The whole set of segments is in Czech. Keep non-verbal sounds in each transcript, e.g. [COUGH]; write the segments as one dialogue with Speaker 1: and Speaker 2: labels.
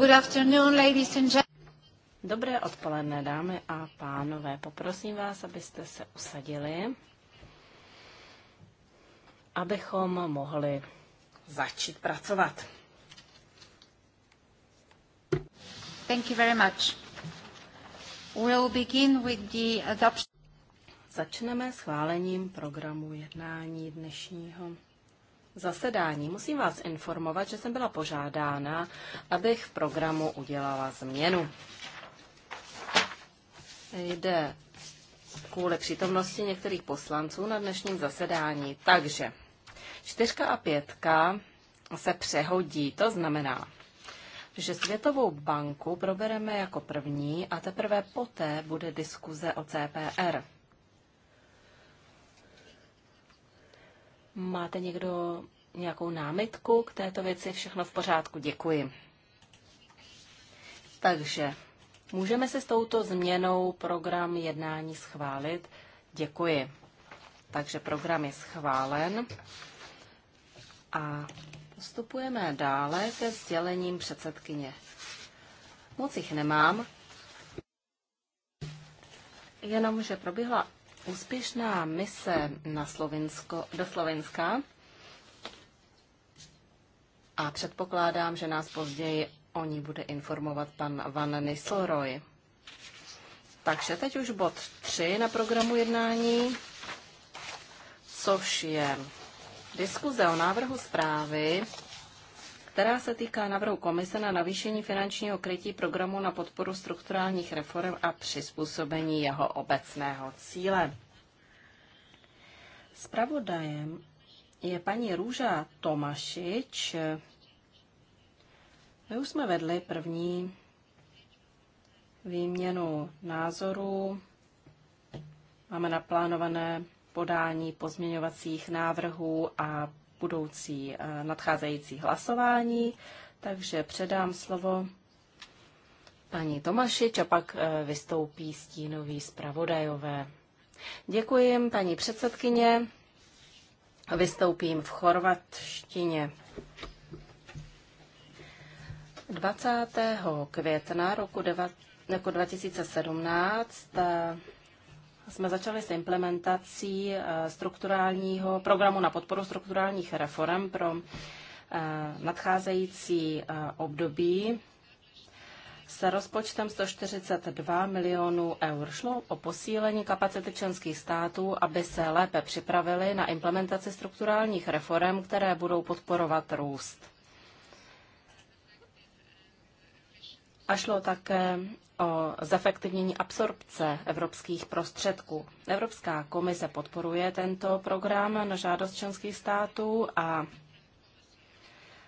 Speaker 1: Good afternoon, ladies and gentlemen. Dobré odpoledne, dámy a pánové. Poprosím vás, abyste se usadili, abychom mohli začít pracovat.
Speaker 2: Thank you very much. We'll begin with the adoption.
Speaker 1: Začneme schválením programu jednání dnešního zasedání. Musím vás informovat, že jsem byla požádána, abych v programu udělala změnu. Jde kvůli přítomnosti některých poslanců na dnešním zasedání. Takže čtyřka a pětka se přehodí. To znamená, že Světovou banku probereme jako první a teprve poté bude diskuze o CPR. Máte někdo nějakou námitku k této věci? Všechno v pořádku, děkuji. Takže můžeme se s touto změnou program jednání schválit. Děkuji. Takže program je schválen a postupujeme dále ke sdělením předsedkyně. Moc jich nemám, jenomže proběhla úspěšná mise na Slovinsko, do Slovenska a předpokládám, že nás později o ní bude informovat pan Van Nisselroy. Takže teď už bod 3 na programu jednání, což je diskuze o návrhu zprávy která se týká návrhu komise na navýšení finančního krytí programu na podporu strukturálních reform a přizpůsobení jeho obecného cíle. Spravodajem je paní Růža Tomašič. My už jsme vedli první výměnu názorů. Máme naplánované podání pozměňovacích návrhů a budoucí eh, nadcházející hlasování, takže předám slovo paní Tomaši, a pak eh, vystoupí stínový zpravodajové. Děkuji, paní předsedkyně. Vystoupím v chorvatštině. 20. května roku 2017 jsme začali s implementací eh, strukturálního programu na podporu strukturálních reform pro eh, nadcházející eh, období s rozpočtem 142 milionů eur. Šlo o posílení kapacity členských států, aby se lépe připravili na implementaci strukturálních reform, které budou podporovat růst. A šlo také o zefektivnění absorpce evropských prostředků. Evropská komise podporuje tento program na žádost členských států a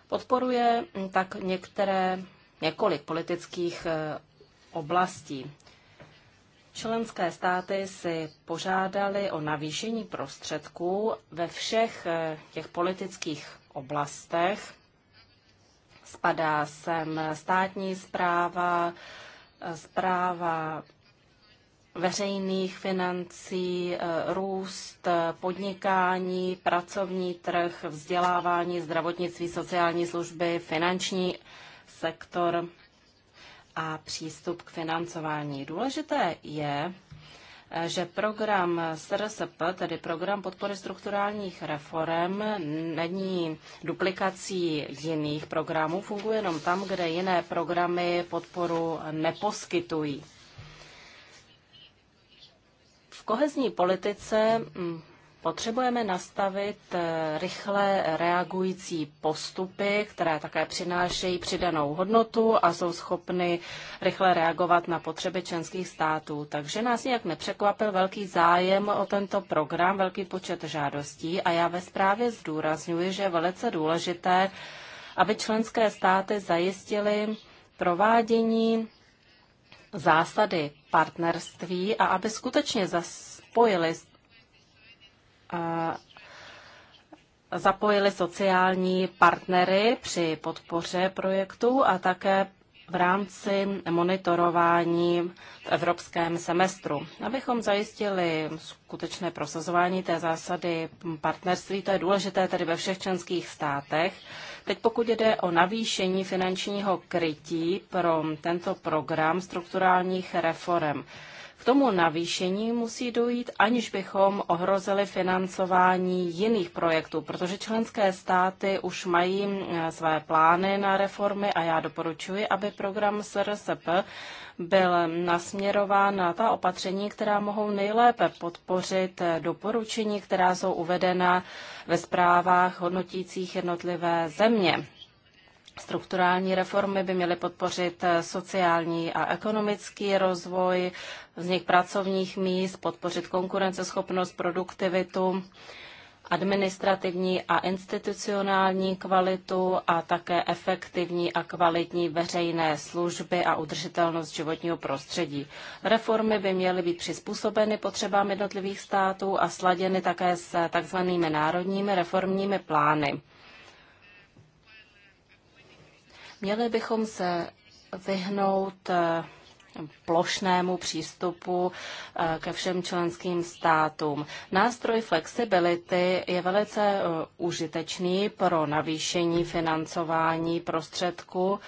Speaker 1: podporuje tak některé, několik politických e, oblastí. Členské státy si požádali o navýšení prostředků ve všech e, těch politických oblastech. Spadá sem státní zpráva, zpráva veřejných financí, eh, růst, podnikání, pracovní trh, vzdělávání, zdravotnictví, sociální služby, finanční sektor a přístup k financování. Důležité je, že program SRSP, tedy program podpory strukturálních reform, není duplikací jiných programů, funguje jenom tam, kde jiné programy podporu neposkytují. V kohezní politice mm, Potřebujeme nastavit eh, rychle reagující postupy, které také přinášejí přidanou hodnotu a jsou schopny rychle reagovat na potřeby členských států. Takže nás nějak nepřekvapil velký zájem o tento program, velký počet žádostí a já ve zprávě zdůrazňuji, že je velice důležité, aby členské státy zajistily provádění zásady partnerství a aby skutečně zaspojili zapojili sociální partnery při podpoře projektu a také v rámci monitorování v evropském semestru. Abychom zajistili skutečné prosazování té zásady partnerství, to je důležité tedy ve všech členských státech. Teď pokud jde o navýšení finančního krytí pro tento program strukturálních reform. K tomu navýšení musí dojít, aniž bychom ohrozili financování jiných projektů, protože členské státy už mají eh, své plány na reformy a já doporučuji, aby program SRSP byl nasměrován na ta opatření, která mohou nejlépe podpořit eh, doporučení, která jsou uvedena ve zprávách hodnotících jednotlivé země. Strukturální reformy by měly podpořit eh, sociální a ekonomický rozvoj, vznik pracovních míst, podpořit konkurenceschopnost, produktivitu, administrativní a institucionální kvalitu a také efektivní a kvalitní veřejné služby a udržitelnost životního prostředí. Reformy by měly být přizpůsobeny potřebám jednotlivých států a sladěny také s takzvanými národními reformními plány. Měli bychom se vyhnout eh, plošnému přístupu eh, ke všem členským státům. Nástroj flexibility je velice eh, užitečný pro navýšení financování prostředků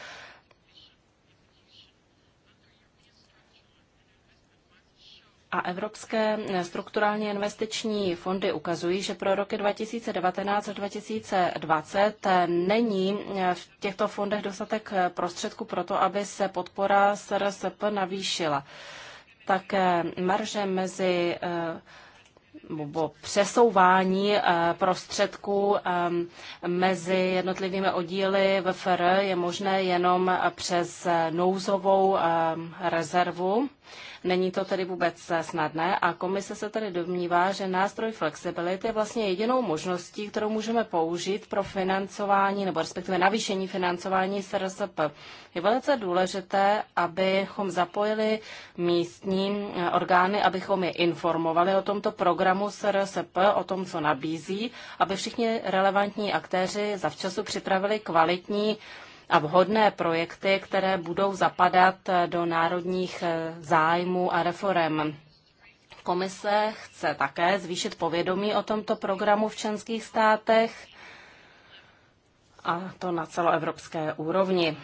Speaker 1: a evropské strukturální investiční fondy ukazují, že pro roky 2019 až 2020 není v těchto fondech dostatek prostředků pro to, aby se podpora SRSP navýšila. Tak marže mezi eh, nebo přesouvání eh, prostředků eh, mezi jednotlivými oddíly FR je možné jenom přes nouzovou rezervu. Není to tedy vůbec snadné a komise se tedy domnívá, že nástroj flexibility je vlastně jedinou možností, kterou můžeme použít pro financování nebo respektive navýšení financování SRSP. Je velice důležité, abychom zapojili místní eh, orgány, abychom je informovali o tomto programu SRSP, o tom, co nabízí, aby všichni relevantní aktéři zavčasu připravili kvalitní a vhodné projekty, které budou zapadat do národních eh, zájmů a reform. Komise chce také zvýšit povědomí o tomto programu v členských státech a to na celoevropské úrovni.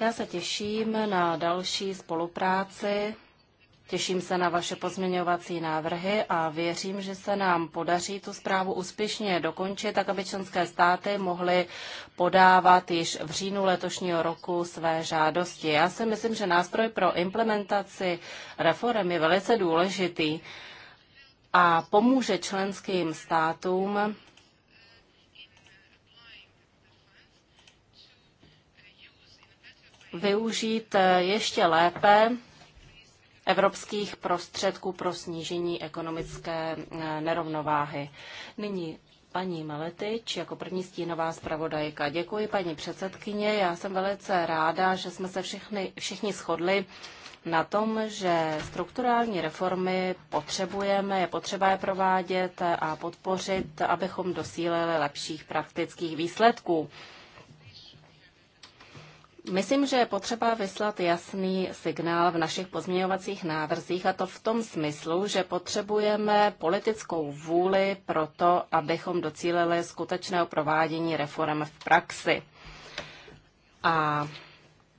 Speaker 1: Já se těším na další spolupráci Těším se na vaše pozměňovací návrhy a věřím, že se nám podaří tu zprávu úspěšně dokončit, tak aby členské státy mohly podávat již v říjnu letošního roku své žádosti. Já si myslím, že nástroj pro implementaci reform je velice důležitý a pomůže členským státům využít ještě lépe evropských prostředků pro snížení ekonomické eh, nerovnováhy. Nyní paní Maletič jako první stínová zpravodajka. Děkuji paní předsedkyně. Já jsem velice ráda, že jsme se všichni, všichni shodli na tom, že strukturální reformy potřebujeme, je potřeba je provádět a podpořit, abychom dosílili lepších praktických výsledků. Myslím, že je potřeba vyslat jasný signál v našich pozměňovacích návrzích a to v tom smyslu, že potřebujeme politickou vůli pro to, abychom docílili skutečného provádění reform v praxi. A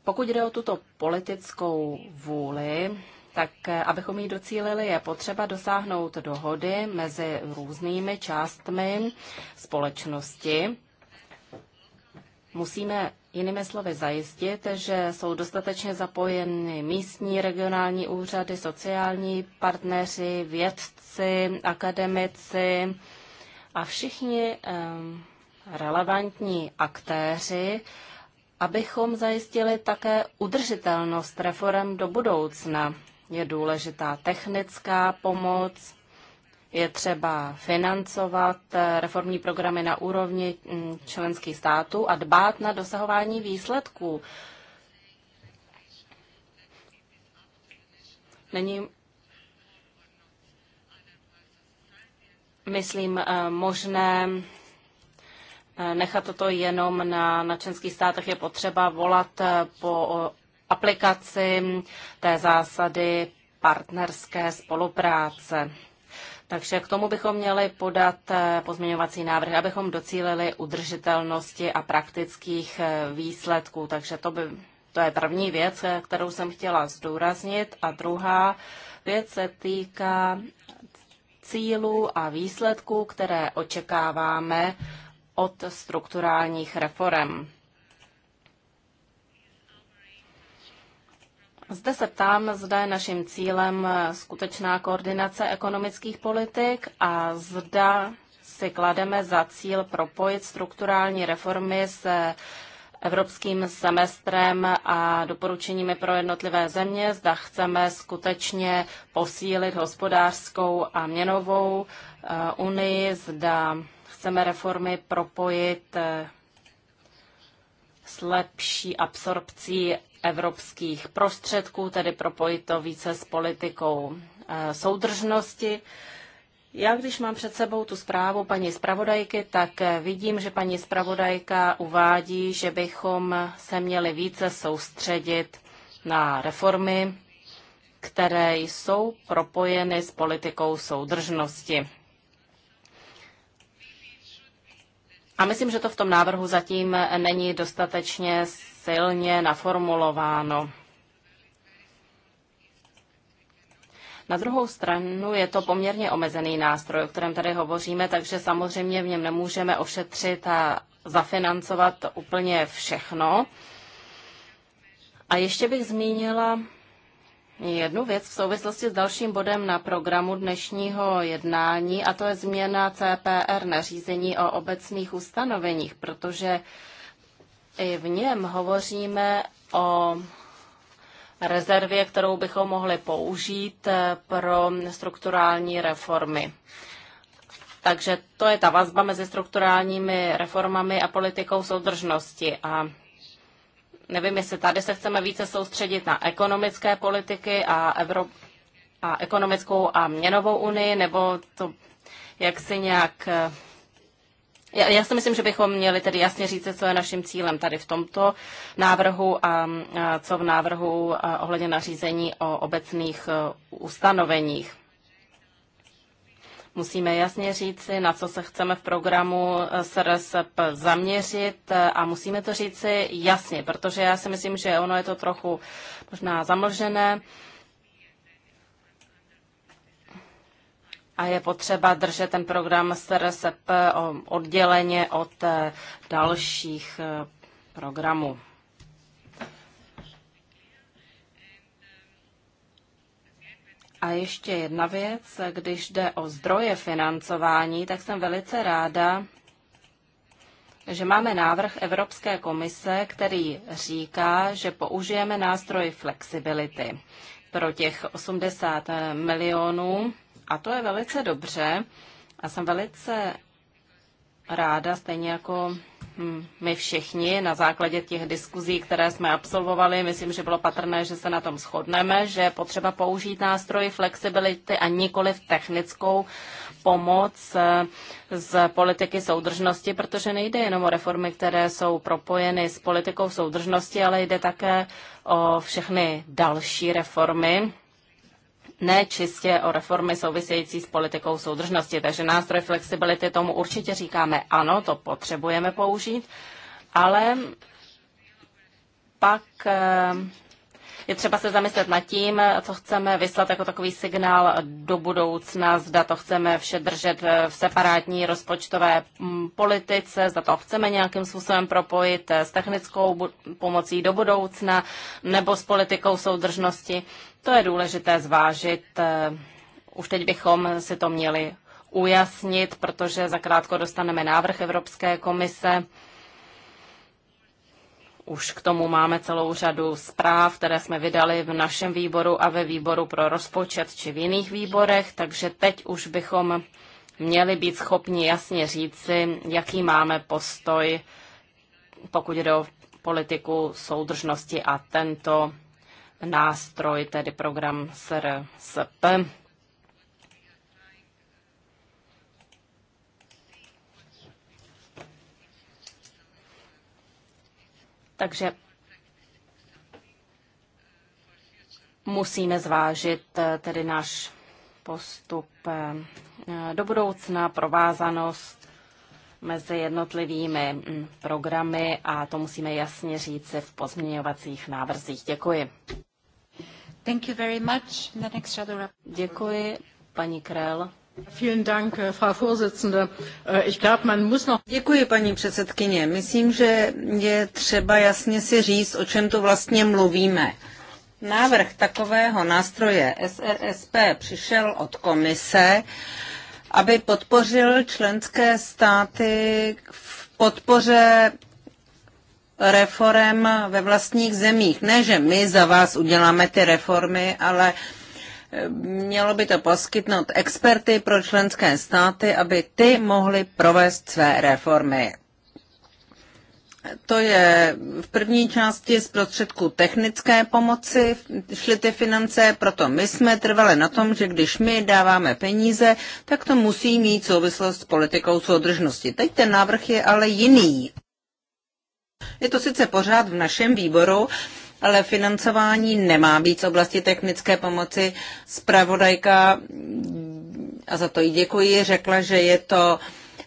Speaker 1: pokud jde o tuto politickou vůli, tak eh, abychom ji docílili, je potřeba dosáhnout dohody mezi různými částmi společnosti. Musíme Jinými slovy zajistit, že jsou dostatečně zapojeny místní, regionální úřady, sociální partneři, vědci, akademici a všichni relevantní aktéři, abychom zajistili také udržitelnost reform do budoucna. Je důležitá technická pomoc, je třeba financovat eh, reformní programy na úrovni mm, členských států a dbát na dosahování výsledků. Není, myslím, eh, možné eh, nechat toto jenom na, na členských státech. Je potřeba volat po aplikaci té zásady partnerské spolupráce. Takže k tomu bychom měli podat eh, pozměňovací návrh, abychom docílili udržitelnosti a praktických eh, výsledků. Takže to, by, to je první věc, eh, kterou jsem chtěla zdůraznit. A druhá věc se týká cílů a výsledků, které očekáváme od strukturálních reform. Zde se ptám, zda je naším cílem eh, skutečná koordinace ekonomických politik a zda si klademe za cíl propojit strukturální reformy se eh, evropským semestrem a doporučeními pro jednotlivé země, zda chceme skutečně posílit hospodářskou a měnovou eh, unii, zda chceme reformy propojit s lepší absorpcí evropských prostředků, tedy propojit to více s politikou eh, soudržnosti. Já, když mám před sebou tu zprávu paní zpravodajky, tak eh, vidím, že paní zpravodajka uvádí, že bychom se měli více soustředit na reformy, které jsou propojeny s politikou soudržnosti. A myslím, že to v tom návrhu zatím není dostatečně silně naformulováno. Na druhou stranu je to poměrně omezený nástroj, o kterém tady hovoříme, takže samozřejmě v něm nemůžeme ošetřit a zafinancovat úplně všechno. A ještě bych zmínila jednu věc v souvislosti s dalším bodem na programu dnešního jednání, a to je změna CPR nařízení o obecných ustanoveních, protože i v něm hovoříme o rezervě, kterou bychom mohli použít eh, pro strukturální reformy. Takže to je ta vazba mezi strukturálními reformami a politikou soudržnosti. A nevím, jestli tady se chceme více soustředit na ekonomické politiky a, Evro- a ekonomickou a měnovou unii, nebo to jak si nějak. Eh, já, já si myslím, že bychom měli tedy jasně říct, co je naším cílem tady v tomto návrhu a, co v návrhu eh, ohledně nařízení o obecných eh, ustanoveních. Musíme jasně říci, na co se chceme v programu eh, SRSP zaměřit eh, a musíme to říci jasně, protože já si myslím, že ono je to trochu možná zamlžené. A je potřeba držet ten program SRSP odděleně od eh, dalších programů. A ještě jedna věc, když jde o zdroje financování, tak jsem velice ráda, že máme návrh Evropské komise, který říká, že použijeme nástroj flexibility pro těch 80 milionů. A to je velice dobře. A jsem velice ráda, stejně jako my všichni na základě těch diskuzí, které jsme absolvovali, myslím, že bylo patrné, že se na tom shodneme, že je potřeba použít nástroj flexibility a nikoli v technickou pomoc eh, z politiky soudržnosti, protože nejde jenom o reformy, které jsou propojeny s politikou soudržnosti, ale jde také o všechny další reformy, ne čistě o reformy související s politikou soudržnosti. Takže nástroj flexibility tomu určitě říkáme ano, to potřebujeme použít, ale pak eh, je třeba se zamyslet nad tím, co chceme vyslat jako takový signál do budoucna, zda to chceme vše držet v separátní rozpočtové mm, politice, zda to chceme nějakým způsobem propojit eh, s technickou pomocí do budoucna nebo s politikou soudržnosti. To je důležité zvážit. Eh, už teď bychom si to měli ujasnit, protože zakrátko dostaneme návrh Evropské komise už k tomu máme celou řadu zpráv, které jsme vydali v našem výboru a ve výboru pro rozpočet či v jiných výborech, takže teď už bychom měli být schopni jasně říci, jaký máme postoj, pokud jde o politiku soudržnosti a tento nástroj, tedy program SRSP Takže musíme zvážit eh, tedy náš postup eh, do budoucna, provázanost mezi jednotlivými mm, programy a to musíme jasně říci v pozměňovacích návrzích. Děkuji. Thank you very
Speaker 2: much. The next Děkuji, paní Krell. Äh, äh, Děkuji, paní předsedkyně. Myslím, že je třeba jasně si říct, o čem tu vlastně mluvíme. Návrh takového nástroje SRSP přišel od komise, aby podpořil členské státy v podpoře reform ve vlastních zemích. Ne, že my za vás uděláme ty reformy, ale uh, Mělo by to poskytnout experty pro členské státy, aby ty mohly provést své reformy. To je v první části z prostředku technické pomoci, šly ty finance, proto my jsme trvali na tom, že když my dáváme peníze, tak to musí mít souvislost s politikou soudržnosti. Teď ten návrh je ale jiný. Je to sice pořád v našem výboru, ale financování nemá být z oblasti technické pomoci. Spravodajka, a za to jí děkuji, řekla, že je to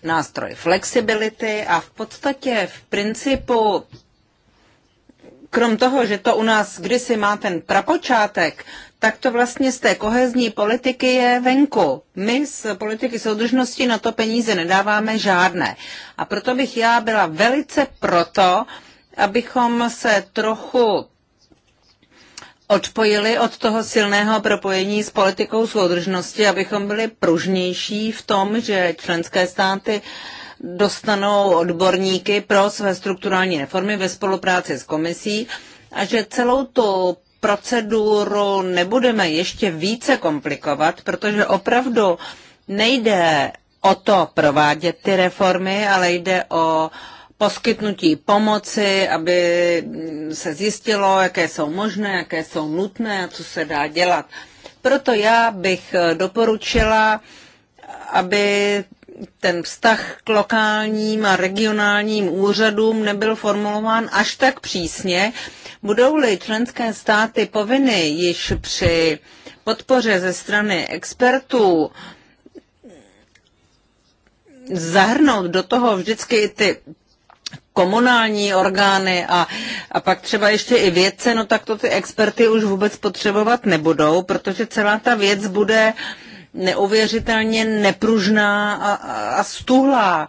Speaker 2: nástroj flexibility a v podstatě v principu krom toho, že to u nás kdysi má ten prapočátek, tak to vlastně z té kohezní politiky je venku. My z politiky soudržnosti na to peníze nedáváme žádné. A proto bych já byla velice proto, abychom se trochu odpojili od toho silného propojení s politikou soudržnosti, abychom byli pružnější v tom, že členské státy dostanou odborníky pro své strukturální reformy ve spolupráci s komisí a že celou tu proceduru nebudeme ještě více komplikovat, protože opravdu nejde o to provádět ty reformy, ale jde o uh, poskytnutí pomoci, aby se zjistilo, jaké jsou možné, jaké jsou nutné a co se dá dělat. Proto já bych eh, doporučila, aby ten vztah k lokálním a regionálním úřadům nebyl formulován až tak přísně. Budou-li členské státy povinny již při podpoře ze strany expertů zahrnout do toho vždycky i ty komunální orgány a, a pak třeba ještě i vědce, no tak to ty experty už vůbec potřebovat nebudou, protože celá ta věc bude neuvěřitelně nepružná a, a stuhlá.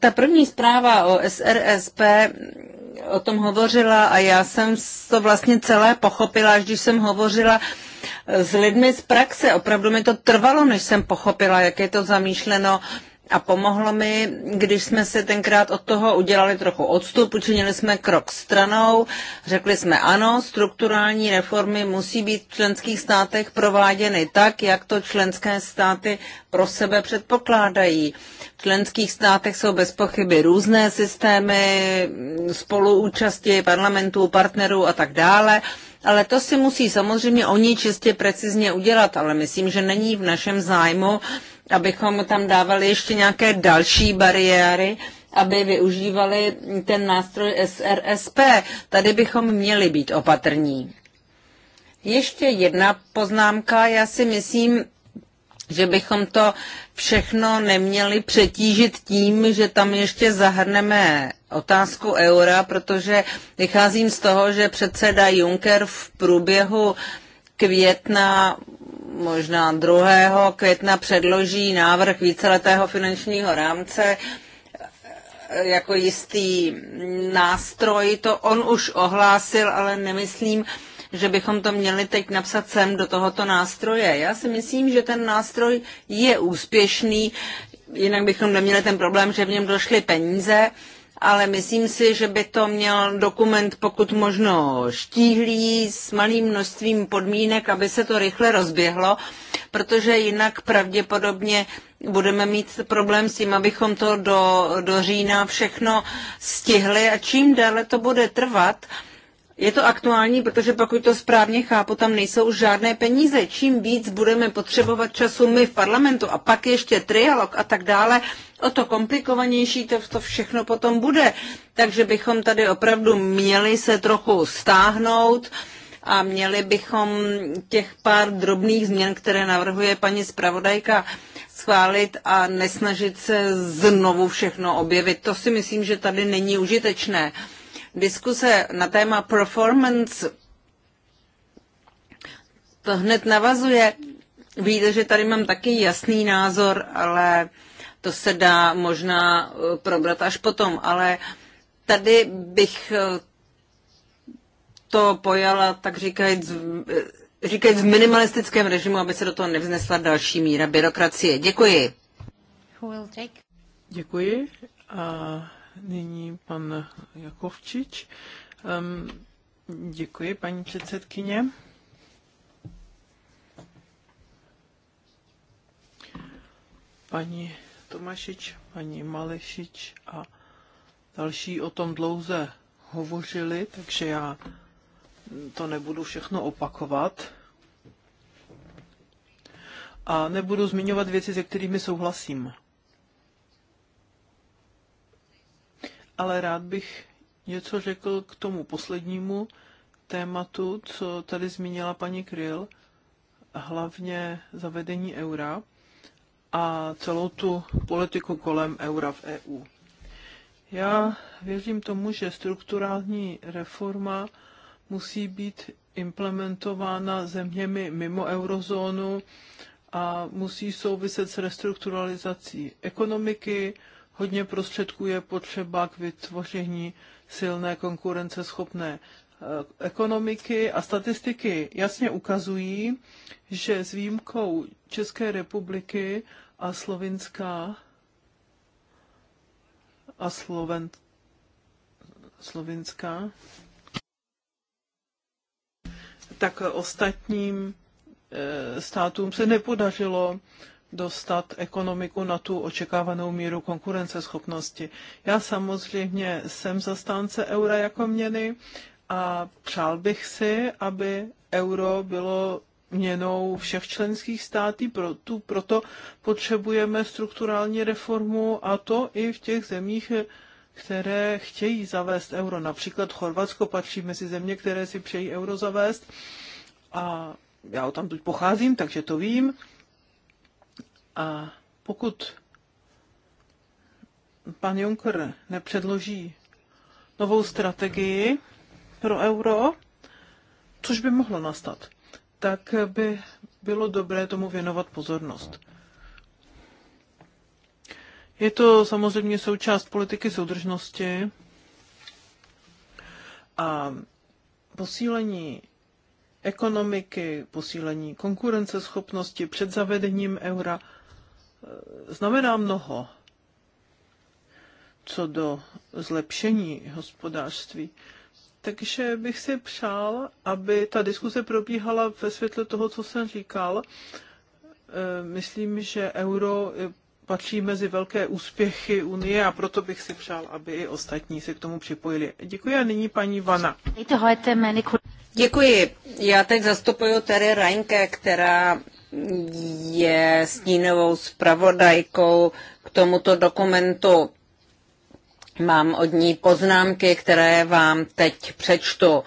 Speaker 2: Ta první zpráva o SRSP o tom hovořila a já jsem to vlastně celé pochopila, až když jsem hovořila s lidmi z praxe. Opravdu mi to trvalo, než jsem pochopila, jak je to zamýšleno. A pomohlo mi, když jsme si tenkrát od toho udělali trochu odstup, učinili jsme krok stranou, řekli jsme ano, strukturální reformy musí být v členských státech prováděny tak, jak to členské státy pro sebe předpokládají. V členských státech jsou bez pochyby různé systémy spoluúčasti parlamentů, partnerů a tak dále. Ale to si musí samozřejmě oni čistě precizně udělat, ale myslím, že není v našem zájmu abychom tam dávali ještě nějaké další bariéry, aby využívali ten nástroj SRSP. Tady bychom měli být opatrní. Ještě jedna poznámka. Já si myslím, že bychom to všechno neměli přetížit tím, že tam ještě zahrneme otázku eura, protože vycházím z toho, že předseda Juncker v průběhu května možná 2. května předloží návrh víceletého finančního rámce jako jistý nástroj. To on už ohlásil, ale nemyslím, že bychom to měli teď napsat sem do tohoto nástroje. Já si myslím, že ten nástroj je úspěšný, jinak bychom neměli ten problém, že v něm došly peníze. Uh, ale myslím si, že by to měl dokument pokud možno štíhlý s malým množstvím podmínek, aby se to rychle rozběhlo, protože jinak pravděpodobně budeme mít problém s tím, abychom to do, do října všechno stihli a čím déle to bude trvat, je to aktuální, protože pokud to správně chápu, tam nejsou žádné peníze. Čím víc budeme potřebovat času my v parlamentu a pak ještě trialog a tak dále, o to komplikovanější to, to všechno potom bude. Takže bychom tady opravdu měli se trochu stáhnout a měli bychom těch pár drobných změn, které navrhuje paní zpravodajka, schválit a nesnažit se znovu všechno objevit. To si myslím, že tady není užitečné. Uh, Diskuse na téma performance to hned navazuje. Víte, že tady mám taky jasný názor, ale to se dá možná eh, probrat až potom, ale tady bych eh, to pojala, tak říkajíc, eh, říkajíc v minimalistickém režimu, aby se do toho nevznesla další míra byrokracie. Děkuji.
Speaker 3: Děkuji. A Nyní pan Jakovčič. Um, děkuji, paní předsedkyně. Paní Tomašič, paní Malešič a další o tom dlouze hovořili, takže já to nebudu všechno opakovat. A nebudu zmiňovat věci, se kterými souhlasím. ale rád bych něco řekl k tomu poslednímu tématu, co tady zmínila paní Kryl, hlavně zavedení eura a celou tu politiku kolem eura v EU. Já věřím tomu, že strukturální reforma musí být implementována zeměmi mimo eurozónu a musí souviset s restrukturalizací ekonomiky, hodně prostředků je potřeba k vytvoření silné konkurenceschopné eh, ekonomiky a statistiky jasně ukazují, že s výjimkou České republiky a Slovenska a Sloven, Slovenska tak ostatním eh, státům se nepodařilo dostat ekonomiku na tu očekávanou míru konkurenceschopnosti. Já samozřejmě jsem zastánce eura jako měny a přál bych si, aby euro bylo měnou všech členských států, proto, proto potřebujeme strukturální reformu a to i v těch zemích, které chtějí zavést euro. Například Chorvatsko patří mezi země, které si přejí euro zavést a já tam tuď pocházím, takže to vím. A pokud pan Juncker nepředloží novou strategii pro euro, což by mohlo nastat, tak by bylo dobré tomu věnovat pozornost. Je to samozřejmě součást politiky soudržnosti a posílení ekonomiky, posílení konkurenceschopnosti před zavedením eura – Eh, znamená mnoho co do zlepšení hospodářství. Takže bych si přál, aby ta diskuse probíhala ve světle toho, co jsem říkal. Eh, myslím, že euro patří mezi velké úspěchy Unie a proto bych si přál, aby i ostatní se k tomu připojili. Děkuji a nyní paní Vana.
Speaker 2: Děkuji. Já teď zastupuju Terry Reinke, která je stínovou zpravodajkou k tomuto dokumentu. Mám od ní poznámky, které vám teď přečtu.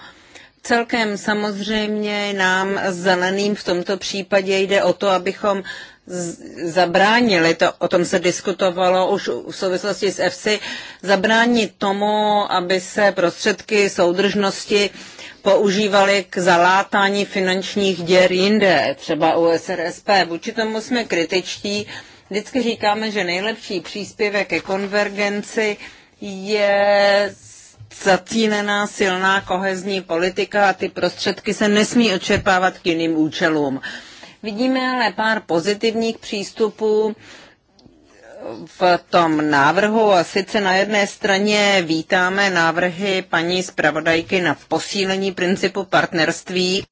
Speaker 2: Celkem samozřejmě nám zeleným v tomto případě jde o to, abychom zabránili, to, o tom se diskutovalo už v souvislosti s EFSI, zabránit tomu, aby se prostředky soudržnosti uh, používali k zalátání finančních děr jinde, třeba u SRSP. Vůči tomu jsme kritičtí. Vždycky říkáme, že nejlepší příspěvek ke konvergenci je zacílená silná kohezní politika a ty prostředky se nesmí odčerpávat k jiným účelům. Vidíme ale pár pozitivních přístupů v tom návrhu a sice na jedné straně vítáme návrhy paní zpravodajky na posílení principu partnerství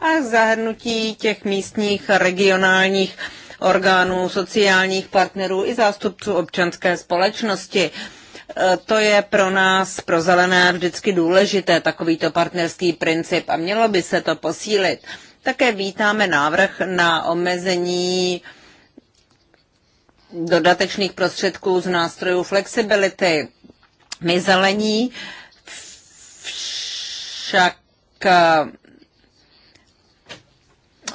Speaker 2: a zahrnutí těch místních regionálních orgánů, sociálních partnerů i zástupců občanské společnosti. E, to je pro nás, pro zelené, vždycky důležité, takovýto partnerský princip a mělo by se to posílit. Také vítáme návrh na omezení uh, dodatečných prostředků z nástrojů flexibility. My zelení však eh,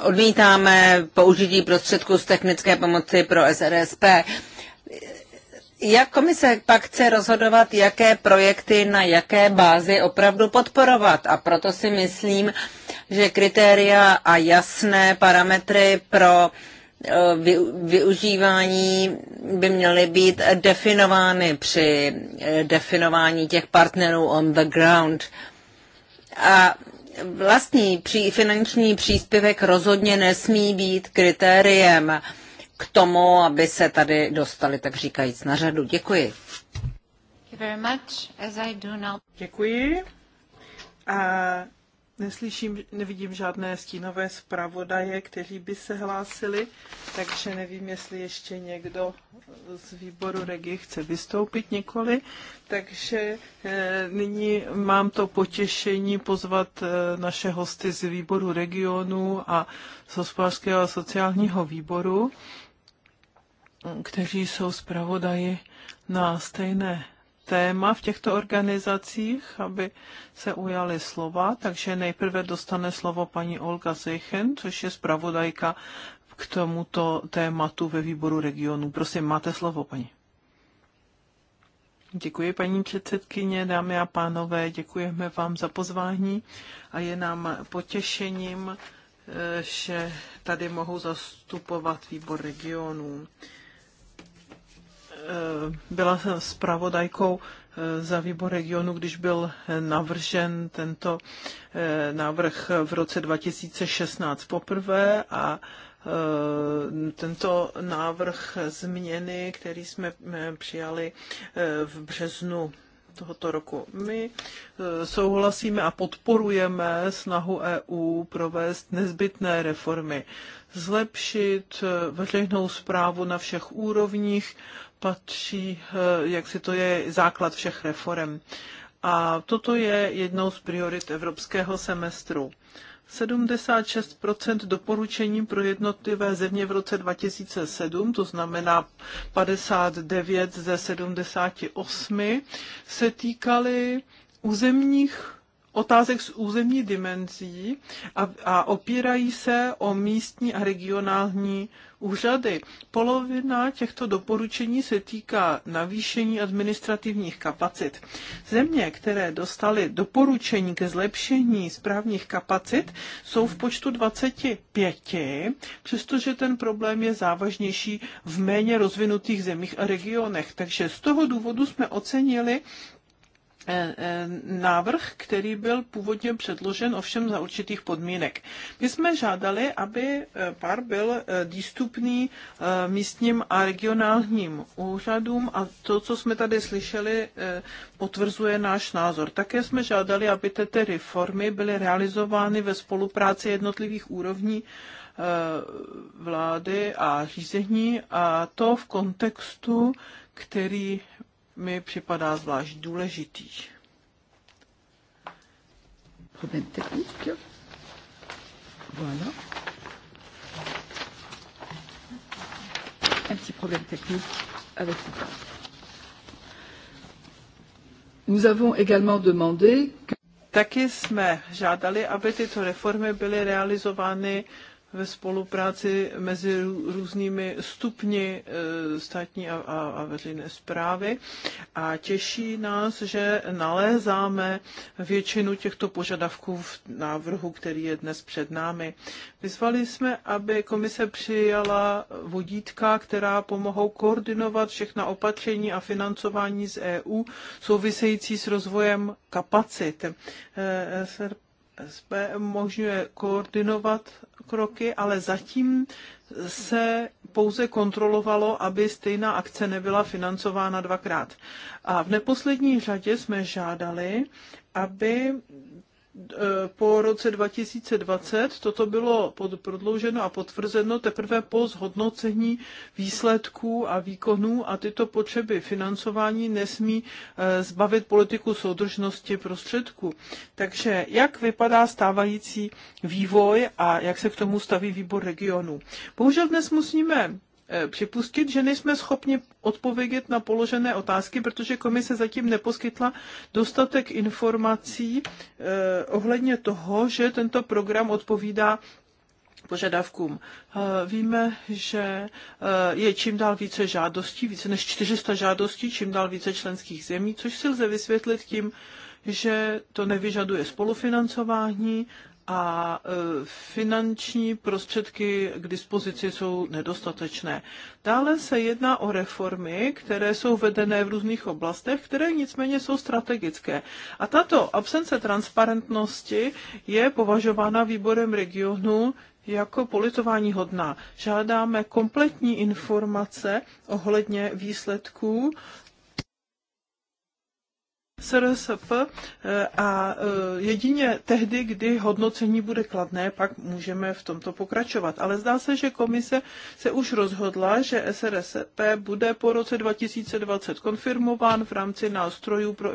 Speaker 2: odmítáme použití prostředků z technické pomoci pro SRSP. Jak komise pak chce rozhodovat, jaké projekty na jaké bázi opravdu podporovat? A proto si myslím, že kritéria a jasné parametry pro uh, Eh, využívání by měly být definovány při eh, definování těch partnerů on the ground. A vlastní pří, finanční příspěvek rozhodně nesmí být kritériem k tomu, aby se tady dostali, tak říkajíc, na řadu. Děkuji.
Speaker 3: Děkuji. A Neslyším, nevidím žádné stínové zpravodaje, kteří by se hlásili, takže nevím, jestli ještě někdo z výboru regi chce vystoupit nikoli. Takže eh, nyní mám to potěšení pozvat eh, naše hosty z výboru regionu a z hospodářského a sociálního výboru, kteří jsou zpravodaji na stejné téma v těchto organizacích, aby se ujali slova, takže nejprve dostane slovo paní Olga Seichen, což je zpravodajka k tomuto tématu ve výboru regionu. Prosím, máte slovo, paní. Děkuji, paní předsedkyně, dámy a pánové, děkujeme vám za pozvání a je nám potěšením, eh, že tady mohu zastupovat výbor regionů. Eh, byla zpravodajkou eh, za výbor regionu, když byl eh, navržen tento návrh v roce 2016 poprvé a tento návrh změny, který jsme přijali v březnu tohoto roku. My souhlasíme a podporujeme snahu EU provést nezbytné reformy, zlepšit veřejnou zprávu na všech úrovních, patří, eh, jak si to je základ všech reform. A toto je jednou z priorit evropského semestru. 76 doporučení pro jednotlivé země v roce 2007, to znamená 59 ze 78, se týkaly územních otázek z územní dimenzí a, a opírají se o místní a regionální úřady. Polovina těchto doporučení se týká navýšení administrativních kapacit. Země, které dostaly doporučení ke zlepšení správních kapacit, jsou v počtu 25, přestože ten problém je závažnější v méně rozvinutých zemích a regionech. Takže z toho důvodu jsme ocenili E, e, návrh, který byl původně předložen ovšem za určitých podmínek. My jsme žádali, aby e, pár byl dístupný místním a regionálním úřadům a to, co jsme tady slyšeli, potvrzuje náš názor. Také jsme žádali, aby tyto reformy byly realizovány ve spolupráci jednotlivých úrovní vlády a řízení a to v kontextu, který mi připadá zvlášť důležitý.
Speaker 1: Problém technique.
Speaker 3: Voilà. Un petit problème technique avec Nous avons également demandé que Taky jsme žádali, aby tyto reformy byly realizovány ve spolupráci mezi různými stupni eh, státní a, a, a veřejné zprávy a těší nás, že nalézáme většinu těchto požadavků v návrhu, který je dnes před námi. Vyzvali jsme, aby komise přijala vodítka, která pomohou koordinovat všechna opatření a financování z EU související s rozvojem kapacit. Eh, eh, umožňuje koordinovat kroky, ale zatím se pouze kontrolovalo, aby stejná akce nebyla financována dvakrát. A v neposlední řadě jsme žádali, aby Eh, po roce 2020. Toto bylo pod, prodlouženo a potvrzeno teprve po zhodnocení výsledků a výkonů a tyto potřeby financování nesmí eh, zbavit politiku soudržnosti prostředků. Takže jak vypadá stávající vývoj a jak se k tomu staví výbor regionu? Bohužel dnes musíme Eh, připustit, že nejsme schopni odpovědět na položené otázky, protože komise zatím neposkytla dostatek informací eh, ohledně toho, že tento program odpovídá požadavkům. Eh, víme, že je čím dál více žádostí, více než 400 žádostí, čím dál více členských zemí, což si lze vysvětlit tím, že to nevyžaduje spolufinancování, a e, finanční prostředky k dispozici jsou nedostatečné. Dále se jedná o reformy, které jsou vedené v různých oblastech, které nicméně jsou strategické. A tato absence transparentnosti je považována výborem regionu jako politování hodná. Žádáme kompletní informace ohledně výsledků SRSP eh, a eh, jedině tehdy, kdy hodnocení bude kladné, pak můžeme v tomto pokračovat. Ale zdá se, že komise se už rozhodla, že SRSP bude po roce 2020 konfirmován v rámci nástrojů pro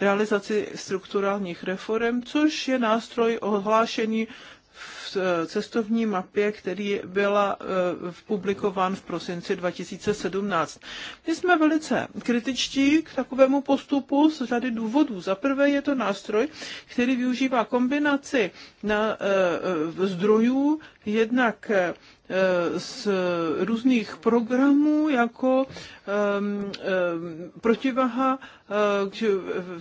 Speaker 3: realizaci strukturálních reform, což je nástroj ohlášení v eh, cestovní mapě, který byla eh, publikován v prosinci 2017. My jsme velice kritičtí k takovému postupu z řady důvodů. Za prvé je to nástroj, který využívá kombinaci na eh, zdrojů, jednak z různých programů jako um, um, protivaha Eh, eh,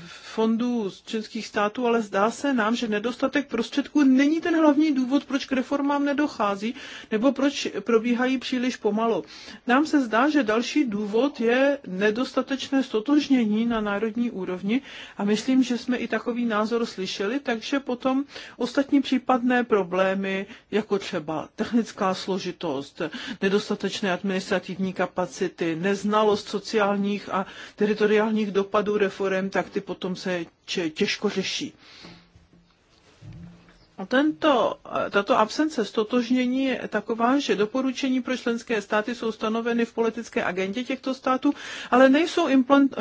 Speaker 3: fondů z členských států, ale zdá se nám, že nedostatek prostředků není ten hlavní důvod, proč k reformám nedochází nebo proč probíhají příliš pomalu. Nám se zdá, že další důvod je nedostatečné stotožnění na národní úrovni a myslím, že jsme i takový názor slyšeli, takže potom ostatní případné problémy, jako třeba technická složitost, nedostatečné administrativní kapacity, neznalost sociálních a teritoriálních dopadů, dopadů reform, tak ty potom se těžko řeší. Tento, tato absence stotožnění je taková, že doporučení pro členské státy jsou stanoveny v politické agendě těchto států, ale nejsou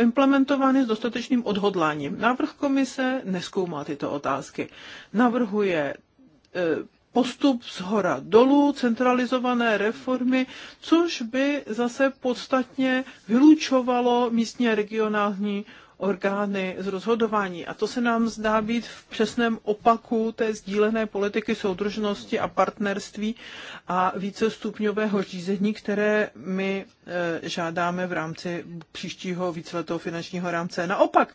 Speaker 3: implementovány s dostatečným odhodláním. Návrh komise neskoumá tyto otázky. Navrhuje eh, postup z hora dolů, centralizované reformy, což by zase podstatně vylučovalo místní a regionální orgány z rozhodování. A to se nám zdá být v přesném opaku té sdílené politiky soudržnosti a partnerství a vícestupňového řízení, které my eh, žádáme v rámci příštího víceletého finančního rámce. Naopak,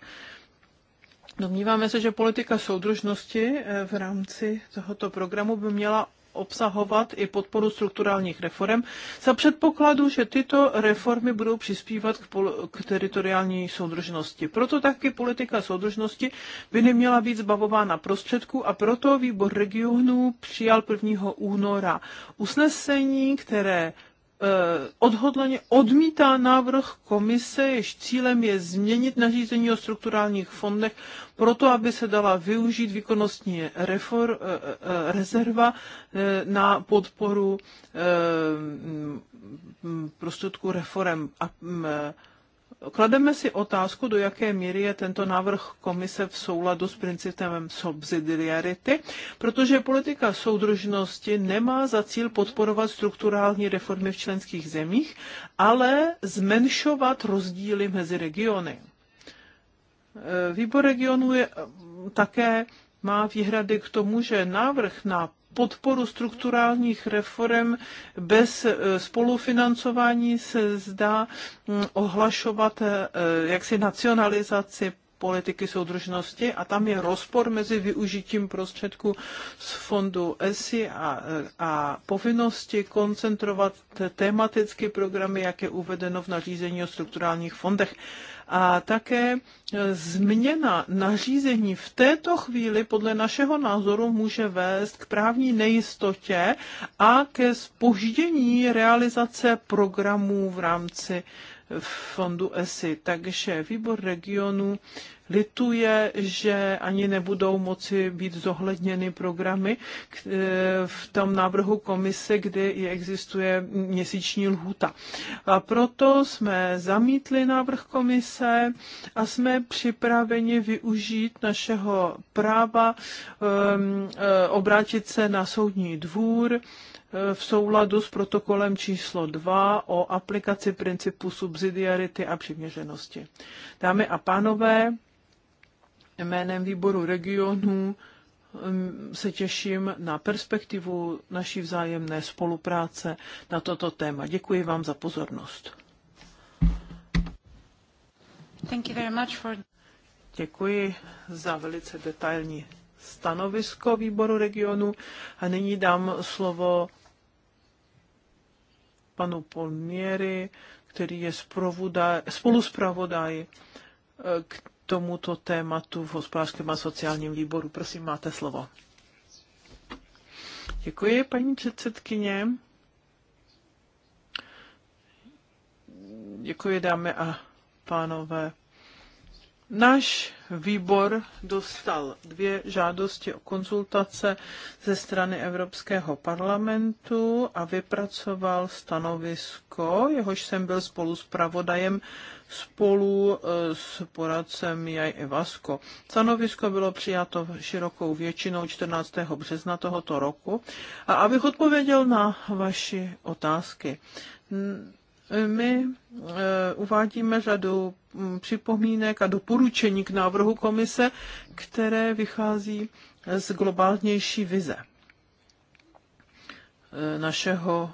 Speaker 3: Domníváme se, že politika soudržnosti eh, v rámci tohoto programu by měla obsahovat i podporu strukturálních reform za předpokladu, že tyto reformy budou přispívat k, k teritoriální soudržnosti. Proto taky politika soudržnosti by neměla být zbavována prostředků a proto výbor regionů přijal 1. února usnesení, které Eh, odhodlaně odmítá návrh komise, jež cílem je změnit nařízení o strukturálních fondech proto, aby se dala využít výkonnostní refor, eh, eh, rezerva na podporu prostředků reform. A klademe si otázku, do jaké míry je tento návrh komise v souladu s principem subsidiarity, protože politika soudržnosti nemá za cíl podporovat strukturální reformy v členských zemích, ale zmenšovat rozdíly mezi regiony. Výbor regionů je eh, také má výhrady k tomu, že návrh na podporu strukturálních reform bez eh, spolufinancování se zdá hm, ohlašovat eh, jaksi nacionalizaci politiky soudržnosti a tam je rozpor mezi využitím prostředků z fondu ESI a, eh, a povinnosti koncentrovat tematicky programy, jak je uvedeno v nařízení o strukturálních fondech. A také e, změna nařízení v této chvíli podle našeho názoru může vést k právní nejistotě a ke spoždění realizace programů v rámci fondu ESI. Takže výbor regionu lituje, že ani nebudou moci být zohledněny programy e, v tom návrhu komise, kdy existuje měsíční lhůta. A proto jsme zamítli návrh komise a jsme připraveni využít našeho práva e, obrátit se na soudní dvůr e, v souladu s protokolem číslo 2 o aplikaci principu subsidiarity a přiměřenosti. Dámy a pánové, jménem výboru regionů se těším na perspektivu naší vzájemné spolupráce na toto téma. Děkuji vám za pozornost.
Speaker 2: Thank you very much for...
Speaker 3: Děkuji za velice detailní stanovisko výboru regionu a nyní dám slovo panu Polnieri, který je spoluzpravodaj eh, k tomuto tématu v hospodářském a sociálním výboru. Prosím, máte slovo. Děkuji, paní předsedkyně. Děkuji, dámy a pánové Náš výbor dostal dvě žádosti o konzultace ze strany Evropského parlamentu a vypracoval stanovisko, jehož jsem byl spolu s pravodajem spolu e, s poradcem Jaj Evasko. Stanovisko bylo přijato širokou většinou 14. března tohoto roku. A abych odpověděl na vaši otázky. My eh, uvádíme řadu mm, připomínek a doporučení k návrhu komise, které vychází z globálnější vize eh, našeho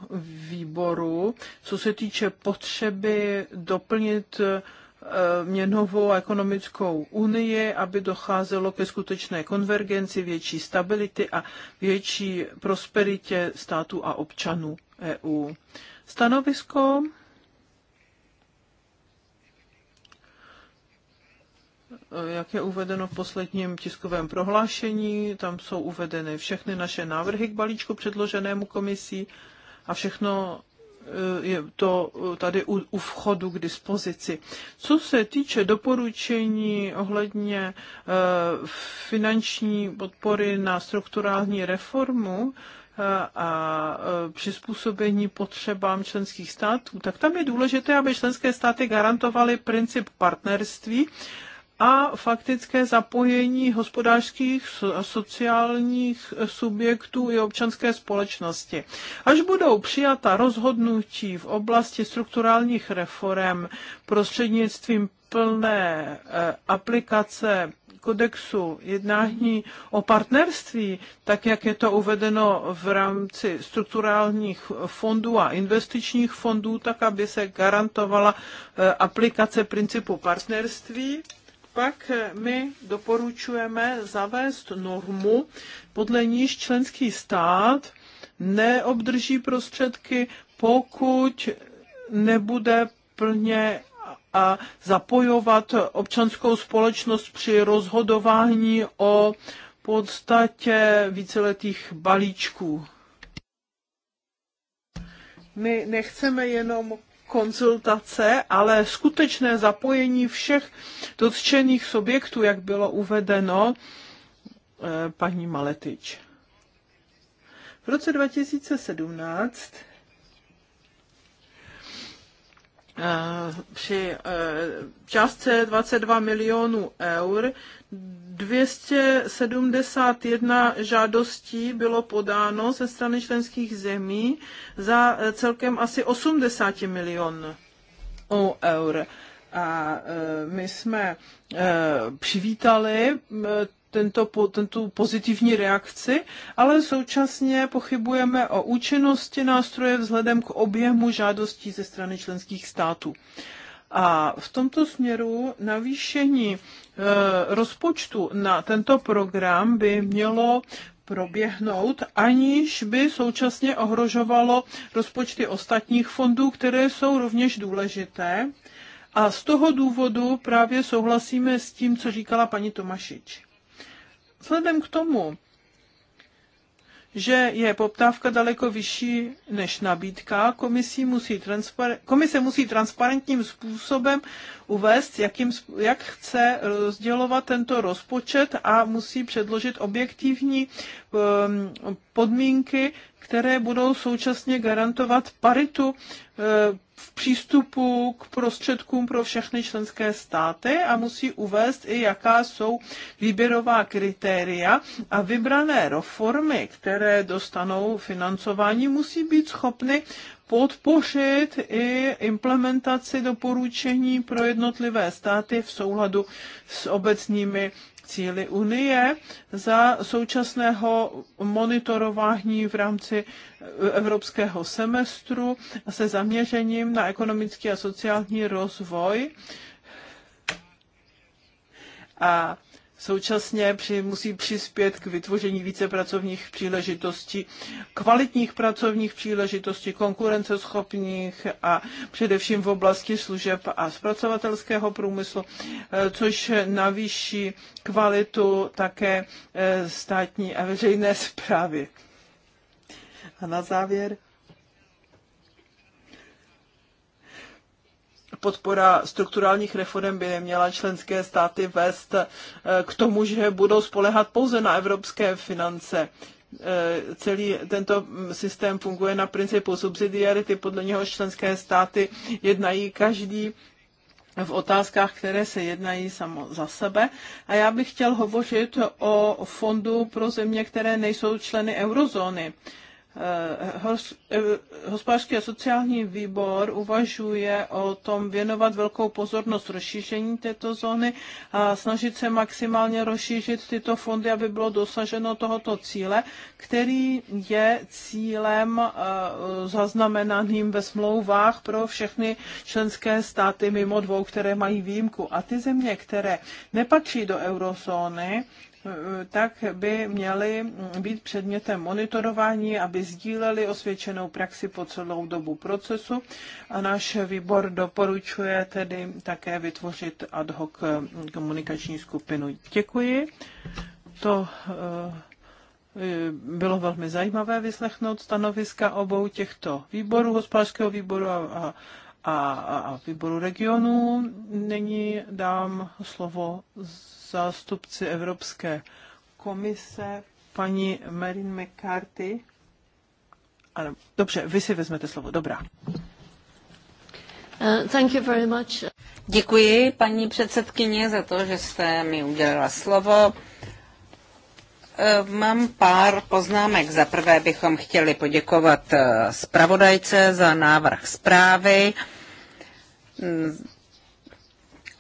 Speaker 3: výboru, co se týče potřeby doplnit eh, měnovou a ekonomickou unii, aby docházelo ke skutečné konvergenci, větší stability a větší prosperitě států a občanů EU. Stanovisko jak je uvedeno v posledním tiskovém prohlášení. Tam jsou uvedeny všechny naše návrhy k balíčku předloženému komisí a všechno eh, je to tady u, u vchodu k dispozici. Co se týče doporučení ohledně e, finanční podpory na strukturální reformu, eh, a přizpůsobení potřebám členských států, tak tam je důležité, aby členské státy garantovaly princip partnerství a faktické zapojení hospodářských a sociálních subjektů i občanské společnosti. Až budou přijata rozhodnutí v oblasti strukturálních reform prostřednictvím plné eh, aplikace kodexu jednání o partnerství, tak jak je to uvedeno v rámci strukturálních fondů a investičních fondů, tak aby se garantovala eh, aplikace principu partnerství pak eh, my doporučujeme zavést normu, podle níž členský stát neobdrží prostředky, pokud nebude plně a zapojovat občanskou společnost při rozhodování o podstatě víceletých balíčků. My nechceme jenom konzultace, ale skutečné zapojení všech dotčených subjektů, jak bylo uvedeno eh, paní Maletič. V roce 2017 Eh, při eh, částce 22 milionů eur 271 žádostí bylo podáno ze strany členských zemí za eh, celkem asi 80 milionů eur. A my jsme přivítali tento, tento pozitivní reakci, ale současně pochybujeme o účinnosti nástroje vzhledem k objemu žádostí ze strany členských států. A v tomto směru navýšení e, rozpočtu na tento program by mělo proběhnout, aniž by současně ohrožovalo rozpočty ostatních fondů, které jsou rovněž důležité. A z toho důvodu právě souhlasíme s tím, co říkala paní Tomašič. Vzhledem k tomu, že je poptávka daleko vyšší než nabídka, komisí musí transpar- komise musí transparentním způsobem uvést, jakým, jak chce rozdělovat tento rozpočet a musí předložit objektivní ehm, podmínky které budou současně garantovat paritu eh, v přístupu k prostředkům pro všechny členské státy a musí uvést i, jaká jsou výběrová kritéria a vybrané reformy, které dostanou financování, musí být schopny podpořit i implementaci doporučení pro jednotlivé státy v souladu s obecnými cíly Unie za současného monitorování v rámci evropského semestru se zaměřením na ekonomický a sociální rozvoj. A současně při, musí přispět k vytvoření více pracovních příležitostí, kvalitních pracovních příležitostí, konkurenceschopných a především v oblasti služeb a zpracovatelského průmyslu, eh, což navýší kvalitu také eh, státní a veřejné [LAUGHS] zprávy. A na závěr podpora strukturálních reform by neměla členské státy vést eh, k tomu, že budou spolehat pouze na evropské finance eh, celý tento mm, systém funguje na principu subsidiarity, podle něho členské státy jednají každý v otázkách, které se jednají samo za sebe. A já bych chtěl hovořit o fondu pro země, které nejsou členy eurozóny. Eh, eh, hospodářský a sociální výbor uvažuje o tom věnovat velkou pozornost rozšíření této zóny a snažit se maximálně rozšířit tyto fondy, aby bylo dosaženo tohoto cíle, který je cílem eh, zaznamenaným ve smlouvách pro všechny členské státy mimo dvou, které mají výjimku. A ty země, které nepatří do eurozóny, tak by měly být předmětem monitorování, aby sdíleli osvědčenou praxi po celou dobu procesu. A náš výbor doporučuje tedy také vytvořit ad hoc eh, komunikační skupinu. Děkuji. To eh, eh, bylo velmi zajímavé vyslechnout stanoviska obou těchto výborů, hospodářského výboru a, a, a, a výboru regionů. Nyní dám slovo z zástupci Evropské komise, paní Marin McCarthy. Ano, dobře, vy si vezmete slovo, dobrá. Uh,
Speaker 2: thank you very much. Děkuji, paní předsedkyně, za to, že jste mi udělala slovo. Uh, mám pár poznámek. Za prvé bychom chtěli poděkovat uh, zpravodajce za návrh zprávy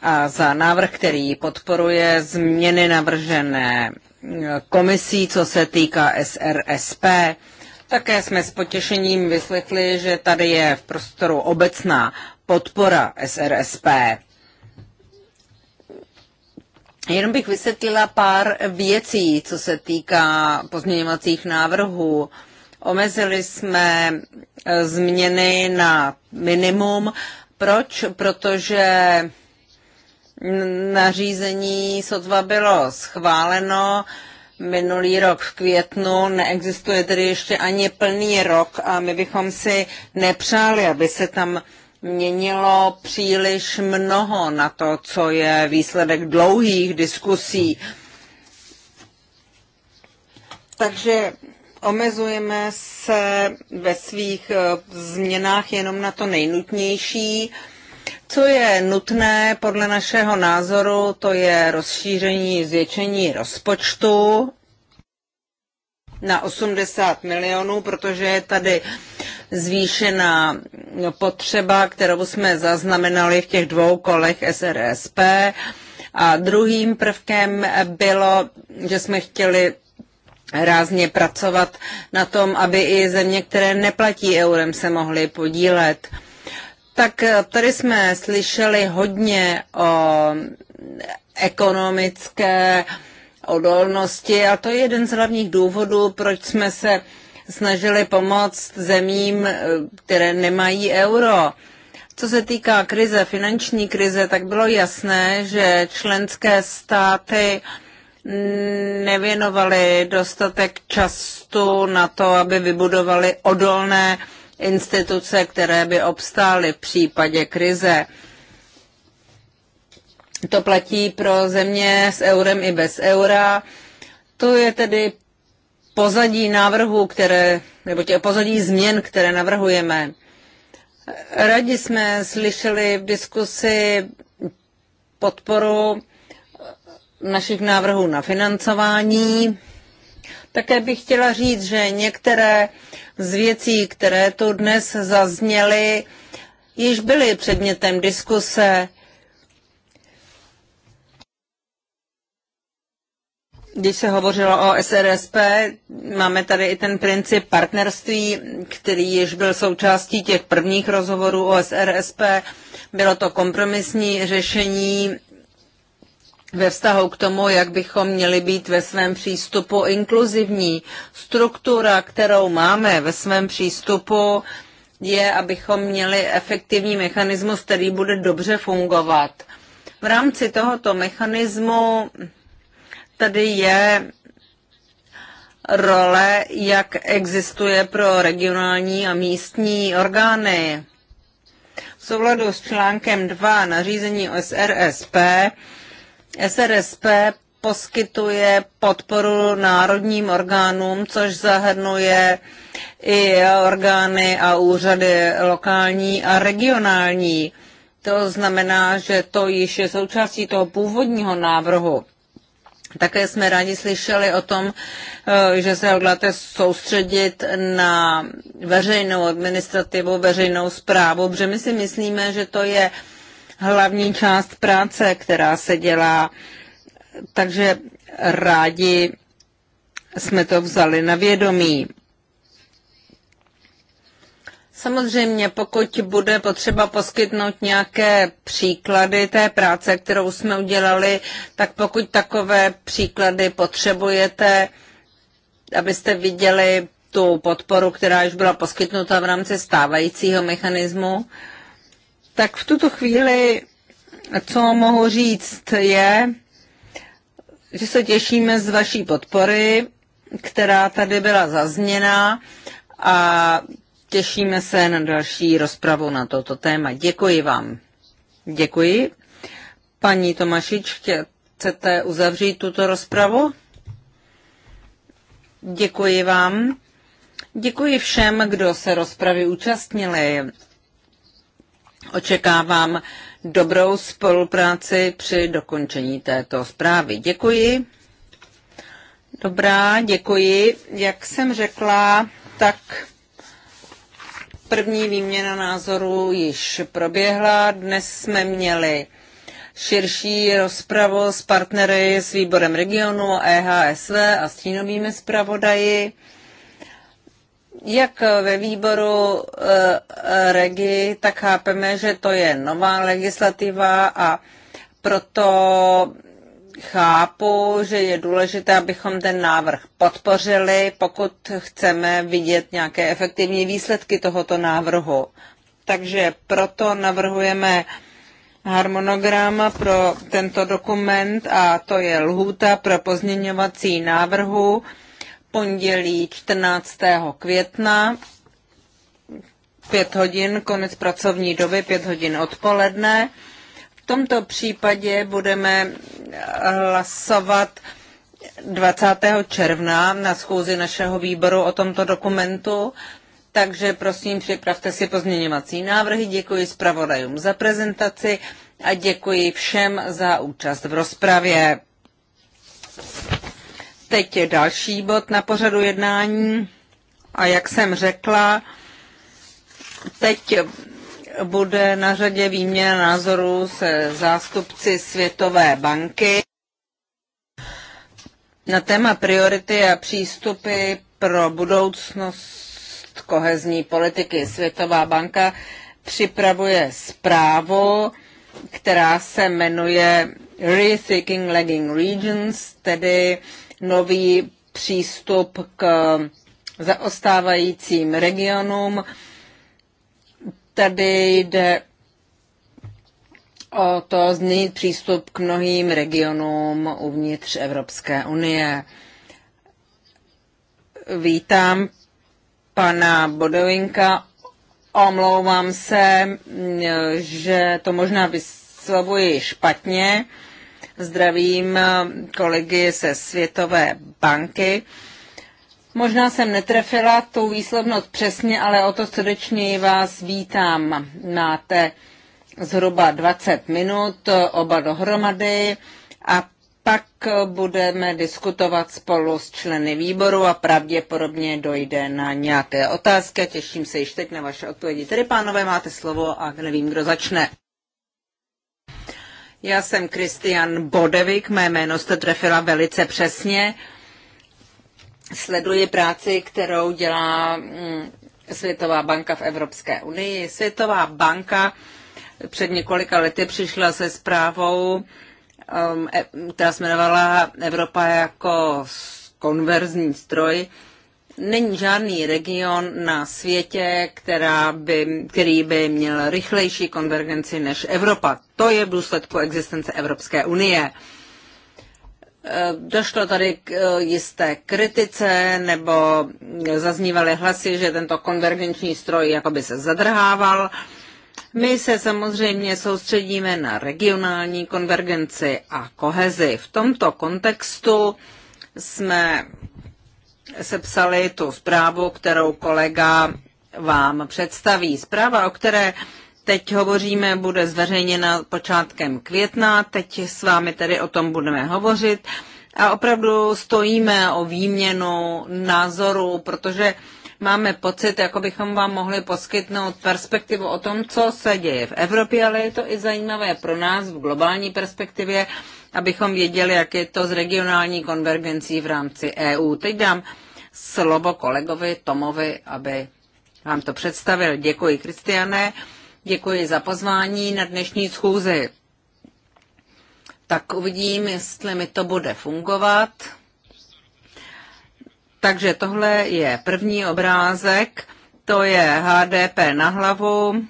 Speaker 2: a za návrh, který podporuje změny navržené e, komisí, co se týká SRSP. Také jsme s potěšením vyslechli, že tady je v prostoru obecná podpora SRSP. Jenom bych vysvětlila pár věcí, co se týká pozměňovacích návrhů. Omezili jsme e, změny na minimum. Proč? Protože nařízení sotva bylo schváleno minulý rok v květnu, neexistuje tedy ještě ani plný rok a my bychom si nepřáli, aby se tam měnilo příliš mnoho na to, co je výsledek dlouhých diskusí. Takže omezujeme se ve svých eh, změnách jenom na to nejnutnější. Co je nutné podle našeho názoru, to je rozšíření, zvětšení rozpočtu na 80 milionů, protože je tady zvýšená potřeba, kterou jsme zaznamenali v těch dvou kolech SRSP. A druhým prvkem bylo, že jsme chtěli rázně pracovat na tom, aby i země, které neplatí eurem, se mohly podílet. Tak eh, tady jsme slyšeli hodně o ekonomické odolnosti a to je jeden z hlavních důvodů, proč jsme se snažili pomoct zemím, eh, které nemají euro. Co se týká krize, finanční krize, tak bylo jasné, že členské státy nevěnovaly dostatek času na to, aby vybudovali odolné instituce, které by obstály v případě krize. To platí pro země s eurem i bez eura. To je tedy pozadí návrhu, které, nebo tě, pozadí změn, které navrhujeme. Radi jsme slyšeli v diskusi podporu našich návrhů na financování. Také bych chtěla říct, že některé z věcí, které tu dnes zazněly, již byly předmětem diskuse. Když se hovořilo o SRSP, máme tady i ten princip partnerství, který již byl součástí těch prvních rozhovorů o SRSP. Bylo to kompromisní řešení ve vztahu k tomu, jak bychom měli být ve svém přístupu inkluzivní. Struktura, kterou máme ve svém přístupu, je, abychom měli efektivní mechanismus, který bude dobře fungovat. V rámci tohoto mechanismu tady je role, jak existuje pro regionální a místní orgány. V souladu s článkem 2 nařízení OSRSP SRSP poskytuje podporu národním orgánům, což zahrnuje i orgány a úřady lokální a regionální. To znamená, že to již je součástí toho původního návrhu. Také jsme rádi slyšeli o tom, eh, že se hodláte soustředit na veřejnou administrativu, veřejnou zprávu, protože my si myslíme, že to je uh, hlavní část práce, která se dělá. Takže rádi jsme to vzali na vědomí. Samozřejmě, pokud bude potřeba poskytnout nějaké příklady té práce, kterou jsme udělali, tak pokud takové příklady potřebujete, abyste viděli tu podporu, která už byla poskytnuta v rámci stávajícího mechanismu, tak v tuto chvíli, co mohu říct, je, že se těšíme z vaší podpory, která tady byla zazněna a těšíme se na další rozpravu na toto téma. Děkuji vám. Děkuji. Paní Tomašič, chcete uzavřít tuto rozpravu? Děkuji vám. Děkuji všem, kdo se rozpravy účastnili. Očekávám dobrou spolupráci při dokončení této zprávy. Děkuji. Dobrá, děkuji. Jak jsem řekla, tak první výměna názorů již proběhla. Dnes jsme měli širší rozpravu s partnery s výborem regionu EHSV a stínovými zpravodaji jak ve výboru eh, REGI, tak chápeme, že to je nová legislativa a proto chápu, že je důležité, abychom ten návrh podpořili, pokud chceme vidět nějaké efektivní výsledky tohoto návrhu. Takže proto navrhujeme harmonogram pro tento dokument a to je lhůta pro pozměňovací návrhu pondělí 14. května, 5 hodin, konec pracovní doby, 5 hodin odpoledne. V tomto případě budeme eh, hlasovat 20. června na schůzi našeho výboru o tomto dokumentu, takže prosím připravte si pozměňovací návrhy. Děkuji zpravodajům za prezentaci a děkuji všem za účast v rozpravě. Teď je další bod na pořadu jednání a jak jsem řekla, teď bude na řadě výměna názorů se zástupci Světové banky na téma priority a přístupy pro budoucnost kohezní politiky. Světová banka připravuje zprávu, která se jmenuje Rethinking Lagging Regions, tedy uh, nový přístup k zaostávajícím regionům. Tady jde o to změnit přístup k mnohým regionům uvnitř Evropské unie. Vítám pana Bodovinka. Omlouvám se, že to možná vyslovuji špatně. Uh, Zdravím eh, kolegy ze Světové banky. Možná jsem netrefila tu výslovnost přesně, ale o to srdečněji vás vítám. Máte zhruba 20 minut, eh, oba dohromady a pak eh, budeme diskutovat spolu s členy výboru a pravděpodobně dojde na nějaké otázky. Těším se již teď na vaše odpovědi. Tedy, pánové, máte slovo a nevím, kdo začne. Já jsem Kristian Bodevik, mé jméno jste trefila velice
Speaker 3: přesně.
Speaker 2: Sleduji práci, kterou dělá mm, Světová banka v Evropské unii. Světová banka před několika lety přišla se zprávou, um, e, která se jmenovala Evropa jako konverzní stroj, Není žádný region na světě, která by, který by měl rychlejší konvergenci než Evropa. To je v důsledku existence Evropské unie. E, došlo tady k e, jisté kritice, nebo zaznívaly hlasy, že tento konvergenční stroj jakoby se zadrhával. My se samozřejmě soustředíme na regionální konvergenci a kohezi. V tomto kontextu jsme sepsali tu zprávu, kterou kolega vám představí. Zpráva, o které teď hovoříme, bude zveřejněna počátkem května. Teď s vámi tedy o tom budeme hovořit. A opravdu stojíme o výměnu názorů, protože máme pocit, jako bychom vám mohli poskytnout perspektivu o tom, co se děje v Evropě, ale je to i zajímavé pro nás v globální perspektivě, abychom věděli, jak je to s regionální konvergencí v rámci EU. Teď dám slovo kolegovi Tomovi, aby vám to představil. Děkuji, Kristiane. Děkuji za pozvání na dnešní schůzi. Tak uvidím, jestli mi to bude fungovat. Takže tohle je první obrázek, to je HDP na hlavu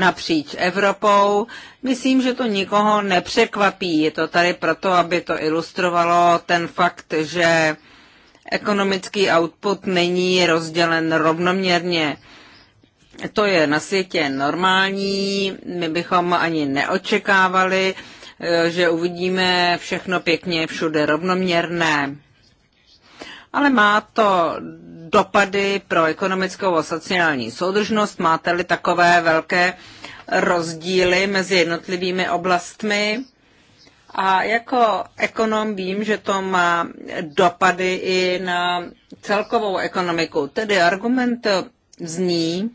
Speaker 2: napříč Evropou. Myslím, že to nikoho nepřekvapí. Je to tady proto, aby to ilustrovalo ten fakt, že ekonomický output není rozdělen rovnoměrně. To je na světě normální, my bychom ani neočekávali, eh, že uvidíme všechno pěkně všude rovnoměrné ale má to dopady pro ekonomickou a sociální soudržnost, máte-li takové velké rozdíly mezi jednotlivými oblastmi. A jako ekonom vím, že to má dopady i na celkovou ekonomiku. Tedy argument zní,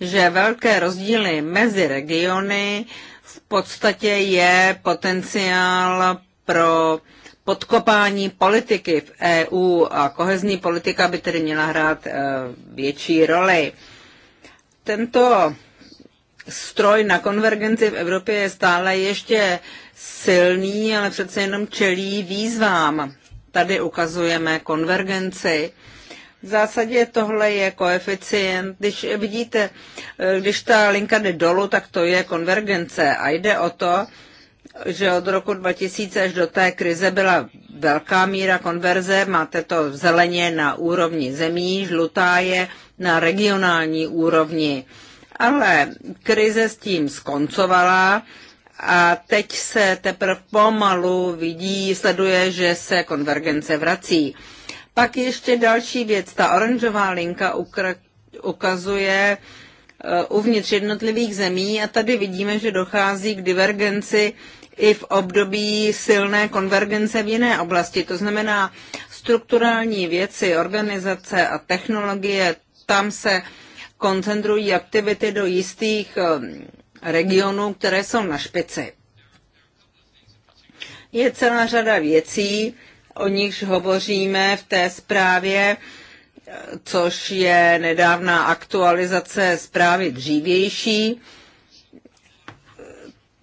Speaker 2: že velké rozdíly mezi regiony v podstatě je potenciál pro podkopání politiky v EU a kohezní politika by tedy měla hrát e, větší roli. Tento stroj na konvergenci v Evropě je stále ještě silný, ale přece jenom čelí výzvám. Tady ukazujeme konvergenci. V zásadě tohle je koeficient. Když vidíte, e, když ta linka jde dolů, tak to je konvergence a jde o to, že od roku 2000 až do té krize byla velká míra konverze, máte to zeleně na úrovni zemí, žlutá je na regionální úrovni. Ale krize s tím skoncovala a teď se teprve pomalu vidí, sleduje, že se konvergence vrací. Pak ještě další věc, ta oranžová linka ukazuje, eh, uvnitř jednotlivých zemí a tady vidíme, že dochází k divergenci i v období silné konvergence v jiné oblasti. To znamená strukturální věci, organizace a technologie, tam se koncentrují aktivity do jistých eh, regionů, které jsou na špici. Je celá řada věcí, o nichž hovoříme v té zprávě, eh, což je nedávná aktualizace zprávy dřívější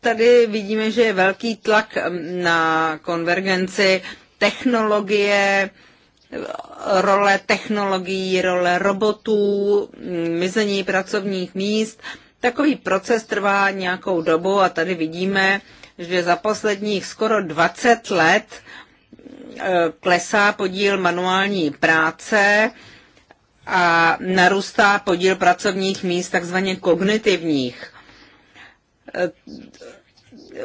Speaker 2: tady vidíme, že je velký tlak na konvergenci technologie, role technologií, role robotů, mizení pracovních míst. Takový proces trvá nějakou dobu a tady vidíme, že za posledních skoro 20 let e, klesá podíl manuální práce a narůstá podíl pracovních míst takzvaně kognitivních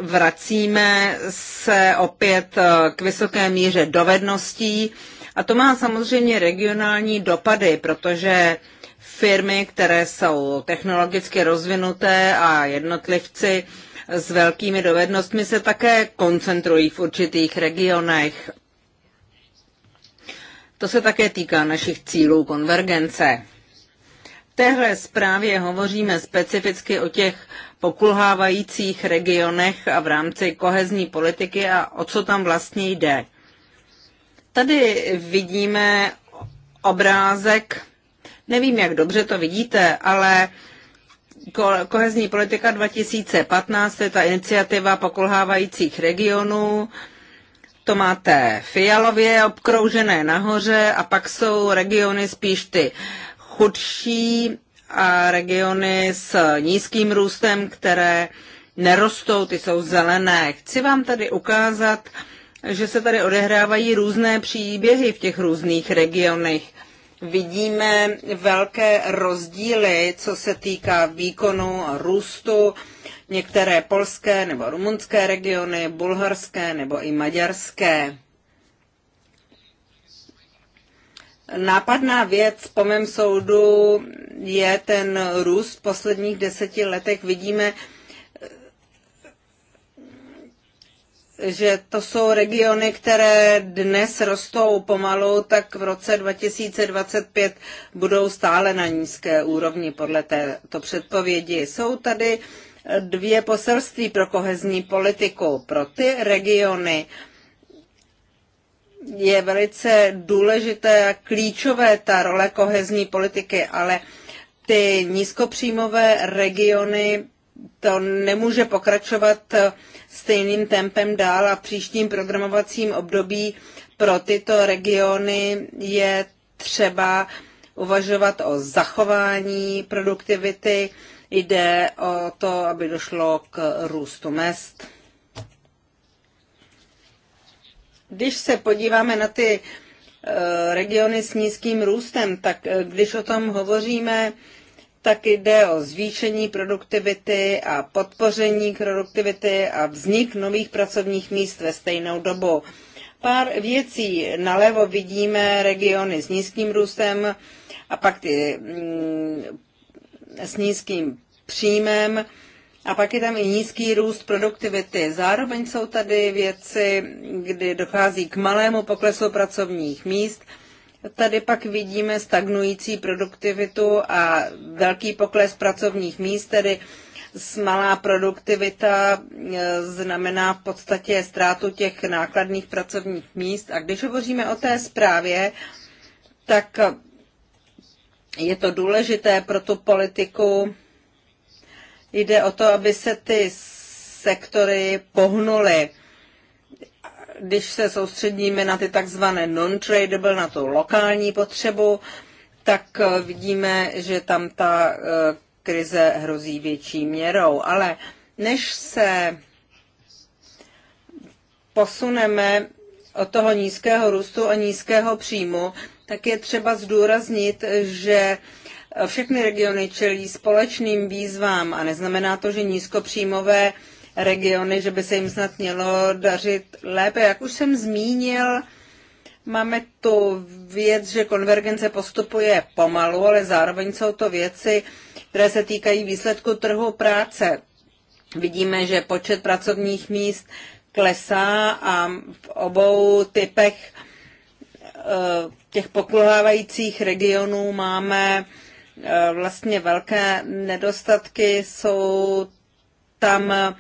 Speaker 2: vracíme se opět eh, k vysoké míře dovedností a to má samozřejmě regionální dopady, protože firmy, které jsou technologicky rozvinuté a jednotlivci s velkými dovednostmi se také koncentrují v určitých regionech. To se také týká našich cílů konvergence téhle zprávě hovoříme specificky o těch pokulhávajících regionech a v rámci kohezní politiky a o co tam vlastně jde. Tady vidíme obrázek, nevím, jak dobře to vidíte, ale kohezní politika 2015 je ta iniciativa pokulhávajících regionů. To máte fialově obkroužené nahoře a pak jsou regiony spíš ty uh, chudší a regiony s nízkým růstem, které nerostou, ty jsou zelené. Chci vám tady ukázat, že se tady odehrávají různé příběhy v těch různých regionech. Vidíme velké rozdíly, co se týká výkonu a růstu. Některé polské nebo rumunské regiony, bulharské nebo i maďarské. Nápadná věc po mém soudu je ten růst v posledních deseti letech. Vidíme, že to jsou regiony, které dnes rostou pomalu, tak v roce 2025 budou stále na nízké úrovni podle této předpovědi. Jsou tady dvě poselství pro kohezní politiku, pro ty regiony, je velice důležité a klíčové ta role kohezní politiky, ale ty nízkopříjmové regiony to nemůže pokračovat stejným tempem dál a v příštím programovacím období pro tyto regiony je třeba uvažovat o zachování produktivity, jde o to, aby došlo k růstu mest. Když se podíváme na ty eh, regiony s nízkým růstem, tak eh, když o tom hovoříme, tak jde o zvýšení produktivity a podpoření produktivity a vznik nových pracovních míst ve stejnou dobu. Pár věcí. Nalevo vidíme regiony s nízkým růstem a pak ty mm, s nízkým příjmem. A pak je tam i nízký růst produktivity. Zároveň jsou tady věci, kdy dochází k malému poklesu pracovních míst. Tady pak vidíme stagnující produktivitu a velký pokles pracovních míst, tedy malá produktivita e, znamená v podstatě ztrátu těch nákladných pracovních míst. A když hovoříme o té zprávě, tak je to důležité pro tu politiku Jde o to, aby se ty sektory pohnuly. Když se soustředíme na ty takzvané non-tradable, na tu lokální potřebu, tak eh, vidíme, že tam ta eh, krize hrozí větší měrou. Ale než se posuneme od toho nízkého růstu a nízkého příjmu, tak je třeba zdůraznit, že všechny regiony čelí společným výzvám a neznamená to, že nízkopříjmové regiony, že by se jim snad mělo dařit lépe. Jak už jsem zmínil, máme tu věc, že konvergence postupuje pomalu, ale zároveň jsou to věci, které se týkají výsledku trhu práce. Vidíme, že počet pracovních míst klesá a v obou typech eh, těch pokulhávajících regionů máme vlastně velké nedostatky jsou tam eh,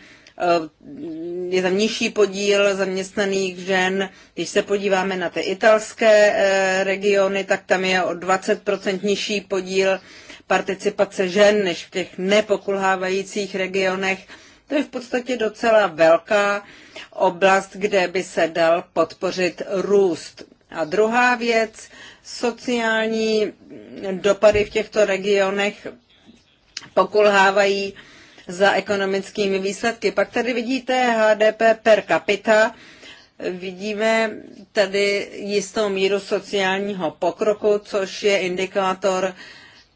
Speaker 2: je tam nižší podíl zaměstnaných žen. Když se podíváme na ty italské eh, regiony, tak tam je o 20% nižší podíl participace žen než v těch nepokulhávajících regionech. To je v podstatě docela velká oblast, kde by se dal podpořit růst. A druhá věc, Sociální dopady v těchto regionech pokulhávají za ekonomickými výsledky. Pak tady vidíte HDP per capita. Vidíme tady jistou míru sociálního pokroku, což je indikátor,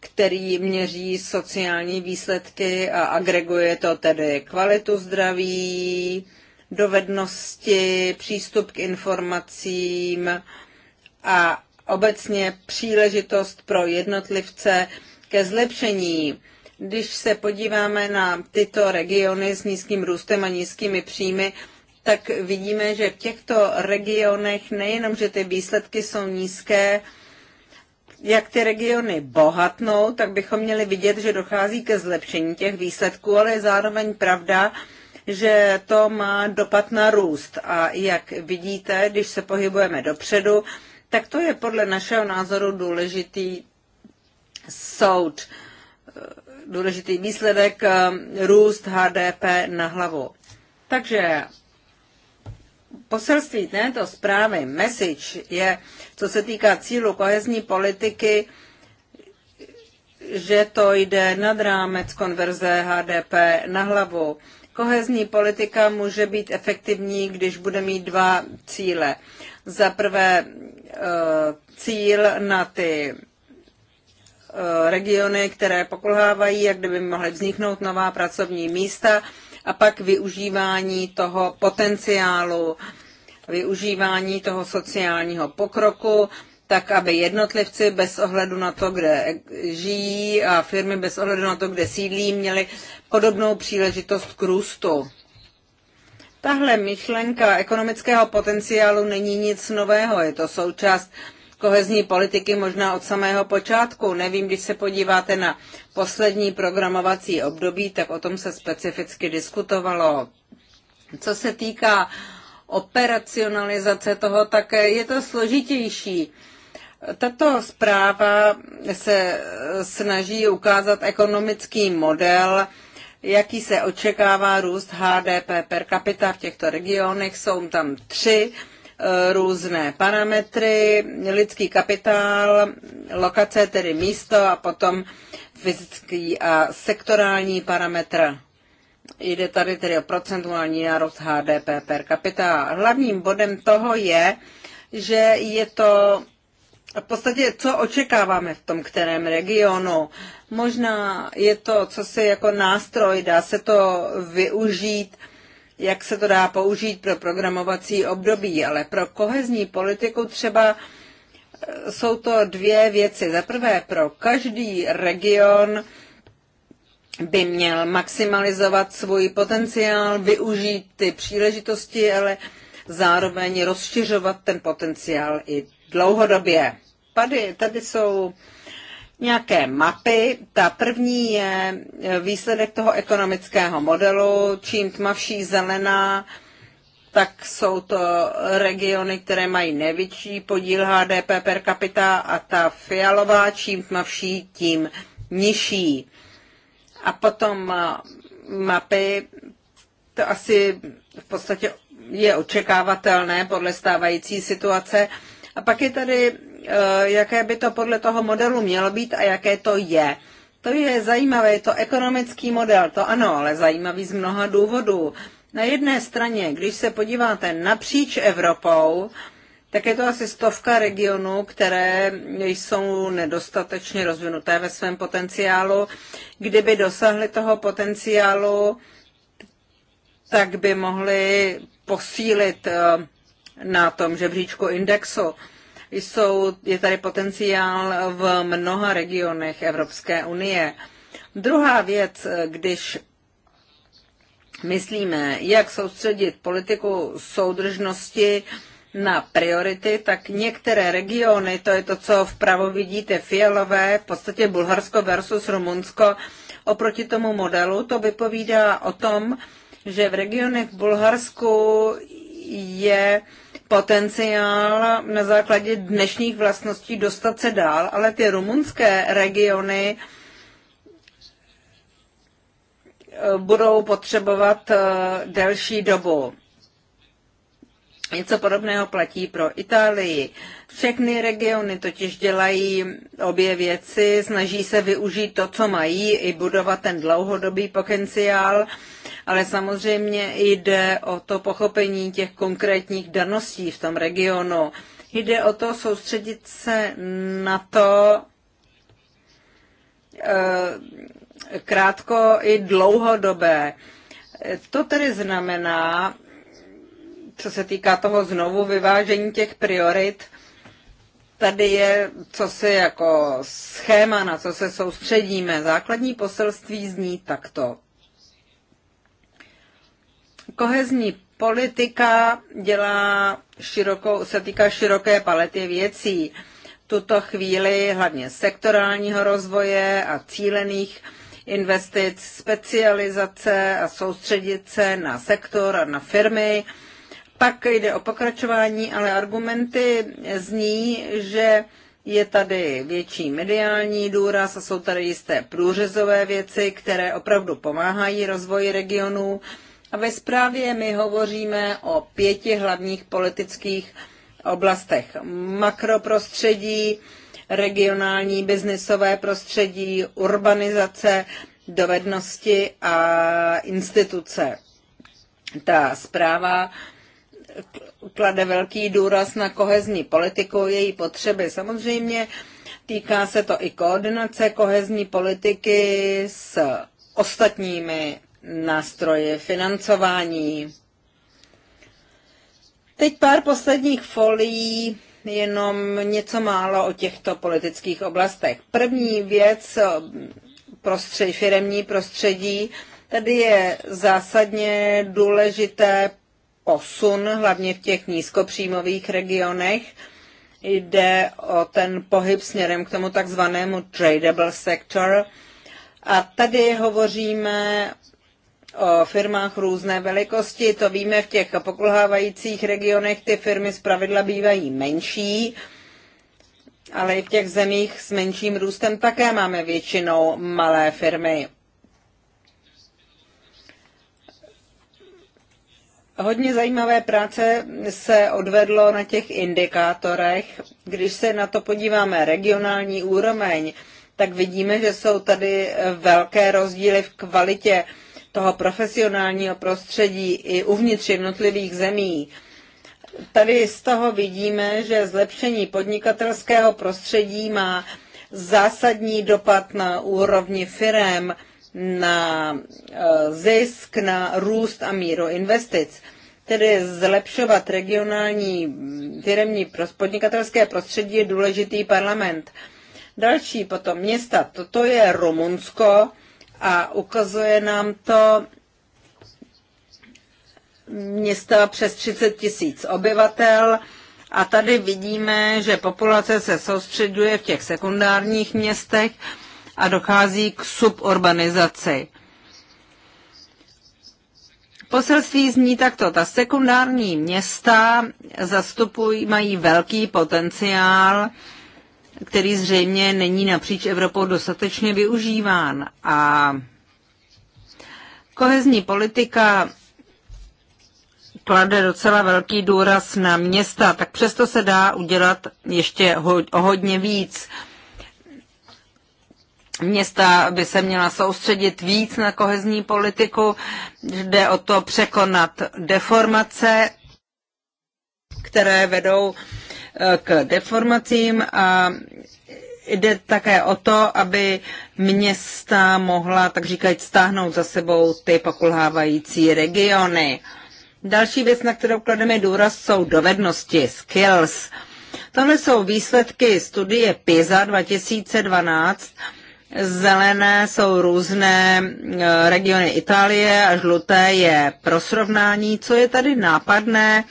Speaker 2: který měří sociální výsledky a agreguje to tedy kvalitu zdraví, dovednosti, přístup k informacím a obecně příležitost pro jednotlivce ke zlepšení. Když se podíváme na tyto regiony s nízkým růstem a nízkými příjmy, tak vidíme, že v těchto regionech nejenom, že ty výsledky jsou nízké, jak ty regiony bohatnou, tak bychom měli vidět, že dochází ke zlepšení těch výsledků, ale je zároveň pravda, že to má dopad na růst. A jak vidíte, když se pohybujeme dopředu, tak to je podle našeho názoru důležitý soud, eh, důležitý výsledek eh, růst HDP na hlavu. Takže poselství této zprávy, message, je, co se týká cílu kohezní politiky, že to jde nad rámec konverze HDP na hlavu. Kohezní politika může být efektivní, když bude mít dva cíle – za prvé e, cíl na ty e, regiony, které pokulhávají, jak kdyby mohly vzniknout nová pracovní místa a pak využívání toho potenciálu, využívání toho sociálního pokroku, tak aby jednotlivci bez ohledu na to, kde žijí a firmy bez ohledu na to, kde sídlí, měli podobnou příležitost k růstu. Tahle myšlenka ekonomického potenciálu není nic nového, je to součást kohezní politiky možná od samého počátku. Nevím, když se podíváte na poslední programovací období, tak o tom se specificky diskutovalo. Co se týká operacionalizace toho, tak je to složitější. Tato zpráva se snaží ukázat ekonomický model, jaký se očekává růst HDP per capita v těchto regionech. Jsou tam tři eh, různé parametry, lidský kapitál, lokace, tedy místo a potom fyzický a sektorální parametr. Jde tady tedy o procentuální nárost HDP per capita. Hlavním bodem toho je, že je to v podstatě, co očekáváme v tom kterém regionu. Možná je to, co se jako nástroj, dá se to využít, jak se to dá použít pro programovací období, ale pro kohezní politiku třeba e, jsou to dvě věci. Za prvé, pro každý region by měl maximalizovat svůj potenciál, využít ty příležitosti, ale zároveň rozšiřovat ten potenciál i dlouhodobě. Tady, tady jsou nějaké mapy. Ta první je výsledek toho ekonomického modelu. Čím tmavší zelená, tak jsou to regiony, které mají největší podíl HDP per capita a ta fialová, čím tmavší, tím nižší. A potom eh, mapy, to asi v podstatě je očekávatelné podle stávající situace, a pak je tady, eh, jaké by to podle toho modelu mělo být a jaké to je. To je zajímavé, je to ekonomický model, to ano, ale zajímavý z mnoha důvodů. Na jedné straně, když se podíváte napříč Evropou, tak je to asi stovka regionů, které jsou nedostatečně rozvinuté ve svém potenciálu. Kdyby dosahly toho potenciálu, tak by mohly posílit eh, na tom žebříčku indexu. Jsou, je tady potenciál v mnoha regionech Evropské unie. Druhá věc, když myslíme, jak soustředit politiku soudržnosti na priority, tak některé regiony, to je to, co vpravo vidíte, fialové, v podstatě Bulharsko versus Rumunsko, oproti tomu modelu, to vypovídá o tom, že v regionech v Bulharsku je potenciál na základě dnešních vlastností dostat se dál, ale ty rumunské regiony eh, budou potřebovat eh, delší dobu. Něco podobného platí pro Itálii. Všechny regiony totiž dělají obě věci, snaží se využít to, co mají, i budovat ten dlouhodobý potenciál ale samozřejmě jde o to pochopení těch konkrétních daností v tom regionu. Jde o to soustředit se na to eh, krátko i dlouhodobé. To tedy znamená, co se týká toho znovu vyvážení těch priorit, tady je co se jako schéma, na co se soustředíme. Základní poselství zní takto. Kohezní politika dělá širokou, se týká široké palety věcí. Tuto chvíli hlavně sektorálního rozvoje a cílených investic, specializace a soustředit se na sektor a na firmy. Pak jde o pokračování, ale argumenty zní, že je tady větší mediální důraz a jsou tady jisté průřezové věci, které opravdu pomáhají rozvoji regionů. A ve zprávě my hovoříme o pěti hlavních politických oblastech. Makroprostředí, regionální biznisové prostředí, urbanizace, dovednosti a instituce. Ta zpráva klade velký důraz na kohezní politiku, její potřeby. Samozřejmě týká se to i koordinace kohezní politiky s ostatními nástroje financování. Teď pár posledních folií, jenom něco málo o těchto politických oblastech. První věc, prostředí, firemní prostředí, tady je zásadně důležité posun, hlavně v těch nízkopříjmových regionech. Jde o ten pohyb směrem k tomu takzvanému tradable sector. A tady hovoříme o firmách různé velikosti. To víme, v těch pokulhávajících regionech ty firmy zpravidla bývají menší, ale i v těch zemích s menším růstem také máme většinou malé firmy. Hodně zajímavé práce se odvedlo na těch indikátorech. Když se na to podíváme regionální úroveň, tak vidíme, že jsou tady velké rozdíly v kvalitě toho profesionálního prostředí i uvnitř jednotlivých zemí. Tady z toho vidíme, že zlepšení podnikatelského prostředí má zásadní dopad na úrovni firem, na e, zisk, na růst a míru investic. Tedy zlepšovat regionální mm, firmní podnikatelské prostředí je důležitý parlament. Další potom města, toto je Rumunsko, a ukazuje nám to města přes 30 tisíc obyvatel a tady vidíme, že populace se soustředuje v těch sekundárních městech a dochází k suburbanizaci. Poselství zní takto. Ta sekundární města zastupují, mají velký potenciál který zřejmě není napříč Evropou dostatečně využíván. A kohezní politika klade docela velký důraz na města, tak přesto se dá udělat ještě ho, o hodně víc. Města by se měla soustředit víc na kohezní politiku, jde o to překonat deformace, které vedou k deformacím a jde také o to, aby města mohla, tak říkajíc, stáhnout za sebou ty pokulhávající regiony. Další věc, na kterou klademe důraz, jsou dovednosti, skills. Tohle jsou výsledky studie PISA 2012. Zelené jsou různé e, regiony Itálie a žluté je pro srovnání, co je tady nápadné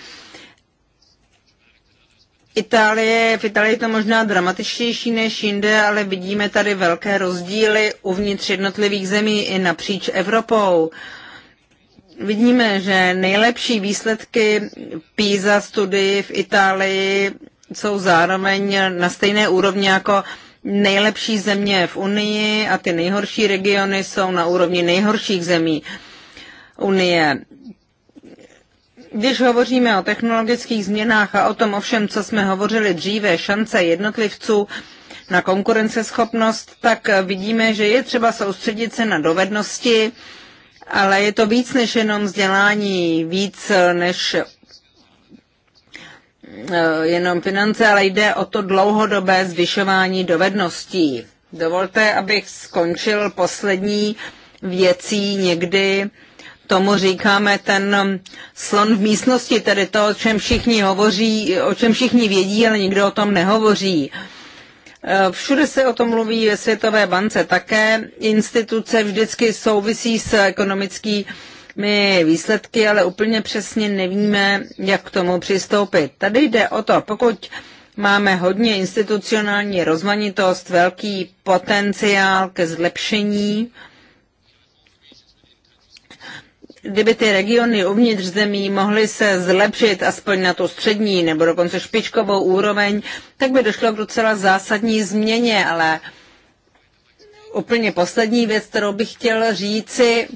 Speaker 2: Itálie, v Itálii je to možná dramatičtější než jinde, ale vidíme tady velké rozdíly uvnitř jednotlivých zemí i napříč Evropou. Vidíme, že nejlepší výsledky PISA studii v Itálii jsou zároveň na stejné úrovni jako nejlepší země v Unii a ty nejhorší regiony jsou na úrovni nejhorších zemí Unie. Když hovoříme o technologických změnách a o tom ovšem, co jsme hovořili dříve, šance jednotlivců na konkurenceschopnost, tak vidíme, že je třeba soustředit se na dovednosti, ale je to víc než jenom vzdělání, víc než eh, jenom finance, ale jde o to dlouhodobé zvyšování dovedností. Dovolte, abych skončil poslední věcí někdy Tomu říkáme ten slon v místnosti, tedy to, o čem všichni hovoří, o čem všichni vědí, ale nikdo o tom nehovoří. E, všude se o tom mluví ve Světové bance také. Instituce vždycky souvisí s ekonomickými výsledky, ale úplně přesně nevíme, jak k tomu přistoupit. Tady jde o to, pokud máme hodně institucionální rozmanitost, velký potenciál ke zlepšení, kdyby ty regiony uvnitř zemí mohly se zlepšit aspoň na tu střední nebo dokonce špičkovou úroveň, tak by došlo k docela zásadní změně, ale úplně poslední věc, kterou bych chtěl říci,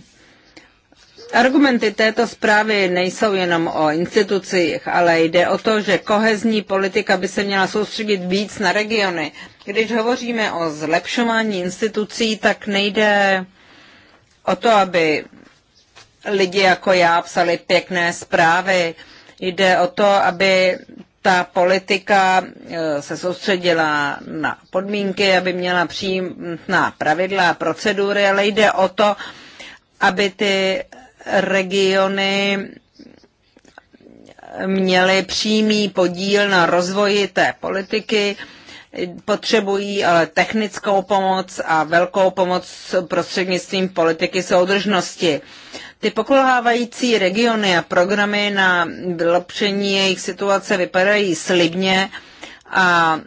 Speaker 2: Argumenty této zprávy nejsou jenom o institucích, ale jde o to, že kohezní politika by se měla soustředit víc na regiony. Když hovoříme o zlepšování institucí, tak nejde o to, aby lidi jako já psali pěkné zprávy. Jde o to, aby ta politika eh, se soustředila na podmínky, aby měla přijímná pravidla a procedury, ale jde o to, aby ty regiony měly přímý podíl na rozvoji té politiky, potřebují ale technickou pomoc a velkou pomoc prostřednictvím politiky soudržnosti. Ty pokulhávající regiony a programy na vylepšení jejich situace vypadají slibně a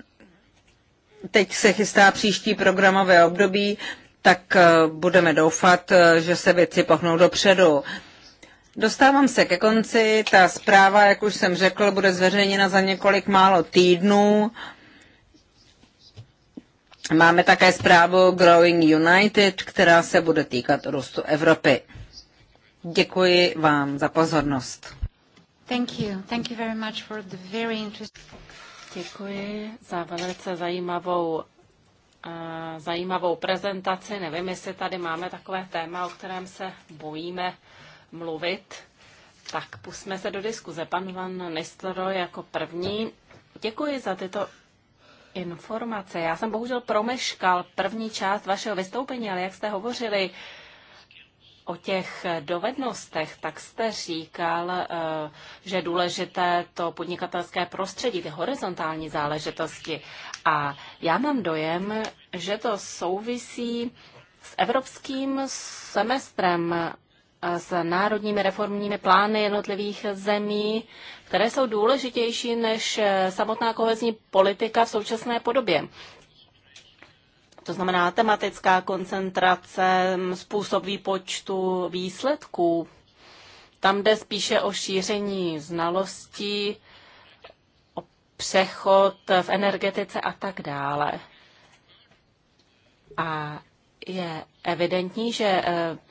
Speaker 2: teď se chystá příští programové období, tak eh, budeme doufat, eh, že se věci pohnou dopředu. Dostávám se ke konci. Ta zpráva, jak už jsem řekl, bude zveřejněna za několik málo týdnů. Máme také zprávu Growing United, která se bude týkat růstu Evropy. Děkuji vám za pozornost. Thank you. Thank you very much for the very interesting...
Speaker 1: Děkuji za velice zajímavou eh, zajímavou prezentaci. Nevím, jestli tady máme takové téma, o kterém se bojíme mluvit. Tak pusme se do diskuze. Pan Van Nistelro jako první. Děkuji za tyto informace. Já jsem bohužel promeškal první část vašeho vystoupení, ale jak jste hovořili o těch dovednostech, tak jste říkal, eh, že je důležité to podnikatelské prostředí, ty horizontální záležitosti. A já mám dojem, že to souvisí s evropským semestrem, eh, s národními reformními plány jednotlivých zemí, které jsou důležitější než eh, samotná kohezní politika v současné podobě. To znamená tematická koncentrace, způsob výpočtu výsledků. Tam jde spíše o šíření znalostí, o přechod v energetice a tak dále. A je evidentní, že e,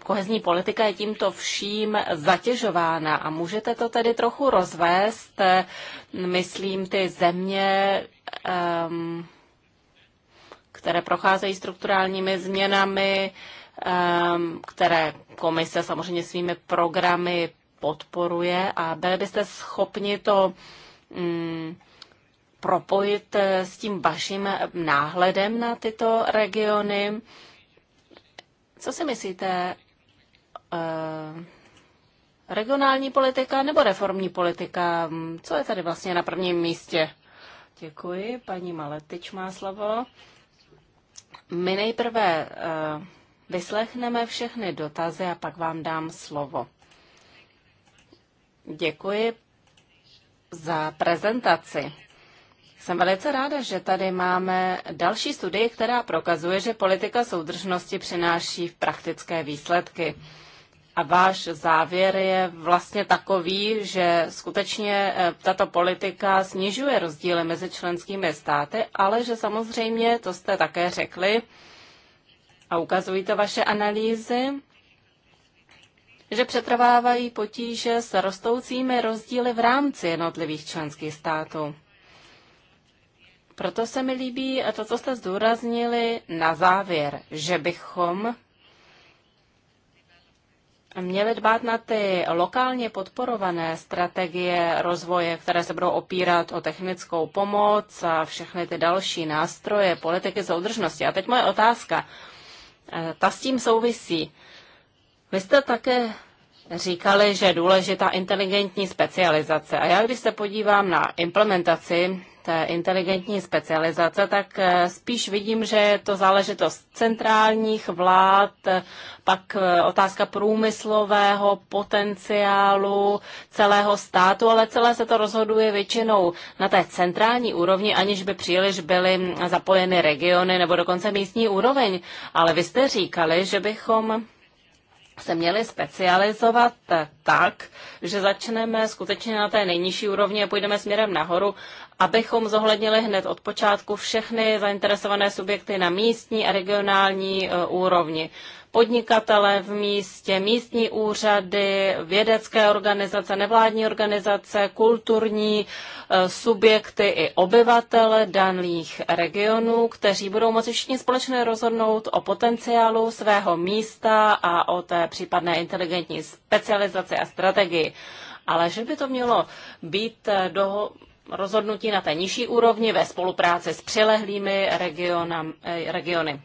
Speaker 1: kohezní politika je tímto vším zatěžována a můžete to tedy trochu rozvést, e, myslím, ty země, um, které procházejí strukturálními změnami, ehm, které komise samozřejmě svými programy podporuje a byli byste schopni to mm, propojit eh, s tím vaším náhledem na tyto regiony. Co si myslíte, eh, regionální politika nebo reformní politika? Co je tady vlastně na prvním místě? Děkuji, paní Maletič má slovo. My nejprve eh, vyslechneme všechny dotazy a pak vám dám slovo. Děkuji za prezentaci. Jsem velice ráda, že tady máme další studii, která prokazuje, že politika soudržnosti přináší praktické výsledky a váš závěr je vlastně takový, že skutečně eh, tato politika snižuje rozdíly mezi členskými státy, ale že samozřejmě, to jste také řekli a ukazují to vaše analýzy, že přetrvávají potíže s rostoucími rozdíly v rámci jednotlivých členských států. Proto se mi líbí to, co jste zdůraznili na závěr, že bychom měli dbát na ty lokálně podporované strategie rozvoje, které se budou opírat o technickou pomoc a všechny ty další nástroje politiky soudržnosti. A teď moje otázka. E, ta s tím souvisí. Vy jste také říkali, že je důležitá inteligentní specializace. A já, když se podívám na implementaci inteligentní specializace, tak eh, spíš vidím, že je to záležitost centrálních vlád, pak eh, otázka průmyslového potenciálu celého státu, ale celé se to rozhoduje většinou na té centrální úrovni, aniž by příliš byly zapojeny regiony nebo dokonce místní úroveň. Ale vy jste říkali, že bychom se měli specializovat tak, že začneme skutečně na té nejnižší úrovni a půjdeme směrem nahoru abychom zohlednili hned od počátku všechny zainteresované subjekty na místní a regionální e, úrovni. Podnikatele v místě, místní úřady, vědecké organizace, nevládní organizace, kulturní e, subjekty i obyvatele daných regionů, kteří budou moci všichni společně rozhodnout o potenciálu svého místa a o té případné inteligentní specializaci a strategii ale že by to mělo být e, do, rozhodnutí na té nižší úrovni ve spolupráci s přilehlými regionam, eh, regiony.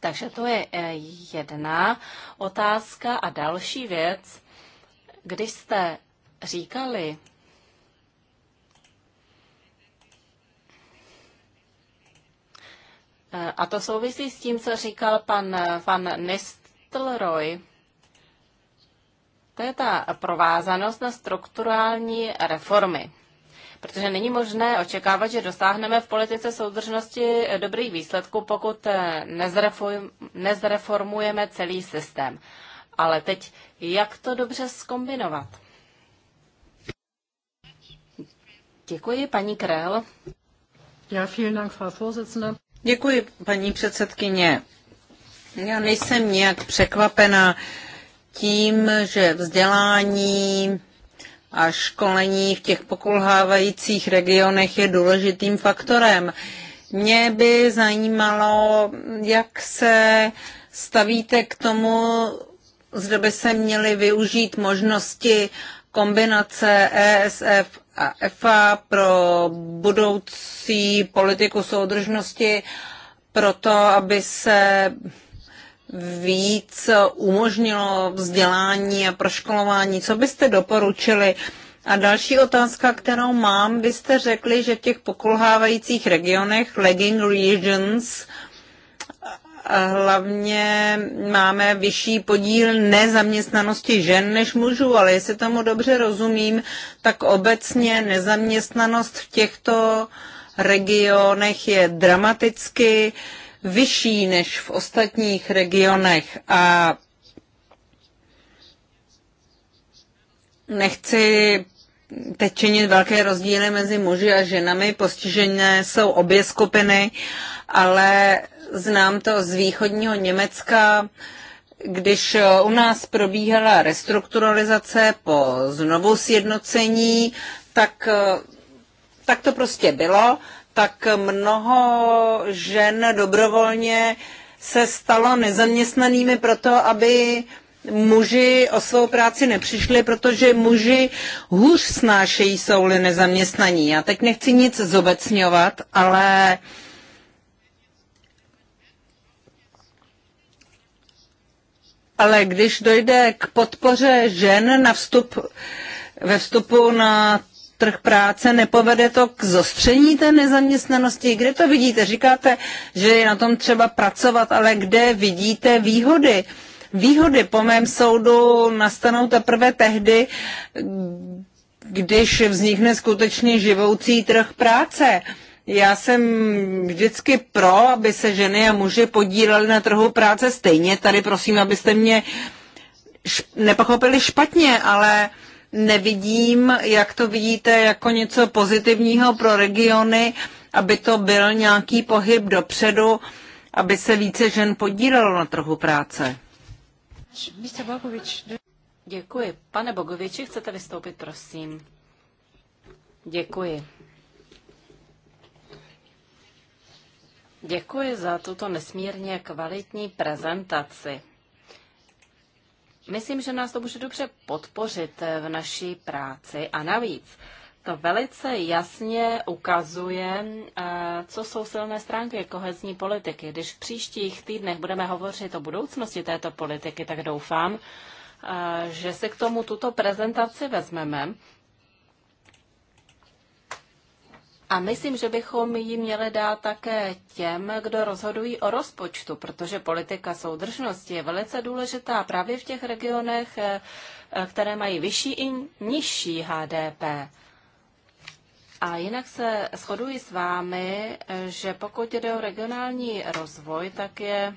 Speaker 1: Takže to je eh, jedna otázka. A další věc, když jste říkali, eh, a to souvisí s tím, co říkal pan, pan Nistelrooy, to je ta provázanost na strukturální reformy. Protože není možné očekávat, že dosáhneme v politice soudržnosti dobrých výsledků, pokud eh, nezreformujeme celý systém. Ale teď, jak to dobře skombinovat? Děkuji, paní
Speaker 2: Krell. Já vielen Dank, Frau Děkuji, paní předsedkyně. Já nejsem nějak překvapena tím, že vzdělání a školení v těch pokulhávajících regionech je důležitým faktorem. Mě by zajímalo, jak se stavíte k tomu, zda by se měly využít možnosti kombinace ESF a EFA pro budoucí politiku soudržnosti, proto aby se víc umožnilo vzdělání a proškolování. Co byste doporučili? A další otázka, kterou mám, vy jste řekli, že v těch pokulhávajících regionech, lagging regions, hlavně máme vyšší podíl nezaměstnanosti žen než mužů, ale jestli tomu dobře rozumím, tak obecně nezaměstnanost v těchto regionech je dramaticky uh, vyšší než v ostatních regionech a nechci teď činit velké rozdíly mezi muži a ženami. Postižené jsou obě skupiny, ale znám to z východního Německa, když u nás probíhala restrukturalizace po znovu sjednocení, tak, tak to prostě bylo tak mnoho žen dobrovolně se stalo nezaměstnanými proto, aby muži o svou práci nepřišli, protože muži hůř snášejí souly nezaměstnaní. Já teď nechci nic zobecňovat, ale ale když dojde k podpoře žen na vstup, ve vstupu na trh práce, nepovede to k zostření té nezaměstnanosti? Kde to vidíte? Říkáte, že je na tom třeba pracovat, ale kde vidíte výhody? Výhody po mém soudu nastanou teprve tehdy, když vznikne skutečně živoucí trh práce. Já jsem vždycky pro, aby se ženy a muži podíleli na trhu práce stejně. Tady prosím, abyste mě nepochopili špatně, ale uh, nevidím, jak to vidíte jako něco pozitivního pro regiony, aby to byl nějaký pohyb dopředu, aby se více žen podílelo na trhu práce. Děkuji.
Speaker 1: Pane Bogoviči, chcete vystoupit, prosím. Děkuji. Děkuji za tuto nesmírně kvalitní prezentaci. Myslím, že nás to může dobře podpořit eh, v naší práci a navíc to velice jasně ukazuje, eh, co jsou silné stránky kohezní politiky. Když v příštích týdnech budeme hovořit o budoucnosti této politiky, tak doufám, eh, že se k tomu tuto prezentaci vezmeme A myslím, že bychom ji měli dát také těm, kdo rozhodují o rozpočtu, protože politika soudržnosti je velice důležitá právě v těch regionech, eh, eh, které mají vyšší i nižší HDP. A jinak se shoduji s vámi, eh, že pokud jde o regionální rozvoj, tak je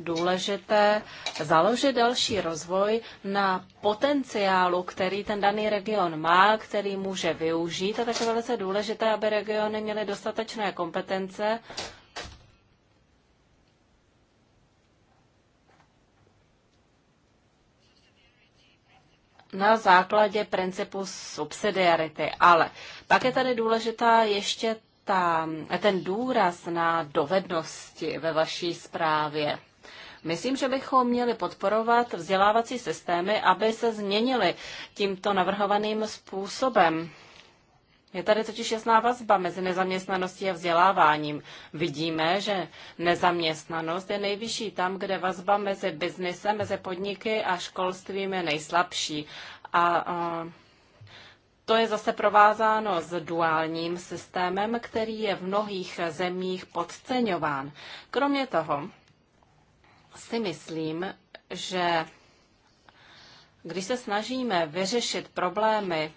Speaker 1: důležité založit další rozvoj na potenciálu, který ten daný region má, který může využít. A také velice důležité, aby regiony měly dostatečné kompetence na základě principu subsidiarity. Ale pak je tady důležitá ještě ta, ten důraz na dovednosti ve vaší zprávě. Myslím, že bychom měli podporovat vzdělávací systémy, aby se změnily tímto navrhovaným způsobem. Je tady totiž jasná vazba mezi nezaměstnaností a vzděláváním. Vidíme, že nezaměstnanost je nejvyšší tam, kde vazba mezi biznesem, mezi podniky a školstvím je nejslabší. A, a to je zase provázáno s duálním systémem, který je v mnohých zemích podceňován. Kromě toho, si myslím, že když se snažíme vyřešit problémy,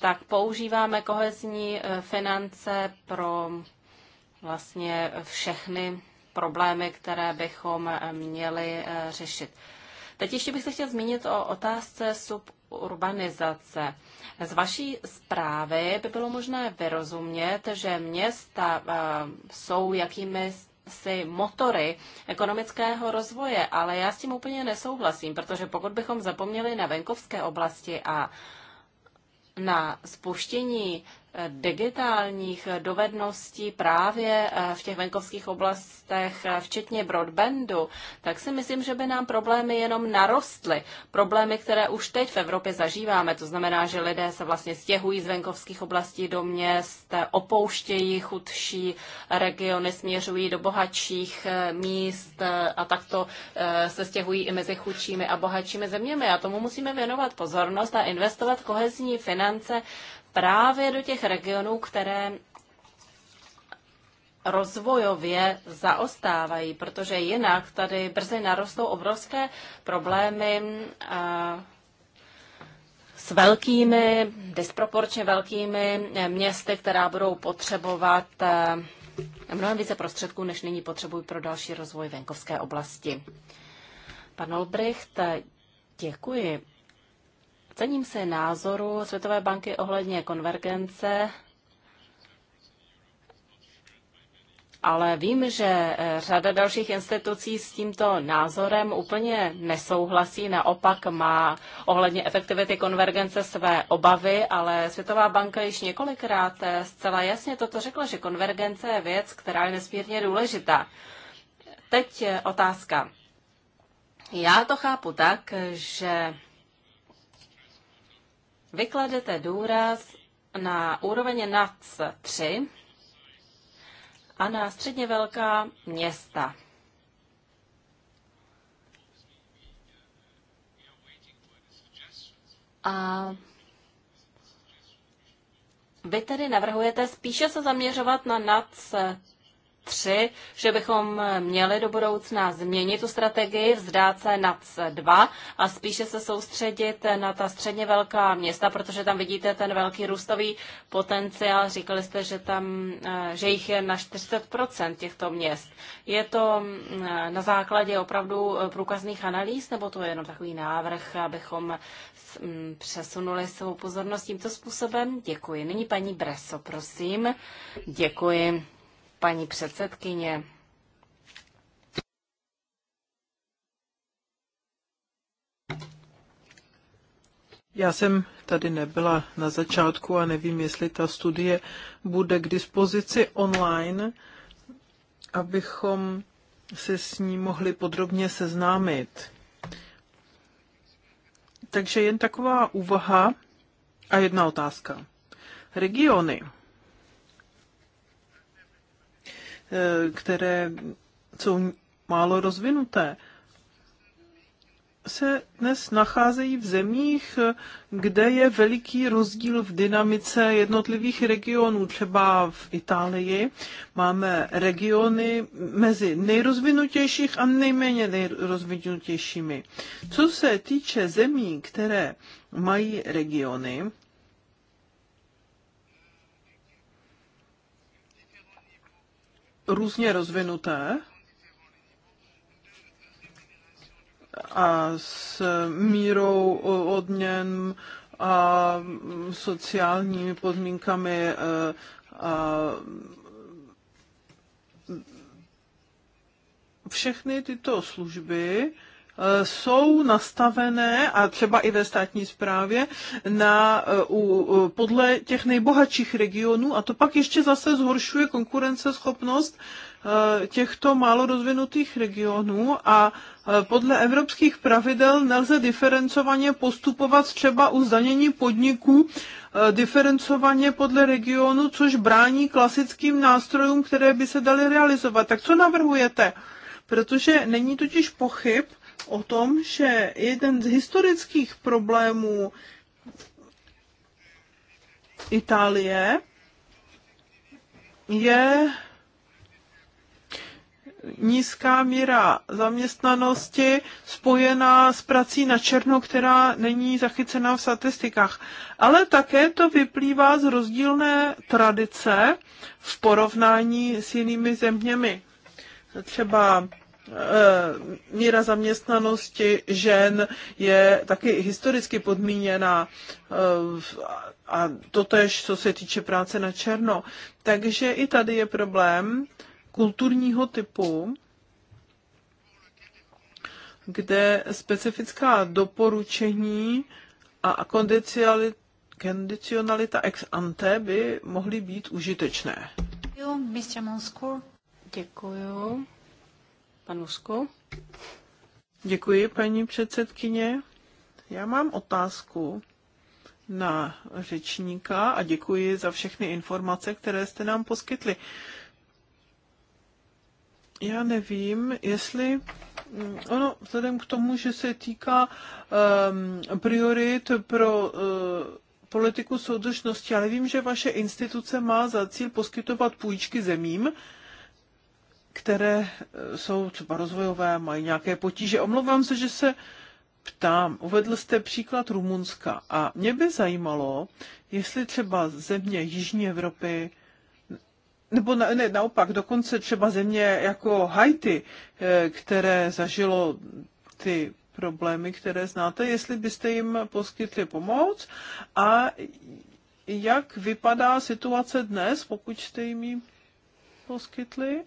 Speaker 1: tak používáme kohezní e, finance pro vlastně všechny problémy, které bychom e, měli e, řešit. Teď ještě bych se chtěl zmínit o otázce suburbanizace. Z vaší zprávy by bylo možné vyrozumět, že města jsou jakými si motory ekonomického rozvoje, ale já s tím úplně nesouhlasím, protože pokud bychom zapomněli na venkovské oblasti a na spuštění digitálních dovedností právě eh, v těch venkovských oblastech, eh, včetně broadbandu, tak si myslím, že by nám problémy jenom narostly. Problémy, které už teď v Evropě zažíváme, to znamená, že lidé se vlastně stěhují z venkovských oblastí do měst, opouštějí chudší regiony, směřují do bohatších eh, míst a takto se stěhují i mezi chudšími a bohatšími zeměmi. A tomu musíme věnovat pozornost a investovat kohezní finance právě do těch regionů, které rozvojově zaostávají, protože jinak tady brzy narostou obrovské problémy s velkými, disproporčně velkými městy, která budou potřebovat mnohem více prostředků, než nyní potřebují pro další rozvoj venkovské oblasti. Pan Olbricht, děkuji. Cením se názoru Světové banky ohledně konvergence, ale vím, že eh, řada dalších institucí s tímto názorem úplně nesouhlasí, naopak má ohledně efektivity konvergence své obavy, ale Světová banka již několikrát eh, zcela jasně toto řekla, že konvergence je věc, která je nesmírně důležitá. Teď eh, otázka. Já to chápu tak, že vykladete důraz na úroveň NAC 3 a na středně velká města. A vy tedy navrhujete spíše se zaměřovat na NAC 3, že bychom měli do budoucna změnit tu strategii, vzdát se nad 2 a spíše se soustředit na ta středně velká města, protože tam vidíte ten velký růstový potenciál. Říkali jste, že, tam, eh, že jich je na 40% těchto měst. Je to eh, na základě opravdu eh, průkazných analýz, nebo to je jenom takový návrh, abychom mm, přesunuli svou pozornost tímto způsobem? Děkuji. Nyní paní Breso, prosím. Děkuji paní předsedkyně.
Speaker 3: Já jsem tady nebyla na začátku a nevím, jestli ta studie bude k dispozici online, abychom se s ní mohli podrobně seznámit. Takže jen taková úvaha a jedna otázka. Regiony Eh, které jsou málo rozvinuté, se dnes nacházejí v zemích, kde je veliký rozdíl v dynamice jednotlivých regionů. Třeba v Itálii máme regiony mezi nejrozvinutějších a nejméně nejrozvinutějšími. Co se týče zemí, které mají regiony, různě rozvinuté a s mírou odměn a sociálními podmínkami eh, a všechny tyto služby Eh, jsou nastavené, a třeba i ve státní správě, na, eh, u, podle těch nejbohatších regionů a to pak ještě zase zhoršuje konkurenceschopnost eh, těchto málo rozvinutých regionů a podle evropských pravidel nelze diferencovaně postupovat třeba u zdanění podniků diferencovaně podle regionu, což brání klasickým nástrojům, které by se daly realizovat. Tak co navrhujete? Protože není totiž pochyb, o tom, že jeden z historických problémů Itálie je nízká míra zaměstnanosti spojená s prací na černo, která není zachycená v statistikách. Ale také to vyplývá z rozdílné tradice v porovnání s jinými zeměmi. Třeba Eh, míra zaměstnanosti žen je taky historicky podmíněna eh, a totež, co se týče práce na černo. Takže i tady je problém kulturního typu, kde specifická doporučení a kondicionalita ex ante by mohly být užitečné.
Speaker 1: Děkuji.
Speaker 3: Pan Vosko. Děkuji, paní předsedkyně. Já mám otázku na řečníka a děkuji za všechny informace, které jste nám poskytli. Já nevím, jestli mm, ono vzhledem k tomu, že se týká um, priorit pro uh, politiku soudržnosti, ale vím, že vaše instituce má za cíl poskytovat půjčky zemím, uh, které e, jsou třeba rozvojové, mají nějaké potíže. Omlouvám se, že se ptám. Uvedl jste příklad Rumunska a mě by zajímalo, jestli třeba země Jižní Evropy nebo na, ne, naopak, dokonce třeba země jako Haiti, e, které zažilo ty problémy, které znáte, jestli byste jim poskytli pomoc a jak vypadá situace dnes, pokud jste jim ji poskytli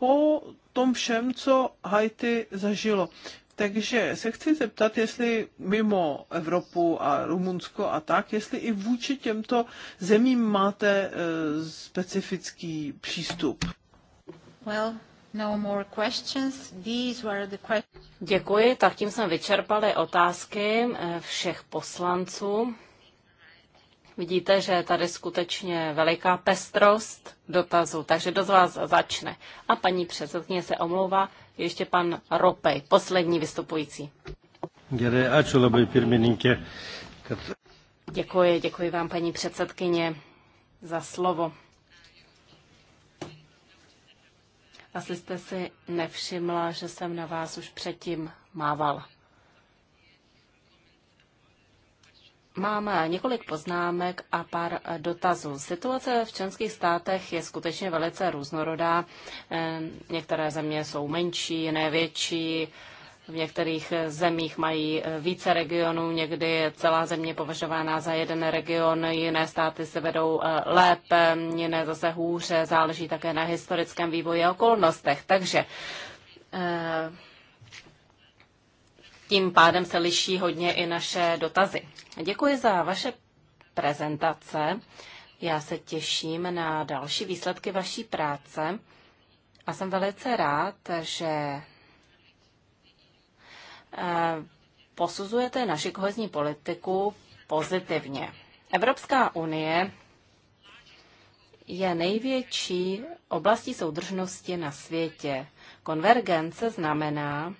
Speaker 3: po tom všem, co Haiti zažilo. Takže se chci zeptat, jestli mimo Evropu a Rumunsko a tak, jestli i vůči těmto zemím máte eh, specifický přístup.
Speaker 1: Well, no more questions. These were the questions. Děkuji, tak tím jsme vyčerpali otázky eh, všech poslanců. Vidíte, že je tady skutečně veliká pestrost dotazů, takže do z vás začne? A paní předsedkyně se omlouvá, ještě pan Ropej, poslední vystupující. Děkuji, děkuji vám, paní předsedkyně, za slovo. Asi jste si nevšimla, že jsem na vás už předtím mával. Mám eh, několik poznámek a pár eh, dotazů. Situace v členských státech je skutečně velice různorodá. Eh, některé země jsou menší, jiné větší. V některých zemích mají více regionů, někdy je celá země považována za jeden region, jiné státy se vedou lépe, jiné zase hůře, záleží také na historickém vývoji a okolnostech. Takže tím pádem se liší hodně i naše dotazy. Děkuji za vaše prezentace. Já se těším na další výsledky vaší práce a jsem velice rád, že eh, posuzujete naši kohezní politiku pozitivně. Evropská unie je největší oblastí soudržnosti na světě. Konvergence znamená,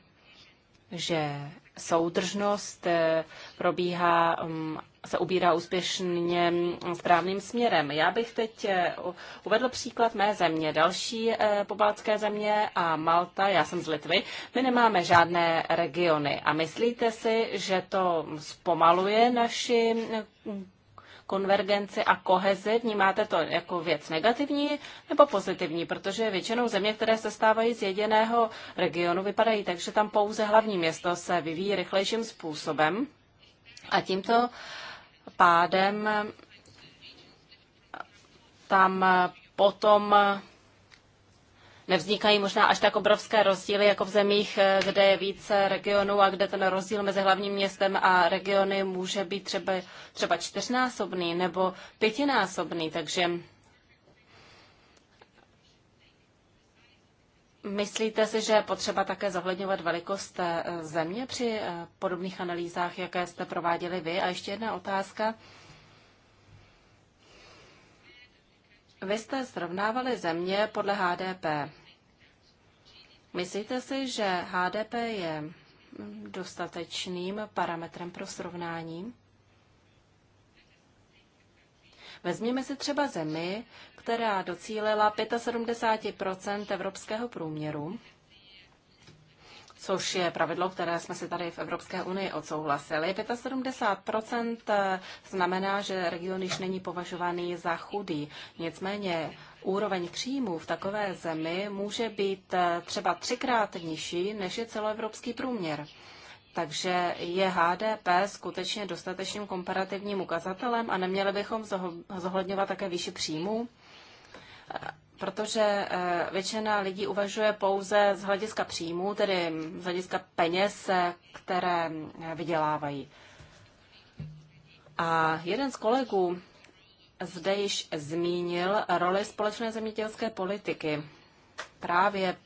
Speaker 1: že soudržnost eh, probíhá, mm, se ubírá úspěšně mm, správným směrem. Já bych teď eh, uvedl příklad mé země, další eh, pobaltské země a Malta, já jsem z Litvy. My nemáme žádné regiony a myslíte si, že to zpomaluje naši mm, konvergenci a kohezi? Vnímáte to jako věc negativní nebo pozitivní? Protože většinou země, které se stávají z jediného regionu, vypadají tak, že tam pouze hlavní město se vyvíjí rychlejším způsobem a tímto pádem tam potom nevznikají možná až tak obrovské rozdíly jako v zemích, eh, kde je více regionů a kde ten rozdíl mezi hlavním městem a regiony může být třeba, třeba čtyřnásobný nebo pětinásobný. Takže Myslíte si, že je potřeba také zohledňovat velikost eh, země při eh, podobných analýzách, jaké jste prováděli vy? A ještě jedna otázka. Vy jste srovnávali země podle HDP. Myslíte si, že HDP je dostatečným parametrem pro srovnání? Vezměme si třeba zemi, která docílila 75 evropského průměru což je pravidlo, které jsme si tady v Evropské unii odsouhlasili. 75 eh, znamená, že region již není považovaný za chudý. Nicméně úroveň příjmů v takové zemi může být eh, třeba třikrát nižší, než je celoevropský průměr. Takže je HDP skutečně dostatečným komparativním ukazatelem a neměli bychom zohledňovat také výši příjmů? protože eh, většina lidí uvažuje pouze z hlediska příjmů, tedy z hlediska peněz, eh, které eh, vydělávají. A jeden z kolegů zde již zmínil roli společné zemědělské politiky právě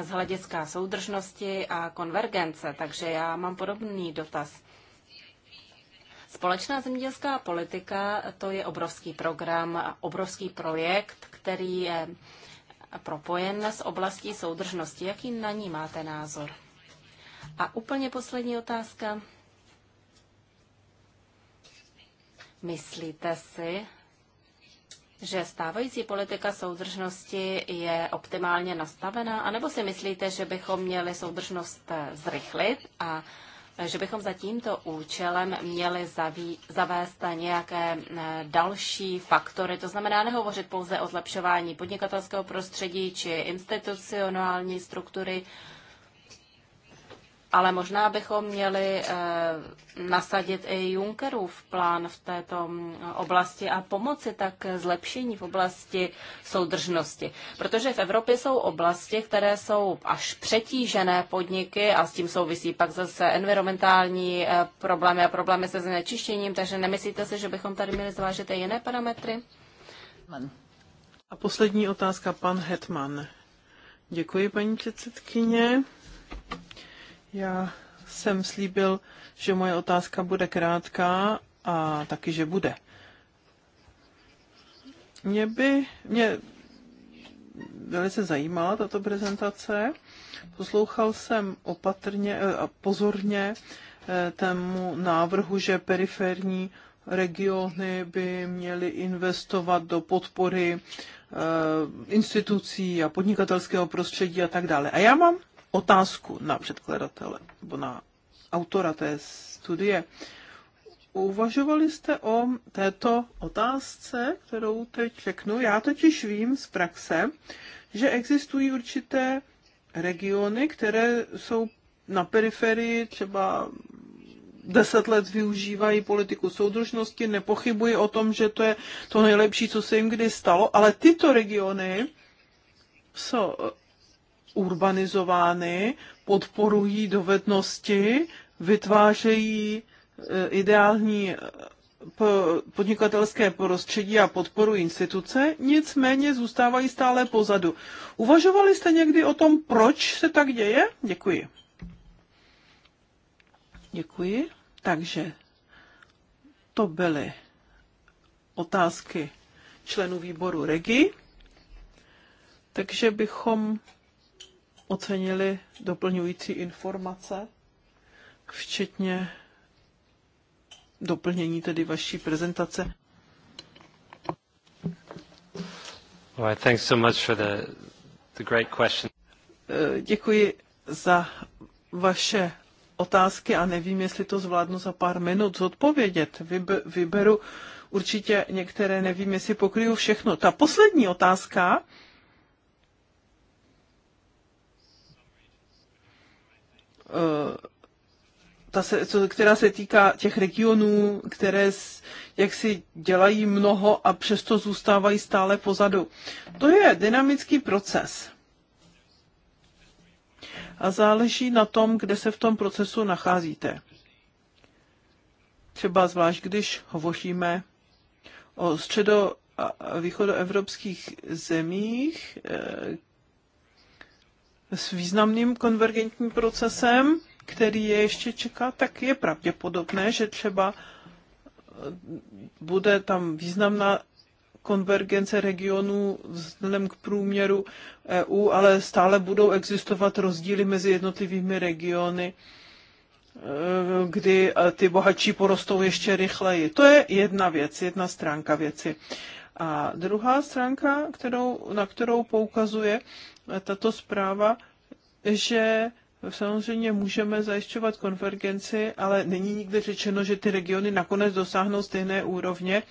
Speaker 1: z hlediska soudržnosti a konvergence, takže já mám podobný dotaz. Společná zemědělská politika to je obrovský program, obrovský projekt, který je propojen s oblastí soudržnosti. Jaký na ní máte názor? A úplně poslední otázka. Myslíte si, že stávající politika soudržnosti je optimálně nastavená, anebo si myslíte, že bychom měli soudržnost zrychlit a že bychom za tímto účelem měli zaví, zavést nějaké eh, další faktory. To znamená nehovořit pouze o zlepšování podnikatelského prostředí či institucionální struktury, ale možná bychom měli eh, nasadit i Junckerův plán v této mm, oblasti a pomoci tak zlepšení v oblasti soudržnosti. Protože v Evropě jsou oblasti, které jsou až přetížené podniky a s tím souvisí pak zase environmentální eh, problémy a problémy se znečištěním, takže nemyslíte si, že bychom tady měli zvážit i jiné parametry?
Speaker 3: A poslední otázka, pan Hetman. Děkuji, paní předsedkyně. Já jsem slíbil, že moje otázka bude krátká a taky, že bude. Mě by, mě velice zajímala tato prezentace. Poslouchal jsem opatrně eh, a pozorně eh, tému návrhu, že periferní regiony by měly investovat do podpory eh, institucí a podnikatelského prostředí a tak dále. A já mám otázku na předkladatele nebo na autora té studie. Uvažovali jste o této otázce, kterou teď řeknu? Já totiž vím z praxe, že existují určité regiony, které jsou na periferii třeba deset let využívají politiku soudržnosti, nepochybuji o tom, že to je to nejlepší, co se jim kdy stalo, ale tyto regiony jsou, urbanizovány, podporují dovednosti, vytvářejí e, ideální e, podnikatelské prostředí a podporu instituce, nicméně zůstávají stále pozadu. Uvažovali jste někdy o tom, proč se tak děje? Děkuji. Děkuji. Takže to byly otázky členů výboru REGI. Takže bychom ocenili doplňující informace, včetně doplnění tedy vaší prezentace.
Speaker 2: thanks so much for the, the great question.
Speaker 3: Eh, děkuji za vaše otázky a nevím, jestli to zvládnu za pár minut zodpovědět. Vyberu určitě některé, nevím, jestli pokryju všechno. Ta poslední otázka, ta se, co, která se týká těch regionů, které jak si dělají mnoho a přesto zůstávají stále pozadu. To je dynamický proces. A záleží na tom, kde se v tom procesu nacházíte. Třeba zvlášť, když hovoříme o středo- a východoevropských zemích, eh, s významným konvergentním procesem, který je ještě čeká, tak je pravděpodobné, že třeba eh, bude tam významná konvergence regionů vzhledem k průměru EU, ale stále budou existovat rozdíly mezi jednotlivými regiony, eh, kdy eh, ty bohatší porostou ještě rychleji. To je jedna věc, jedna stránka věci. A druhá stránka, kterou, na kterou poukazuje tato zpráva, že samozřejmě můžeme zajišťovat konvergenci, ale není nikde řečeno, že ty regiony nakonec dosáhnou stejné úrovně.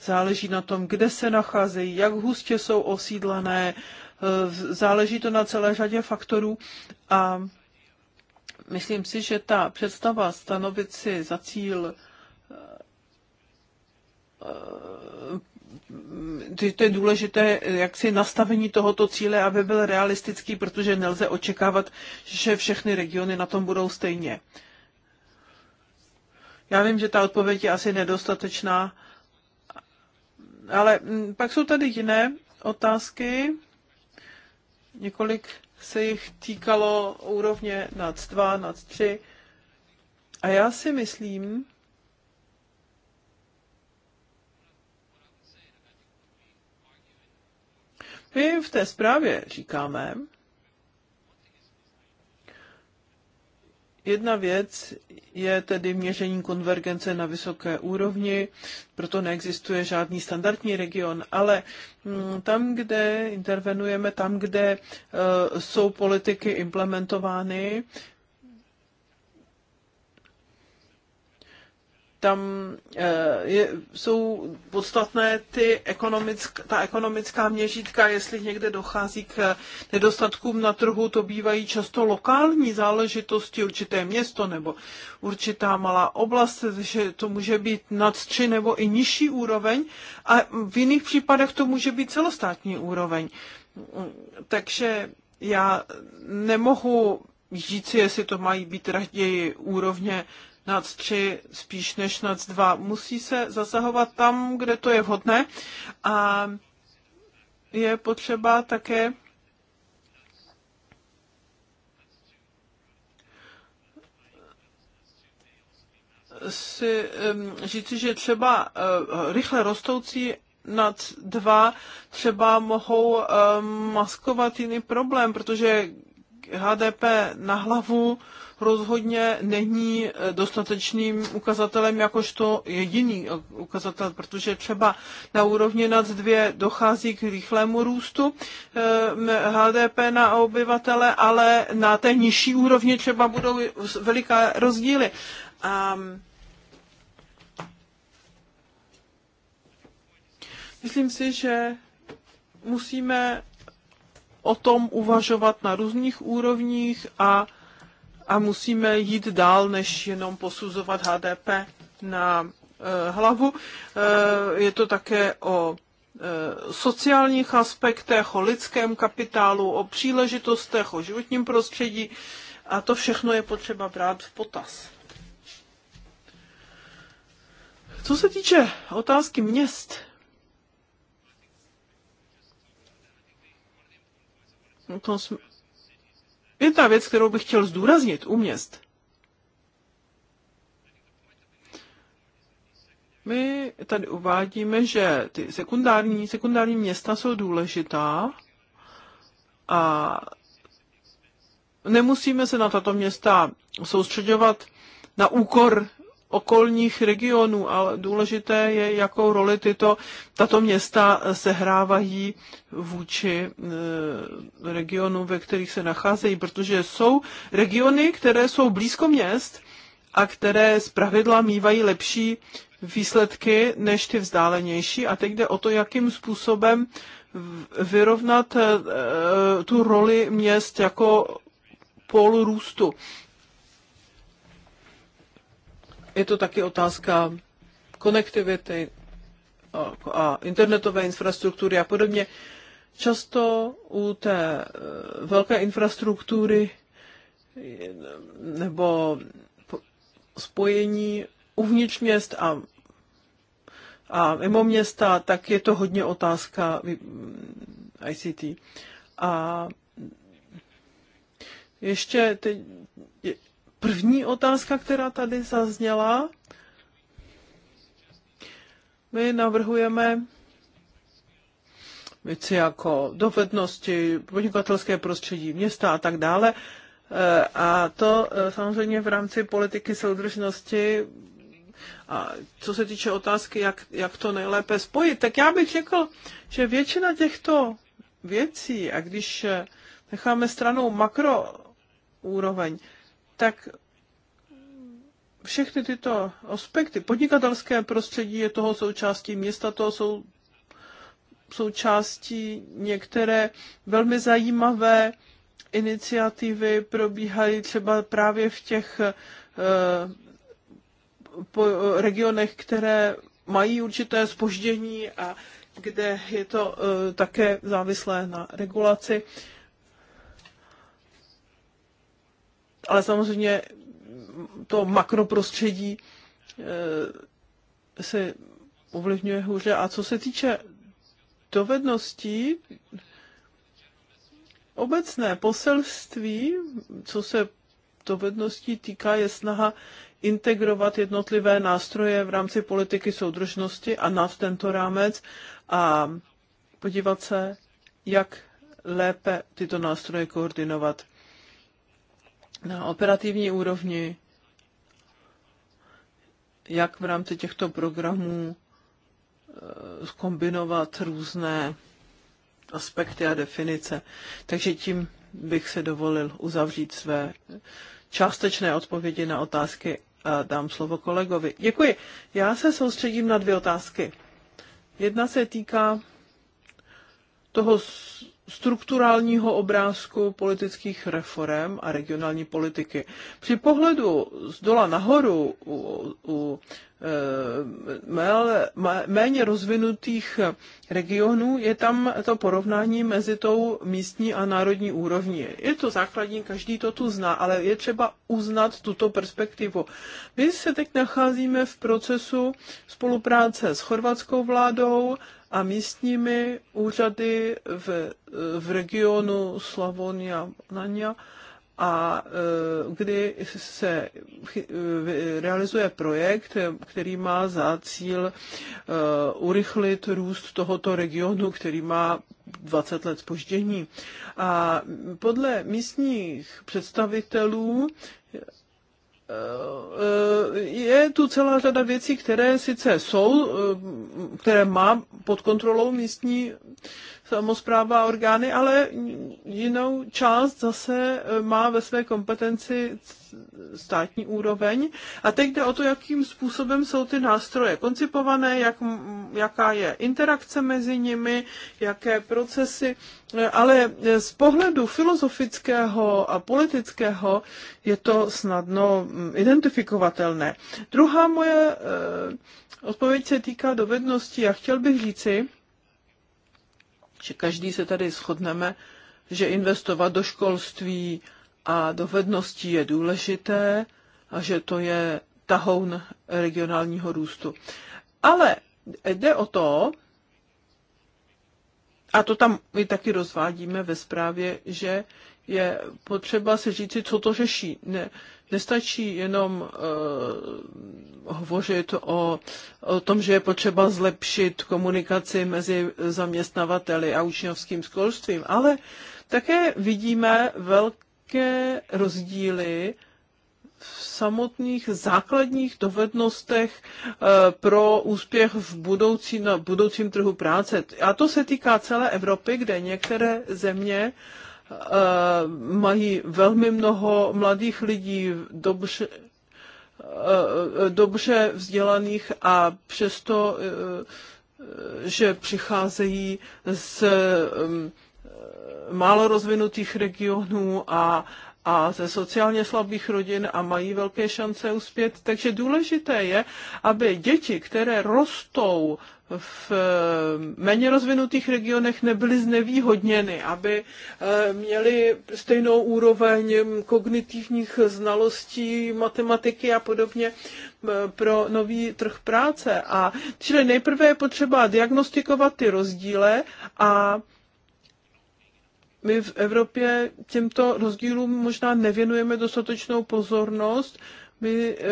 Speaker 3: Záleží na tom, kde se nacházejí, jak hustě jsou osídlené, eh, záleží to na celé řadě faktorů a myslím si, že ta představa stanovit si za cíl eh, to je důležité, jak si nastavení tohoto cíle, aby byl realistický, protože nelze očekávat, že všechny regiony na tom budou stejně. Já vím, že ta odpověď je asi nedostatečná, ale mm, pak jsou tady jiné otázky. Několik se jich týkalo úrovně nad 2, nad 3. A já si myslím, My v té zprávě říkáme, Jedna věc je tedy měření konvergence na vysoké úrovni, proto neexistuje žádný standardní region, ale mm, tam, kde intervenujeme, tam, kde e, jsou politiky implementovány, tam eh, je, jsou podstatné ty ekonomick, ta ekonomická měřítka, jestli někde dochází k nedostatkům na trhu, to bývají často lokální záležitosti, určité město nebo určitá malá oblast, že to může být nad tři nebo i nižší úroveň a v jiných případech to může být celostátní úroveň. Takže já nemohu si, jestli to mají být raději úrovně NAC 3 spíš než NAC 2. Musí se zasahovat tam, kde to je vhodné a je potřeba také si říci, že třeba eh, rychle rostoucí nad dva třeba mohou maskovat jiný problém, protože HDP na hlavu rozhodně není eh, dostatečným ukazatelem jakožto jediný eh, ukazatel, protože třeba na úrovni nad dvě dochází k rychlému růstu HDP eh, na obyvatele, ale na té nižší úrovni třeba budou veliká rozdíly. A mm, myslím si, že musíme o tom uvažovat na různých úrovních a, a musíme jít dál, než jenom posuzovat HDP na e, hlavu. E, je to také o eh, sociálních aspektech, o lidském kapitálu, o příležitostech, o životním prostředí a to všechno je potřeba brát v potaz. Co se týče otázky měst, to jsme... Jedna věc, kterou bych chtěl zdůraznit u měst. My tady uvádíme, že ty sekundární, sekundární města jsou důležitá a nemusíme se na tato města soustředovat na úkor okolních regionů, ale důležité je, jakou roli tyto, tato města sehrávají vůči eh, regionům, ve kterých se nacházejí, protože jsou regiony, které jsou blízko měst a které pravidla mývají lepší výsledky než ty vzdálenější. A teď jde o to, jakým způsobem vyrovnat eh, eh, tu roli měst jako pól růstu je to taky otázka konektivity a, internetové infrastruktury a podobně. Často u té eh, velké infrastruktury nebo spojení uvnitř měst a, a mimo města, tak je to hodně otázka mm, ICT. A ještě teď první otázka, která tady zazněla. My navrhujeme věci jako dovednosti, podnikatelské prostředí, města a tak dále. Eh, a to eh, samozřejmě v rámci politiky soudržnosti a co se týče otázky, jak, jak to nejlépe spojit, tak já bych řekl, že většina těchto věcí, a když eh, necháme stranou makroúroveň, tak všechny tyto aspekty, podnikatelské prostředí je toho součástí, města toho jsou součástí některé velmi zajímavé iniciativy probíhají třeba právě v těch eh, regionech, které mají určité spoždění a kde je to eh, také závislé na regulaci. ale samozřejmě to makroprostředí eh, se ovlivňuje hůře. A co se týče dovedností, obecné poselství, co se dovedností týká, je snaha integrovat jednotlivé nástroje v rámci politiky soudržnosti a nad tento rámec a podívat se, jak lépe tyto nástroje koordinovat na operativní úrovni, jak v rámci těchto programů eh, zkombinovat různé aspekty a definice. Takže tím bych se dovolil uzavřít své částečné odpovědi na otázky a dám slovo kolegovi. Děkuji. Já se soustředím na dvě otázky. Jedna se týká toho strukturálního obrázku politických reform a regionální politiky. Při pohledu z dola nahoru u, u e, méně rozvinutých regionů je tam to porovnání mezi tou místní a národní úrovní. Je to základní, každý to tu zná, ale je třeba uznat tuto perspektivu. My se teď nacházíme v procesu spolupráce s chorvatskou vládou, a místními úřady v, v regionu Slavonia Nania a e, kdy se e, realizuje projekt, který má za cíl e, urychlit růst tohoto regionu, který má 20 let spoždění. A podle místních představitelů Eh, je tu celá řada věcí, které sice jsou, eh, které má pod kontrolou místní samozpráva a orgány, ale jinou část zase eh, má ve své kompetenci státní úroveň. A teď jde o to, jakým způsobem jsou ty nástroje koncipované, jak, jaká je interakce mezi nimi, jaké procesy. Ale z pohledu filozofického a politického je to snadno mm, identifikovatelné. Druhá moje eh, odpověď se týká dovedností a chtěl bych říci, že každý se tady shodneme, že investovat do školství, a dovedností je důležité a že to je tahoun regionálního růstu. Ale jde o to, a to tam my taky rozvádíme ve zprávě, že je potřeba se říci, co to řeší. Ne, nestačí jenom uh, hovořit o, o tom, že je potřeba zlepšit komunikaci mezi zaměstnavateli a učňovským školstvím, ale také vidíme velké velké rozdíly v samotných základních dovednostech eh, pro úspěch v budoucí, na budoucím trhu práce. A to se týká celé Evropy, kde některé země eh, mají velmi mnoho mladých lidí, dobře, eh, dobře vzdělaných a přesto, že přicházejí s mm, málo rozvinutých regionů a, a ze sociálně slabých rodin a mají velké šance uspět. Takže důležité je, aby děti, které rostou v eh, méně rozvinutých regionech nebyly znevýhodněny, aby eh, měli stejnou úroveň kognitivních znalostí, matematiky a podobně eh, pro nový trh práce. A čili nejprve je potřeba diagnostikovat ty rozdíly a my v Evropě těmto rozdílům možná nevěnujeme dostatečnou pozornost. My eh,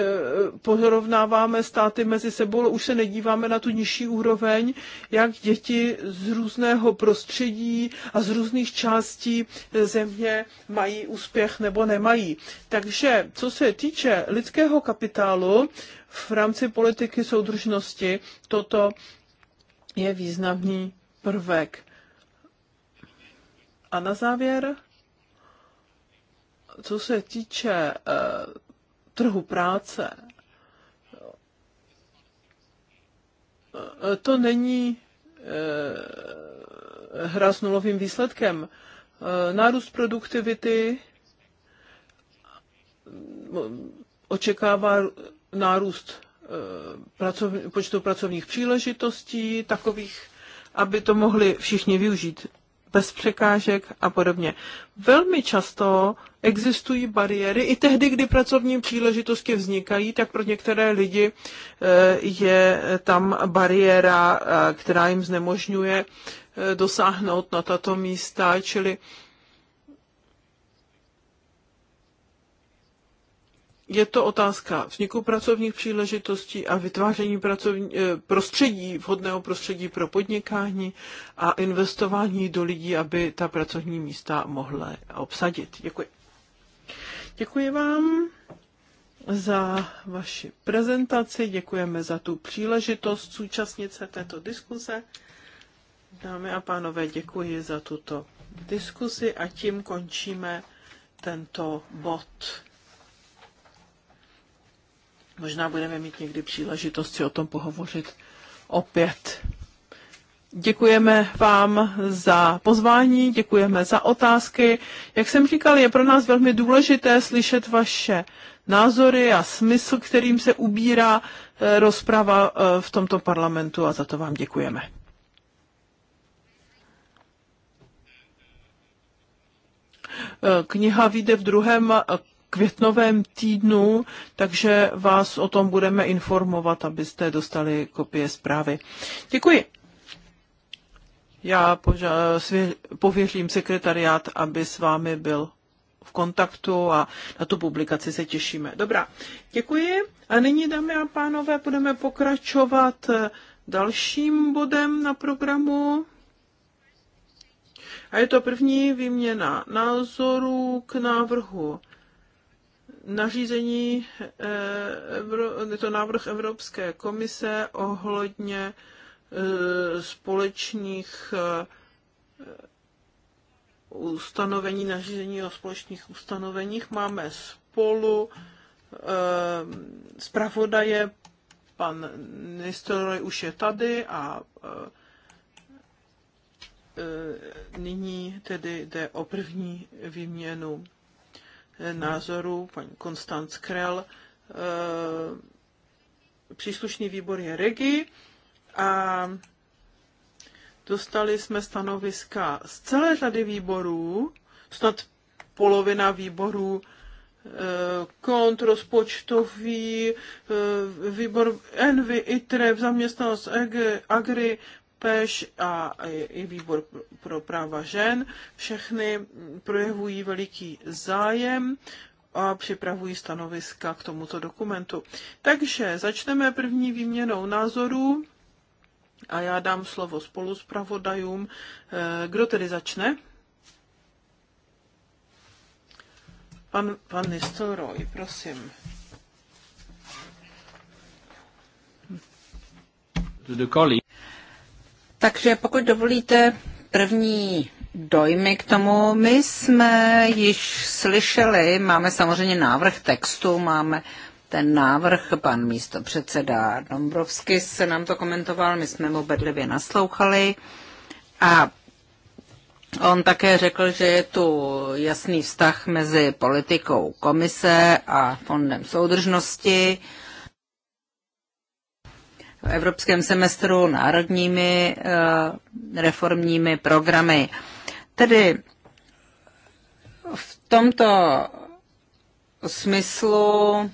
Speaker 3: porovnáváme státy mezi sebou, ale už se nedíváme na tu nižší úroveň, jak děti z různého prostředí a z různých částí eh, země mají úspěch nebo nemají. Takže co se týče lidského kapitálu v rámci politiky soudržnosti, toto je významný prvek a na závěr, co se týče eh, trhu práce, eh, to není eh, hra s nulovým výsledkem. Nárůst produktivity očekává nárůst pracov, počtu pracovních příležitostí, takových, aby to mohli všichni využít bez překážek a podobně. Velmi často existují bariéry, i tehdy, kdy pracovní příležitosti vznikají, tak pro některé lidi eh, je tam bariéra, eh, která jim znemožňuje eh, dosáhnout na tato místa, čili je to otázka vzniku pracovních příležitostí a vytváření pracovní, eh, prostředí, vhodného prostředí pro podnikání a investování do lidí, aby ta pracovní místa mohla obsadit. Děkuji. Děkuji vám za vaši prezentaci, děkujeme za tu příležitost zúčastnit se této diskuse. Dámy a pánové, děkuji za tuto diskusi a tím končíme tento bod. Možná budeme mít někdy příležitost si o tom pohovořit opět. Děkujeme vám za pozvání, děkujeme za otázky. Jak jsem říkal, je pro nás velmi důležité slyšet vaše názory a smysl, kterým se ubírá eh, rozprava eh, v tomto parlamentu a za to vám děkujeme. Eh, kniha vyjde v druhém květnovém týdnu, takže vás o tom budeme informovat, abyste dostali kopie zprávy. Děkuji. Já pověřím sekretariát, aby s vámi byl v kontaktu a na tu publikaci se těšíme. Dobrá, děkuji. A nyní, dámy a pánové, budeme pokračovat dalším bodem na programu. A je to první výměna názorů k návrhu nařízení, eh, je to návrh Evropské komise ohledně eh, společných eh, ustanovení, nařízení o společných ustanoveních. Máme spolu zpravodaje, pan Nistelroj už je tady a nyní tedy jde o první výměnu názorů, paní Konstanc Krell. Eh, příslušný výbor je Regi a dostali jsme stanoviska z celé řady výborů, snad polovina výborů eh, kont rozpočtový, eh, výbor Envy, ITRE, zaměstnanost Agri, papež a i výbor pro práva žen. Všechny projevují veliký zájem a připravují stanoviska k tomuto dokumentu. Takže začneme první výměnou názorů a já dám slovo spolu s pravodajům. Eh, kdo tedy začne? Pan, pan Nistelrooy, prosím. To The colleague. Takže pokud dovolíte
Speaker 2: první dojmy k tomu, my jsme již slyšeli, máme samozřejmě návrh textu, máme ten návrh, pan místo předseda Dombrovsky se nám to komentoval, my jsme mu bedlivě naslouchali a on také řekl, že je tu jasný vztah mezi politikou komise a fondem soudržnosti evropském semestru národními eh, reformními programy. Tedy v tomto smyslu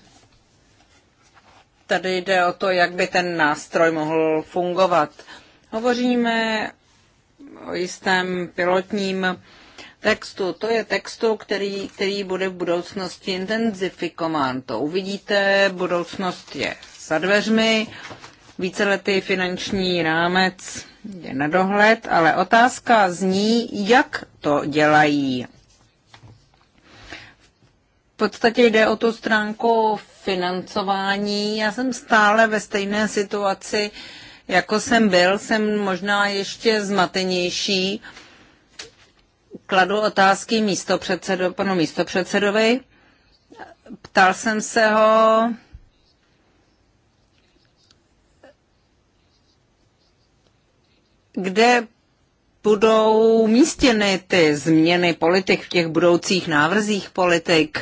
Speaker 2: tady jde o to, jak by ten nástroj mohl fungovat. Hovoříme o jistém pilotním textu. To je textu, který, který bude v budoucnosti intenzifikován. To uvidíte, budoucnost je za dveřmi. Víceletý finanční rámec je na dohled, ale otázka zní, jak to dělají. V podstatě jde o tu stránku financování. Já jsem stále ve stejné situaci, jako jsem byl, jsem možná ještě zmatenější. Kladu otázky místo předsedo, panu místopředsedovi. Ptal jsem se ho, kde budou místěny ty změny politik v těch budoucích návrzích politik.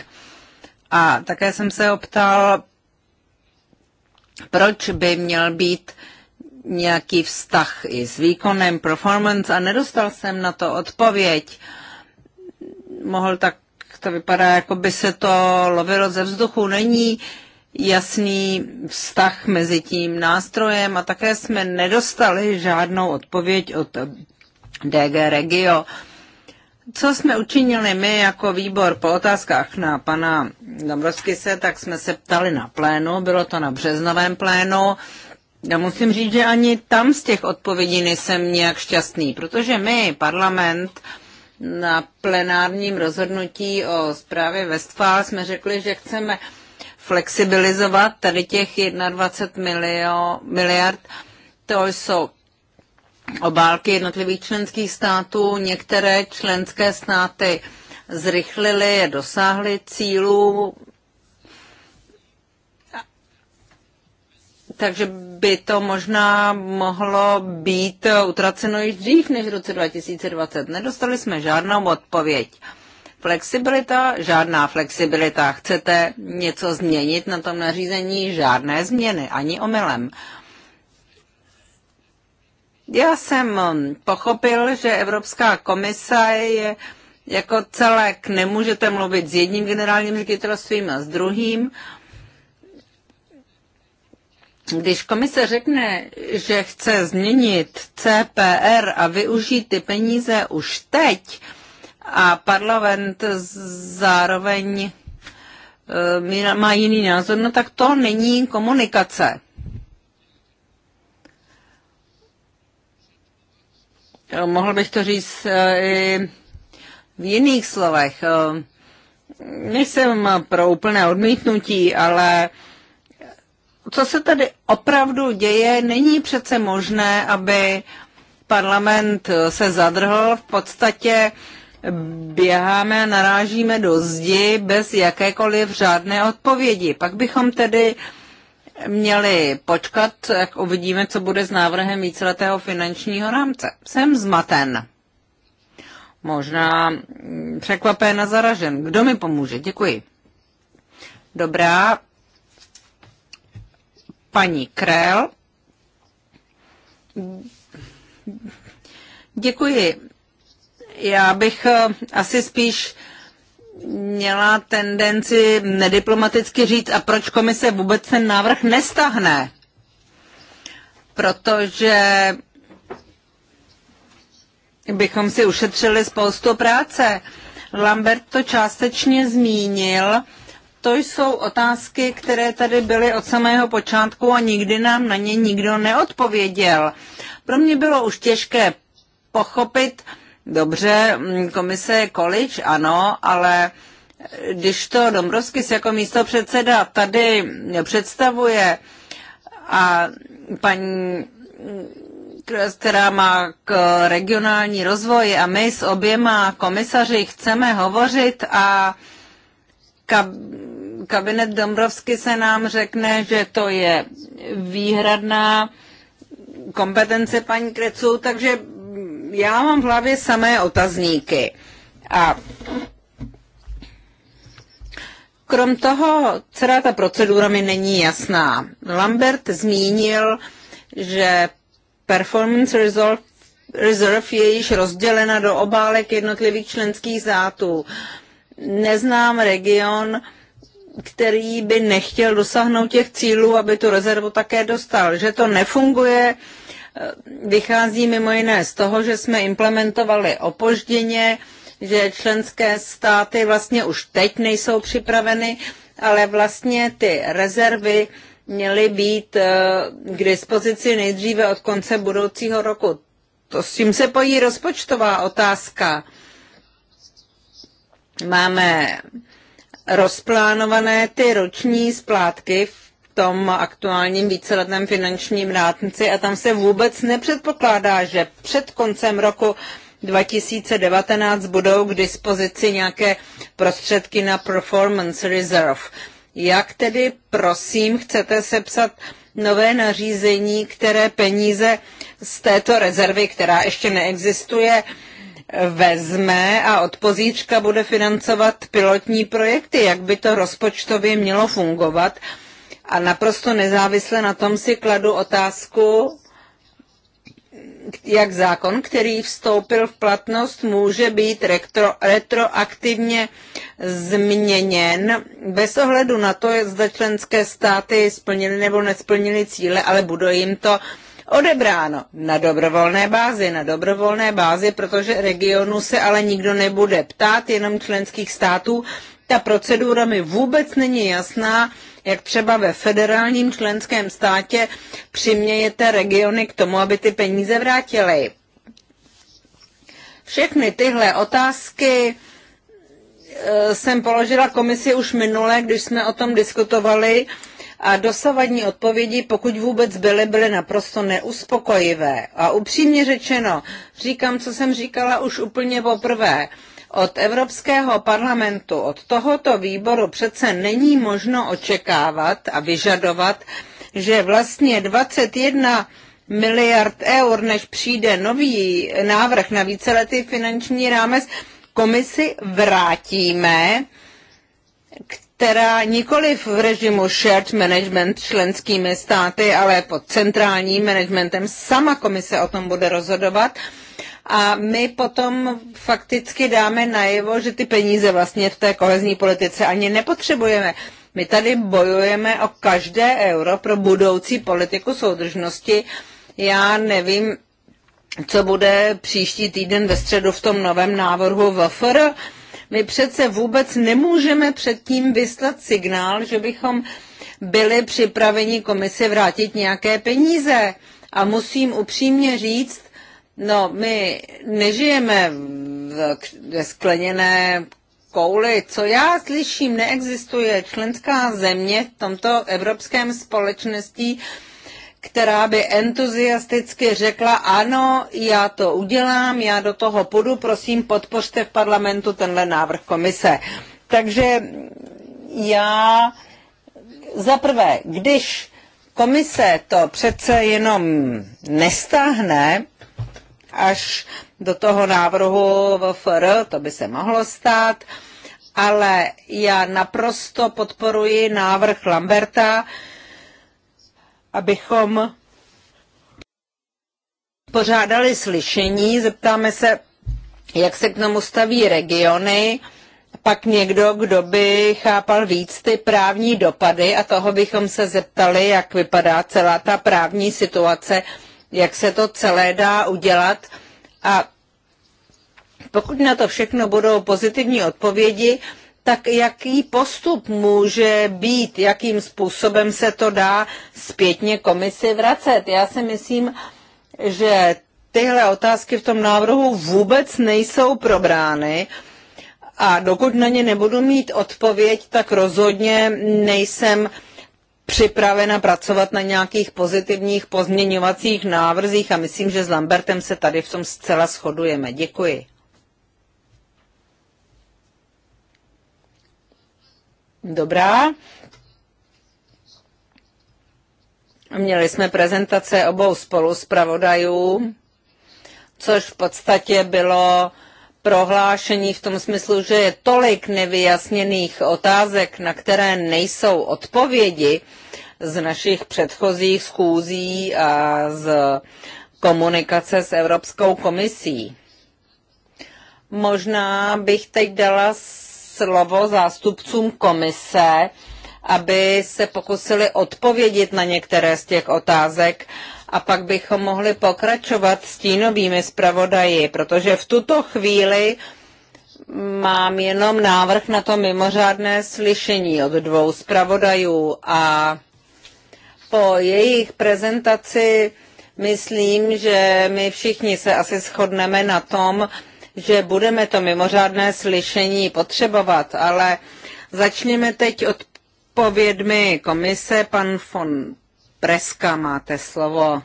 Speaker 2: A také jsem se optal, proč by měl být nějaký vztah i s výkonem performance a nedostal jsem na to odpověď. Mohl tak, to vypadá, jako by se to lovilo ze vzduchu. Není jasný vztah mezi tím nástrojem a také jsme nedostali žádnou odpověď od DG Regio. Co jsme učinili my jako výbor po otázkách na pana Dombrovskise, tak jsme se ptali na plénu, bylo to na březnovém plénu. Já musím říct, že ani tam z těch odpovědí nejsem nějak šťastný, protože my, parlament, na plenárním rozhodnutí o zprávě Westfál jsme řekli, že chceme flexibilizovat tady těch 21 milio, miliard. To jsou obálky jednotlivých členských států. Některé členské státy zrychlily, je, dosáhly cílů. Takže by to možná mohlo být utraceno již dřív než v roce 2020. Nedostali jsme žádnou odpověď. Flexibilita, žádná flexibilita. Chcete něco změnit na tom nařízení, žádné změny, ani omylem. Já jsem pochopil, že Evropská komise je jako celek, nemůžete mluvit s jedním generálním ředitelstvím a s druhým. Když komise řekne, že chce změnit CPR a využít ty peníze už teď, a parlament zároveň eh, má jiný názor, no tak to není komunikace. Eh, mohl bych to říct eh, i v jiných slovech. Nejsem pro úplné odmítnutí, ale co se tady opravdu děje, není přece možné, aby parlament se zadrhl. V podstatě uh, běháme a narážíme do zdi bez jakékoliv řádné odpovědi. Pak bychom tedy měli počkat, jak uvidíme, co bude s návrhem víceletého finančního rámce. Jsem zmaten. Možná mm, překvapen a zaražen. Kdo mi pomůže? Děkuji. Dobrá. Paní Krel. Děkuji. Já bych eh, asi spíš měla tendenci nediplomaticky říct, a proč komise vůbec ten návrh nestahne. Protože bychom si ušetřili spoustu práce. Lambert to částečně zmínil. To jsou otázky, které tady byly od samého počátku a nikdy nám na ně nikdo neodpověděl. Pro mě bylo už těžké pochopit, Dobře, mm, komise je količ, ano, ale když to Dombrovskis jako místo předseda tady představuje a paní, která má k regionální rozvoji a my s oběma komisaři chceme hovořit a kabinet Dombrovsky se nám řekne, že to je výhradná kompetence paní Krecu, takže já mám v hlavě samé otazníky. A krom toho celá ta procedura mi není jasná. Lambert zmínil, že performance resolve, reserve je již rozdělena do obálek jednotlivých členských zátů. Neznám region, který by nechtěl dosáhnout těch cílů, aby tu rezervu také dostal. Že to nefunguje, vychází mimo jiné z toho, že jsme implementovali opožděně, že členské státy vlastně už teď nejsou připraveny, ale vlastně ty rezervy měly být eh, k dispozici nejdříve od konce budoucího roku. To s tím se pojí rozpočtová otázka. Máme rozplánované ty roční splátky v tom aktuálním víceletém finančním rámci a tam se vůbec nepředpokládá, že před koncem roku 2019 budou k dispozici nějaké prostředky na performance reserve. Jak tedy, prosím, chcete sepsat nové nařízení, které peníze z této rezervy, která ještě neexistuje, vezme a od pozíčka bude financovat pilotní projekty, jak by to rozpočtově mělo fungovat a naprosto nezávisle na tom si kladu otázku, jak zákon, který vstoupil v platnost, může být retro, retroaktivně změněn bez ohledu na to, zda členské státy splnily nebo nesplnily cíle, ale bude jim to odebráno na dobrovolné bázi, na dobrovolné bázi, protože regionu se ale nikdo nebude ptát, jenom členských států. Ta procedura mi vůbec není jasná, jak třeba ve federálním členském státě přimějete regiony k tomu, aby ty peníze vrátily. Všechny tyhle otázky e, jsem položila komisi už minule, když jsme o tom diskutovali a dosavadní odpovědi, pokud vůbec byly, byly naprosto neuspokojivé. A upřímně řečeno, říkám, co jsem říkala už úplně poprvé. Od Evropského parlamentu, od tohoto výboru přece není možno očekávat a vyžadovat, že vlastně 21 miliard eur, než přijde nový návrh na víceletý finanční rámec, komisi vrátíme, která nikoli v režimu shared management členskými státy, ale pod centrálním managementem sama komise o tom bude rozhodovat a my potom fakticky dáme najevo, že ty peníze vlastně v té kohezní politice ani nepotřebujeme. My tady bojujeme o každé euro pro budoucí politiku soudržnosti. Já nevím, co bude příští týden ve středu v tom novém návrhu VFR. My přece vůbec nemůžeme předtím vyslat signál, že bychom byli připraveni komisi vrátit nějaké peníze. A musím upřímně říct, No, my nežijeme v, ve skleněné kouli. Co já slyším, neexistuje členská země v tomto evropském společnosti, která by entuziasticky řekla, ano, já to udělám, já do toho půjdu, prosím, podpořte v parlamentu tenhle návrh komise. Takže já za prvé, když komise to přece jenom nestáhne, až do toho návrhu VFR, to by se mohlo stát, ale já naprosto podporuji návrh Lamberta, abychom pořádali slyšení, zeptáme se, jak se k tomu staví regiony, pak někdo, kdo by chápal víc ty právní dopady a toho bychom se zeptali, jak vypadá celá ta právní situace jak se to celé dá udělat a pokud na to všechno budou pozitivní odpovědi, tak jaký postup může být, jakým způsobem se to dá zpětně komisi vracet. Já si myslím, že tyhle otázky v tom návrhu vůbec nejsou probrány a dokud na ně nebudu mít odpověď, tak rozhodně nejsem připravena pracovat na nějakých pozitivních pozměňovacích návrzích a myslím, že s Lambertem se tady v tom zcela shodujeme. Děkuji. Dobrá. Měli jsme prezentace obou spolu spoluspravodajů, což v podstatě bylo prohlášení v tom smyslu, že je tolik nevyjasněných otázek, na které nejsou odpovědi, z našich předchozích schůzí a z komunikace s Evropskou komisí. Možná bych teď dala slovo zástupcům komise, aby se pokusili odpovědět na některé z těch otázek a pak bychom mohli pokračovat stínovými zpravodaji, protože v tuto chvíli mám jenom návrh na to mimořádné slyšení od dvou zpravodajů a po jejich prezentaci myslím, že my všichni se asi shodneme na tom, že budeme to mimořádné slyšení potřebovat, ale začněme teď odpovědmi komise. Pan von Preska, máte slovo. Uh,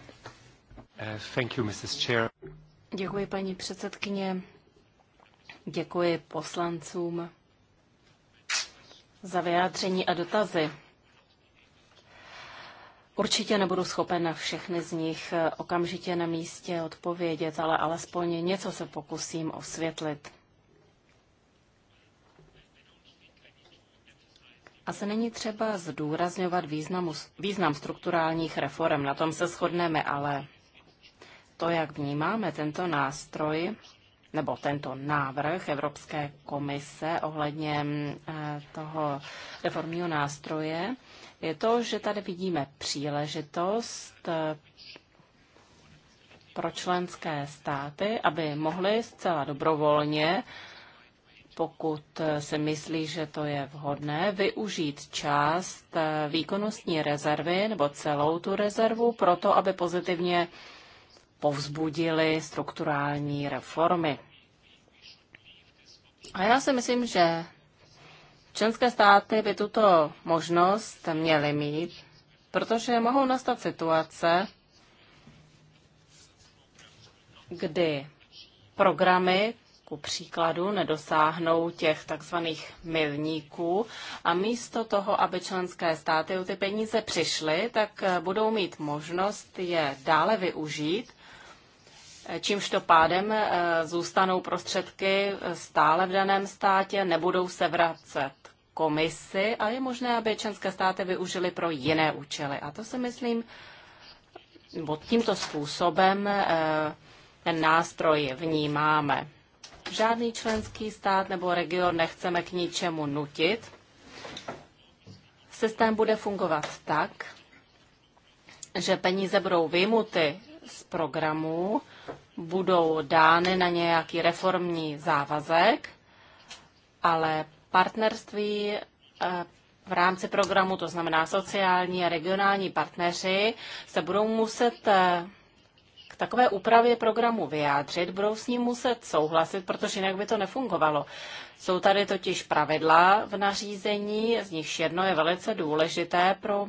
Speaker 2: thank you, Mrs. Chair.
Speaker 1: Děkuji, paní předsedkyně. Děkuji poslancům za vyjádření a dotazy. Určitě nebudu schopen na všechny z nich eh, okamžitě na místě odpovědět, ale alespoň něco se pokusím osvětlit. Asi není třeba zdůrazňovat významu, význam strukturálních reform, na tom se shodneme, ale to, jak vnímáme tento nástroj, nebo tento návrh Evropské komise ohledně mm, eh, toho reformního nástroje, je to, že tady vidíme příležitost eh, pro členské státy, aby mohly zcela dobrovolně, pokud eh, se myslí, že to je vhodné, využít část eh, výkonnostní rezervy nebo celou tu rezervu pro to, aby pozitivně povzbudili strukturální reformy. A já si myslím, že Členské státy by tuto možnost měly mít, protože mohou nastat situace, kdy programy, ku příkladu, nedosáhnou těch takzvaných milníků a místo toho, aby členské státy o ty peníze přišly, tak budou mít možnost je dále využít čímž to pádem eh, zůstanou prostředky stále v daném státě, nebudou se vracet komisi a je možné, aby členské státy využili pro jiné účely. A to si myslím, pod tímto způsobem eh, ten nástroj vnímáme. Žádný členský stát nebo region nechceme k ničemu nutit. Systém bude fungovat tak, že peníze budou vymuty z programů budou dány na nějaký reformní závazek, ale partnerství eh, v rámci programu, to znamená sociální a regionální partneři, se budou muset eh, k takové úpravě programu vyjádřit, budou s ním muset souhlasit, protože jinak by to nefungovalo. Jsou tady totiž pravidla v nařízení, z nichž jedno je velice důležité pro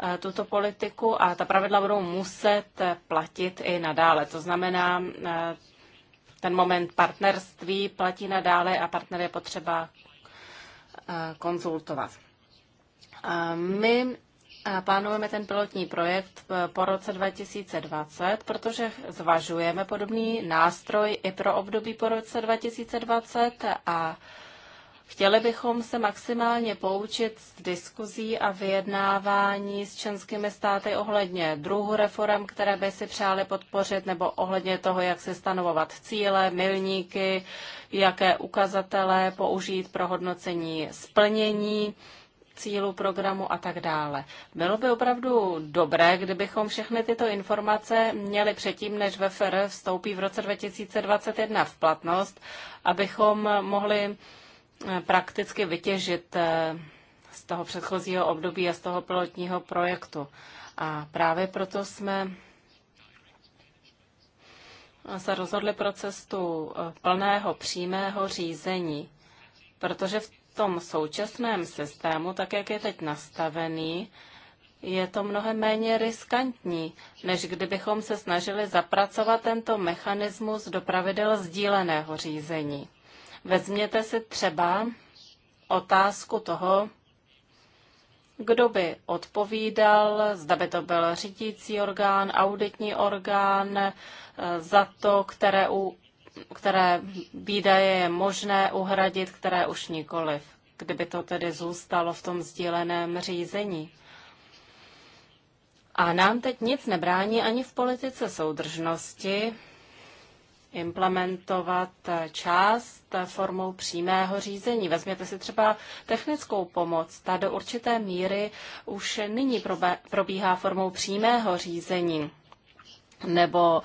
Speaker 1: Eh, tuto politiku a ta pravidla budou muset eh, platit i nadále. To znamená, eh, ten moment partnerství platí nadále a partner je potřeba konzultovat. My plánujeme ten pilotní projekt po roce 2020, protože zvažujeme podobný nástroj i pro období po roce 2020 a Chtěli bychom se maximálně poučit z diskuzí a vyjednávání s členskými státy ohledně druhu reform, které by si přáli podpořit, nebo ohledně toho, jak se stanovovat cíle, milníky, jaké ukazatele použít pro hodnocení splnění cílu programu a tak dále. Bylo by opravdu dobré, kdybychom všechny tyto informace měli předtím, než VFR vstoupí v roce 2021 v platnost, abychom mohli prakticky vytěžit eh, z toho předchozího období a z toho pilotního projektu. A právě proto jsme se rozhodli pro cestu eh, plného přímého řízení, protože v tom současném systému, tak jak je teď nastavený, je to mnohem méně riskantní, než kdybychom se snažili zapracovat tento mechanismus do pravidel sdíleného řízení. Vezměte si třeba otázku toho, kdo by odpovídal, zda by to byl řídící orgán, auditní orgán, eh, za to, které, u, které výdaje je možné uhradit, které už nikoliv, kdyby to tedy zůstalo v tom sdíleném řízení. A nám teď nic nebrání ani v politice soudržnosti implementovat část formou přímého řízení. Vezměte si třeba technickou pomoc. Ta do určité míry už nyní probíhá formou přímého řízení nebo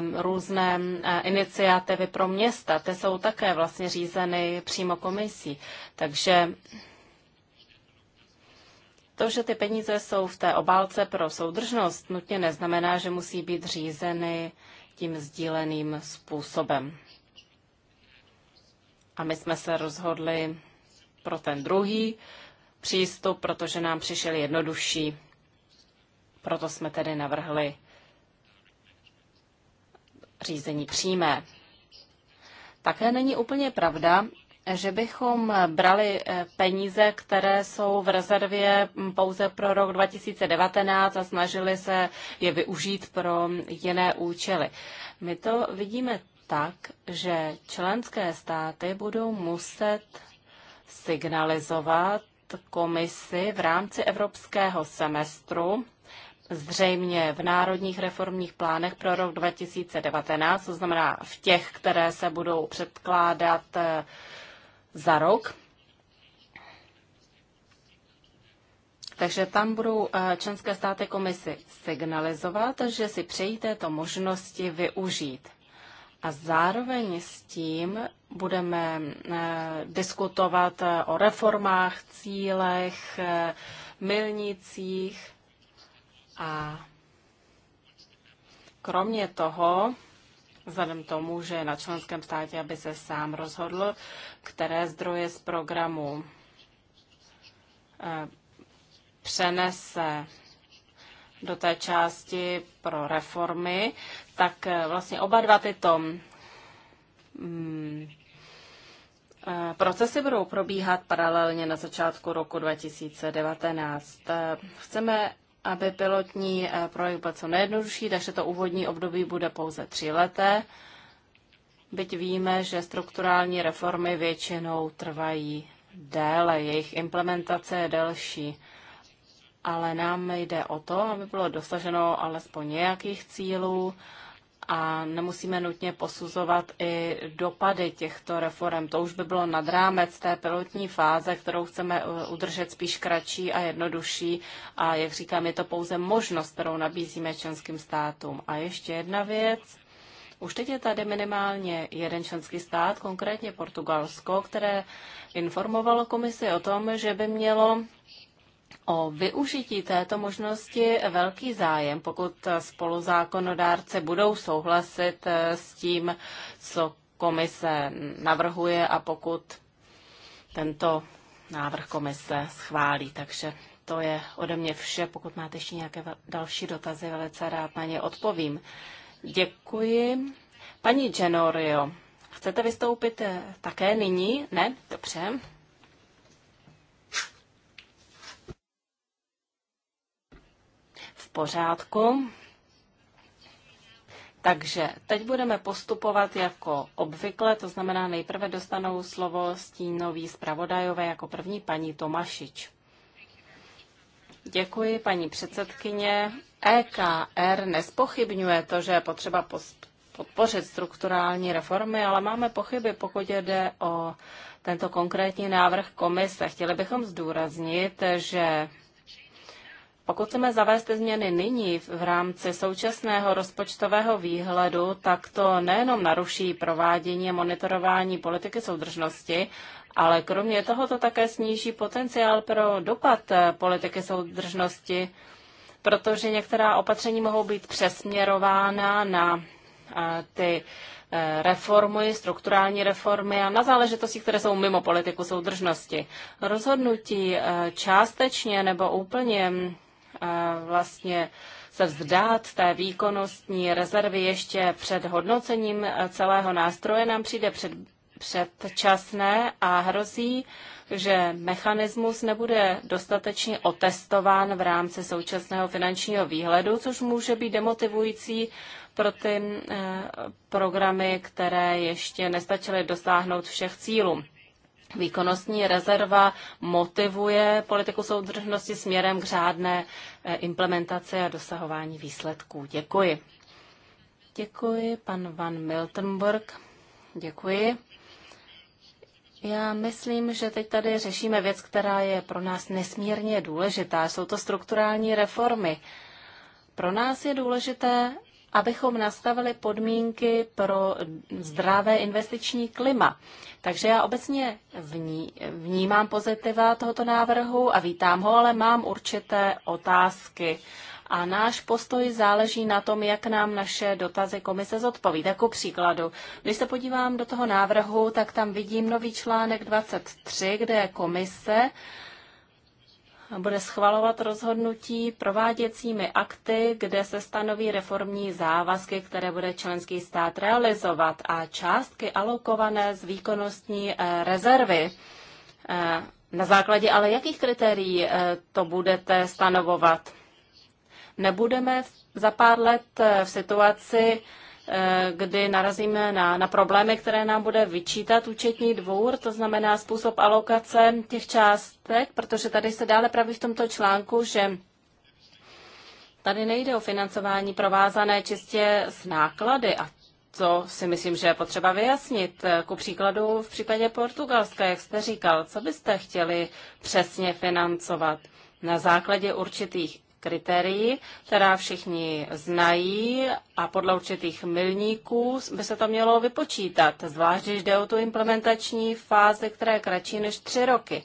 Speaker 1: um, různé eh, iniciativy pro města, ty jsou také vlastně řízeny přímo komisí. Takže to, že ty peníze jsou v té obálce pro soudržnost, nutně neznamená, že musí být řízeny uh, tím sdíleným způsobem. A my jsme se rozhodli pro ten druhý přístup, protože nám přišel jednodušší. Proto jsme tedy navrhli řízení přímé. Také není úplně pravda, že bychom brali eh, peníze, které jsou v rezervě pouze pro rok 2019 a snažili se je využít pro jiné účely. My to vidíme tak, že členské státy budou muset signalizovat komisi v rámci evropského semestru, zřejmě v národních reformních plánech pro rok 2019, to znamená v těch, které se budou předkládat eh, za rok. Takže tam budou eh, členské státy komisy signalizovat, že si přejí této možnosti využít. A zároveň s tím budeme eh, diskutovat eh, o reformách, cílech, milnicích a kromě toho vzhledem tomu, že je na členském státě, aby se sám rozhodl, které zdroje z programu eh, přenese do té části pro reformy, tak eh, vlastně oba dva tyto mm, eh, Procesy budou probíhat paralelně na začátku roku 2019. Chceme aby pilotní eh, projekt byl co nejjednodušší, takže to úvodní období bude pouze tři leté. Byť víme, že strukturální reformy většinou trvají déle, jejich implementace je delší. Ale nám jde o to, aby bylo dosaženo alespoň nějakých cílů a nemusíme nutně posuzovat i dopady těchto reform. To už by bylo nad rámec té pilotní fáze, kterou chceme uh, udržet spíš kratší a jednodušší. A jak říkám, je to pouze možnost, kterou nabízíme členským státům. A ještě jedna věc. Už teď je tady minimálně jeden členský stát, konkrétně Portugalsko, které informovalo komisi o tom, že by mělo o využití této možnosti velký zájem, pokud spoluzákonodárce budou souhlasit eh, s tím, co komise navrhuje a pokud tento návrh komise schválí. Takže to je ode mě vše. Pokud máte ještě nějaké další dotazy, velice rád na ně odpovím. Děkuji. Paní Genorio, chcete vystoupit eh, také nyní? Ne? Dobře. pořádku. Takže teď budeme postupovat jako obvykle, to znamená nejprve dostanou slovo stínový zpravodajové jako první paní Tomašič. Děkuji, paní předsedkyně. EKR nespochybňuje to, že je potřeba podpořit strukturální reformy, ale máme pochyby, pokud jde o tento konkrétní návrh komise. Chtěli bychom zdůraznit, že pokud chceme zavést změny nyní v rámci současného rozpočtového výhledu, tak to nejenom naruší provádění a monitorování politiky soudržnosti, ale kromě toho to také sníží potenciál pro dopad eh, politiky soudržnosti, protože některá opatření mohou být přesměrována na eh, ty eh, reformy, strukturální reformy a na záležitosti, které jsou mimo politiku soudržnosti. Rozhodnutí částečně nebo úplně mm, vlastně se vzdát té výkonnostní rezervy ještě před hodnocením celého nástroje nám přijde před, předčasné a hrozí, že mechanismus nebude dostatečně otestován v rámci současného finančního výhledu, což může být demotivující pro ty eh, programy, které ještě nestačily dosáhnout všech cílů. Výkonnostní rezerva motivuje politiku soudržnosti směrem k řádné eh, implementaci a dosahování výsledků. Děkuji. Děkuji, pan Van Miltenburg. Děkuji. Já myslím, že teď tady řešíme věc, která je pro nás nesmírně důležitá. Jsou to strukturální reformy. Pro nás je důležité, abychom nastavili podmínky pro zdravé investiční klima. Takže já obecně vní, vnímám pozitiva tohoto návrhu a vítám ho, ale mám určité otázky. A náš postoj záleží na tom, jak nám naše dotazy komise zodpoví. Jako příkladu, když se podívám do toho návrhu, tak tam vidím nový článek 23, kde je komise bude schvalovat rozhodnutí prováděcími akty, kde se stanoví reformní závazky, které bude členský stát realizovat a částky alokované z výkonnostní eh, rezervy. Eh, na základě ale jakých kritérií eh, to budete stanovovat? Nebudeme za pár let v situaci, Eh, kdy narazíme na, na problémy, které nám bude vyčítat účetní dvůr, to znamená způsob alokace těch částek, protože tady se dále praví v tomto článku, že tady nejde o financování provázané čistě s náklady a co si myslím, že je potřeba vyjasnit. Ku příkladu v případě Portugalska, jak jste říkal, co byste chtěli přesně financovat? Na základě určitých kritérií, která všichni znají a podle určitých milníků by se to mělo vypočítat, zvlášť když jde o tu implementační fázi, která je kratší než tři roky.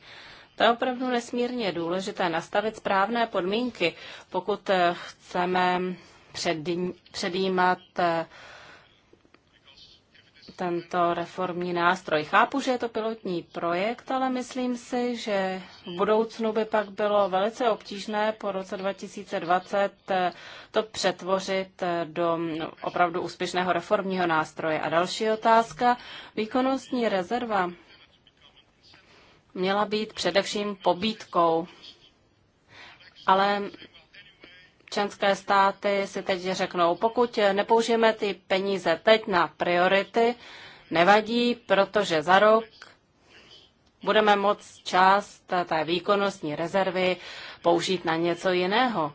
Speaker 1: To je opravdu nesmírně důležité nastavit správné podmínky, pokud chceme předjímat eh, tento reformní nástroj. Chápu, že je to pilotní projekt, ale myslím si, že v budoucnu by pak bylo velice obtížné po roce 2020 eh, to přetvořit eh, do no, opravdu úspěšného reformního nástroje. A další otázka. Výkonnostní rezerva měla být především pobídkou, ale členské státy si teď řeknou, pokud nepoužijeme ty peníze teď na priority, nevadí, protože za rok budeme moc část té výkonnostní rezervy použít na něco jiného.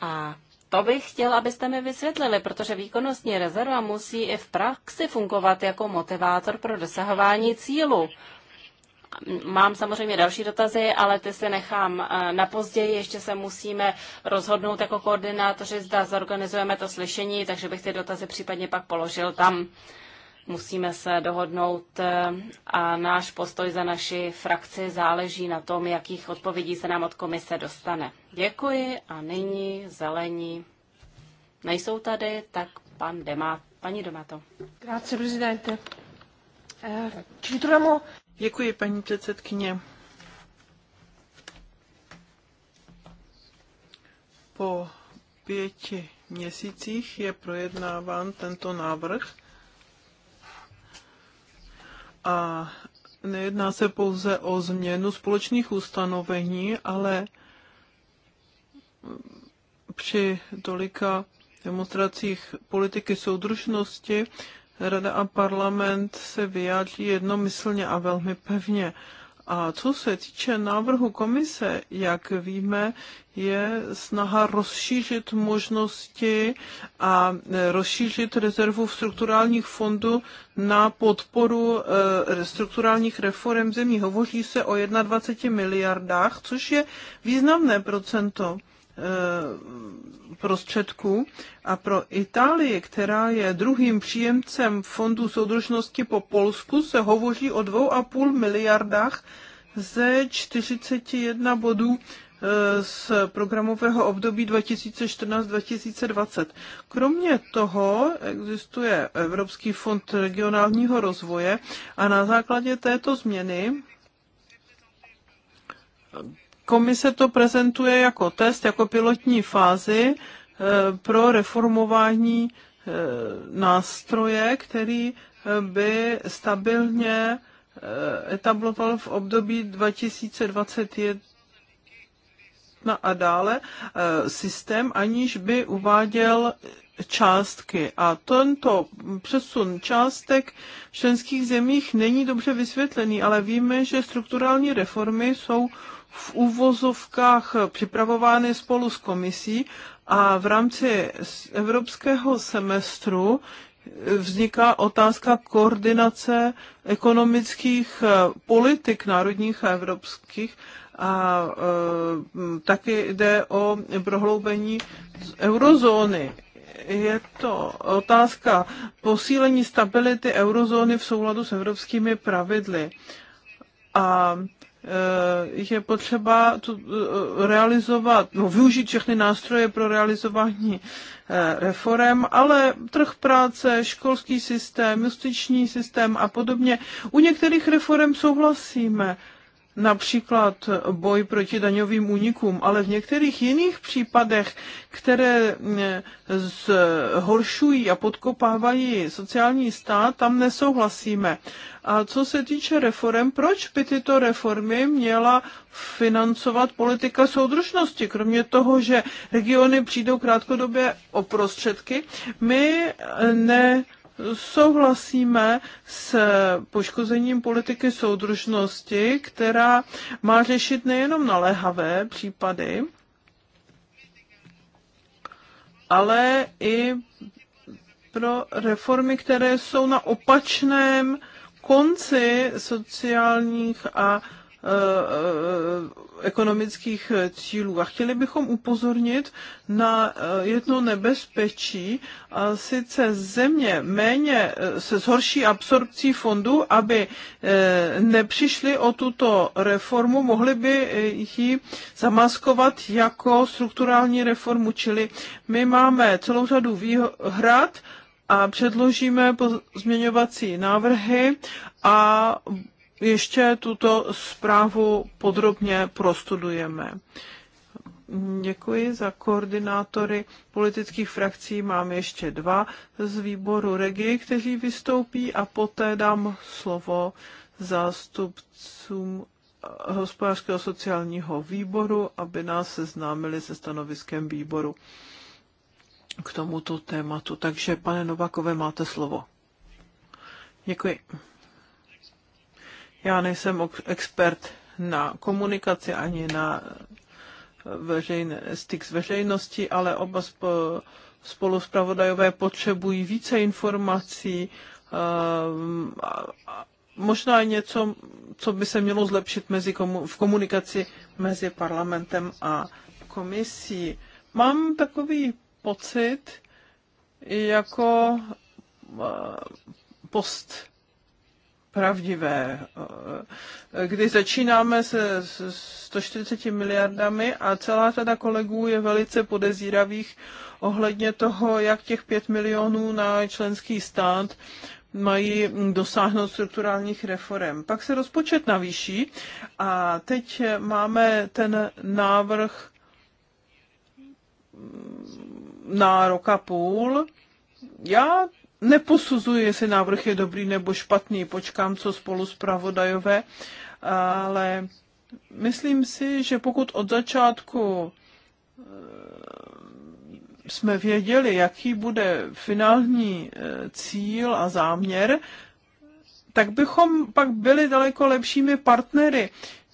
Speaker 1: A to bych chtěl, abyste mi vysvětlili, protože výkonnostní rezerva musí i v praxi fungovat jako motivátor pro dosahování cílu. Mám samozřejmě další dotazy, ale ty se nechám eh, na později. Ještě se musíme rozhodnout jako koordinátoři, zda zorganizujeme to slyšení, takže bych ty dotazy případně pak položil tam. Musíme se dohodnout eh, a náš postoj za naši frakci záleží na tom, jakých odpovědí se nám od komise dostane. Děkuji a nyní zelení nejsou tady, tak pan Demá, paní Domato.
Speaker 3: Grazie, prezidente. Eh, ci ritroviamo Děkuji, paní předsedkyně. Po pěti měsících je projednáván tento návrh a nejedná se pouze o změnu společných ustanovení, ale při tolika demonstracích politiky soudržnosti Rada a parlament se vyjádří jednomyslně a velmi pevně. A co se týče návrhu komise, jak víme, je snaha rozšířit možnosti a rozšířit rezervu v strukturálních fondů na podporu eh, strukturálních reform zemí. Hovoří se o 21 miliardách, což je významné procento. Eh, prostředků. A pro Itálii, která je druhým příjemcem fondu soudržnosti po Polsku, se hovoří o 2,5 miliardách ze 41 bodů eh, z programového období 2014-2020. Kromě toho existuje Evropský fond regionálního rozvoje a na základě této změny Komise to prezentuje jako test, jako pilotní fázi eh, pro reformování eh, nástroje, který eh, by stabilně etabloval v období 2021 a dále systém, aniž by uváděl částky. A tento přesun částek v členských zemích není dobře vysvětlený, ale víme, že strukturální reformy jsou v úvozovkách připravovány spolu s komisí a v rámci evropského semestru vzniká otázka koordinace ekonomických eh, politik národních a evropských a e, taky jde o prohloubení eurozóny. Je to otázka posílení stability eurozóny v souladu s evropskými pravidly. A e, Eh, je potřeba tu, eh, realizovat, no, využít všechny nástroje pro realizování eh, reform, ale trh práce, školský systém, justiční systém a podobně. U některých reform souhlasíme, například boj proti daňovým únikům, ale v některých jiných případech, které mm, zhoršují a podkopávají sociální stát, tam nesouhlasíme. A co se týče reform, proč by tyto reformy měla financovat politika soudržnosti? Kromě toho, že regiony přijdou krátkodobě o prostředky, my ne souhlasíme s poškozením politiky soudržnosti, která má řešit nejenom naléhavé případy, ale i pro reformy, které jsou na opačném konci sociálních a Eh, eh, ekonomických eh, cílů. A chtěli bychom upozornit na jedno nebezpečí, a sice země méně se zhorší absorpcí fondu, aby nepřišli o tuto reformu, mohli by ji zamaskovat jako strukturální reformu. Čili my máme celou řadu výhrad, a předložíme pozměňovací návrhy a ještě tuto zprávu podrobně prostudujeme. Děkuji za koordinátory politických frakcí. Mám ještě dva z výboru Regi, kteří vystoupí a poté dám slovo zástupcům hospodářského sociálního výboru, aby nás seznámili se stanoviskem výboru k tomuto tématu. Takže, pane Novakové, máte slovo. Děkuji. Já nejsem expert na komunikaci ani na veřejné, styk s veřejností, ale oba spoluspravodajové potřebují více informací, ehm, možná něco, co by se mělo zlepšit mezi komu- v komunikaci mezi parlamentem a komisí. Mám takový pocit, jako eh, post pravdivé. Kdy začínáme se 140 miliardami a celá řada kolegů je velice podezíravých ohledně toho, jak těch 5 milionů na členský stát mají dosáhnout strukturálních reform. Pak se rozpočet navýší a teď máme ten návrh na roka půl. Já neposuzuji, jestli návrh je dobrý nebo špatný, počkám, co spolu zpravodajové, ale myslím si, že pokud od začátku eh, jsme věděli, jaký bude finální eh, cíl a záměr, tak bychom pak byli daleko lepšími partnery.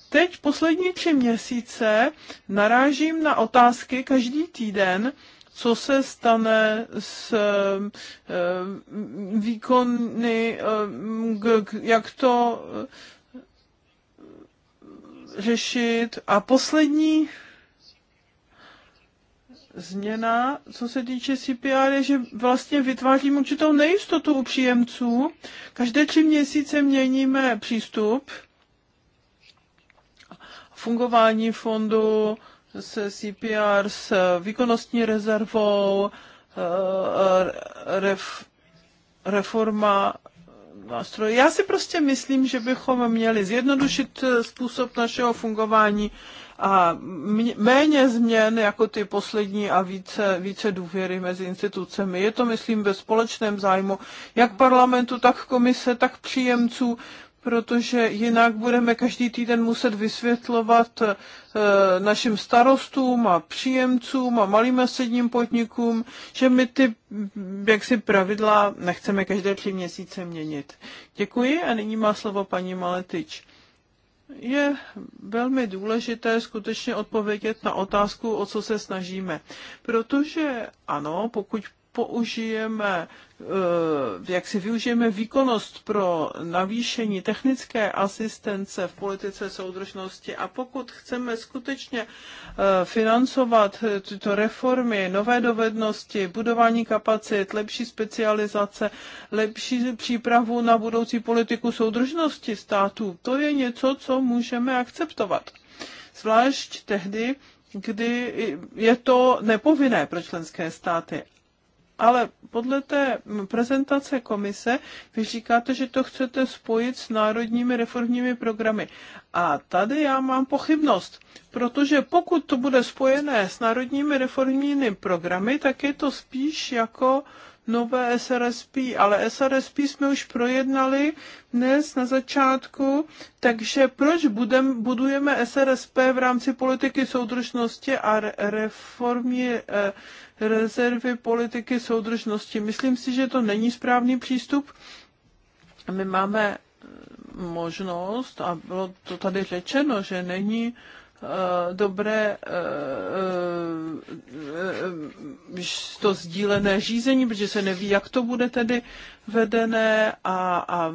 Speaker 3: Teď poslední tři měsíce narážím na otázky každý týden, co se stane s eh, výkony, eh, jak to eh, řešit. A poslední změna, co se týče CPR, je, že vlastně vytváříme, určitou nejistotu u příjemců. Každé tři měsíce měníme přístup, fungování fondu, se CPR, s výkonnostní rezervou, eh, eh, ref, reforma nástroje. Já si prostě myslím, že bychom měli zjednodušit eh, způsob našeho fungování a méně změn jako ty poslední a více, více důvěry mezi institucemi. Je to, myslím, ve společném zájmu jak parlamentu, tak komise, tak příjemců, protože jinak budeme každý týden muset vysvětlovat eh, našim starostům a příjemcům a malým a středním podnikům, že my ty mm, jaksi pravidla nechceme každé tři měsíce měnit. Děkuji a nyní má slovo paní Maletič. Je velmi důležité skutečně odpovědět na otázku, o co se snažíme. Protože ano, pokud použijeme, eh, jak si využijeme výkonnost pro navýšení technické asistence v politice soudržnosti a pokud chceme skutečně eh, financovat tyto reformy, nové dovednosti, budování kapacit, lepší specializace, lepší přípravu na budoucí politiku soudržnosti států, to je něco, co můžeme akceptovat. Zvlášť tehdy, kdy je to nepovinné pro členské státy. Ale podle té prezentace komise, vy říkáte, že to chcete spojit s národními reformními programy. A tady já mám pochybnost, protože pokud to bude spojené s národními reformními programy, tak je to spíš jako uh, nové SRSP, ale SRSP jsme už projednali dnes na začátku, takže proč budem, budujeme SRSP v rámci politiky soudržnosti a reformy e, eh, rezervy politiky soudržnosti? Myslím si, že to není správný přístup. My máme eh, možnost, a bylo to tady řečeno, že není E, Eh, dobré eh, eh, to sdílené řízení, protože se neví, jak to bude tedy vedené a, a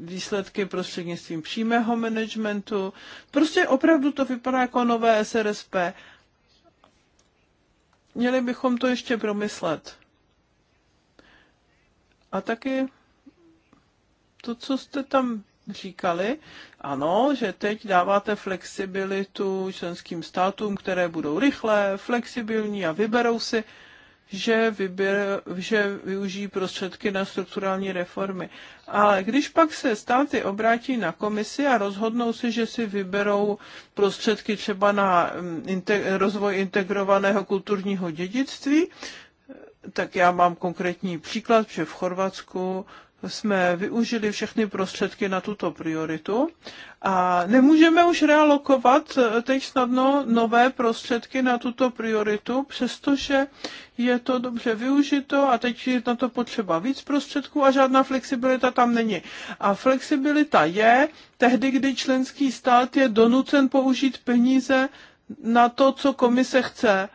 Speaker 3: výsledky prostřednictvím přímého managementu. Prostě opravdu to vypadá jako nové SRSP. Měli bychom to ještě promyslet. A taky to, co jste tam říkali, ano, že teď dáváte flexibilitu členským státům, které budou rychlé, flexibilní a vyberou si, že, vyběr, že využijí prostředky na strukturální reformy. Ale když pak se státy obrátí na komisi a rozhodnou si, že si vyberou prostředky třeba na mm, integ- rozvoj integrovaného kulturního dědictví, tak já mám konkrétní příklad, že v Chorvatsku jsme využili všechny prostředky na tuto prioritu a nemůžeme už realokovat eh, teď snadno nové prostředky na tuto prioritu, přestože je to dobře využito a teď je na to potřeba víc prostředků a žádná flexibilita tam není. A flexibilita je tehdy, kdy členský stát je donucen použít peníze na to, co komise chce.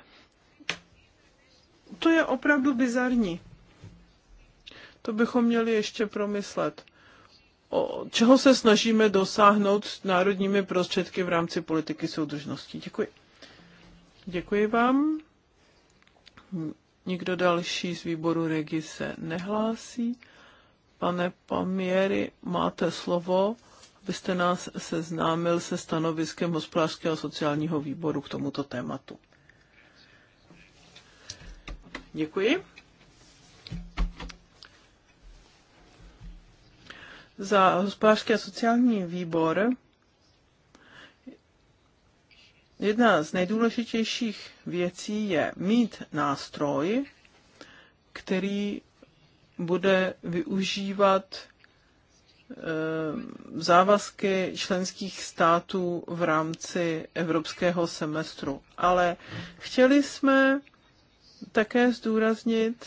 Speaker 3: To je opravdu bizarní. To bychom měli ještě promyslet. O čeho se snažíme dosáhnout s národními prostředky v rámci politiky soudržnosti? Děkuji. Děkuji vám. Nikdo další z výboru Regi se nehlásí. Pane Paměry, máte slovo, abyste nás seznámil se stanoviskem hospodářského a sociálního výboru k tomuto tématu. Děkuji. za hospodářský a sociální výbor jedna z nejdůležitějších věcí je mít nástroj, který bude využívat eh, závazky členských států v rámci evropského semestru. Ale chtěli jsme také zdůraznit,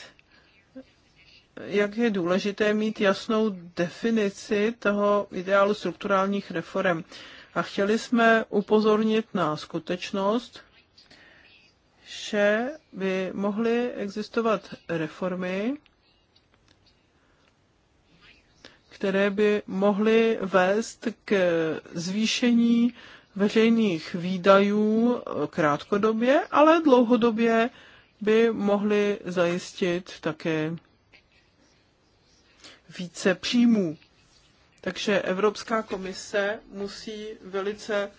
Speaker 3: jak je důležité mít jasnou definici toho ideálu strukturálních reform. A chtěli jsme upozornit na skutečnost, že by mohly existovat reformy, které by mohly vést k zvýšení veřejných výdajů krátkodobě, ale dlouhodobě by mohly zajistit také více příjmů. Takže Evropská komise musí velice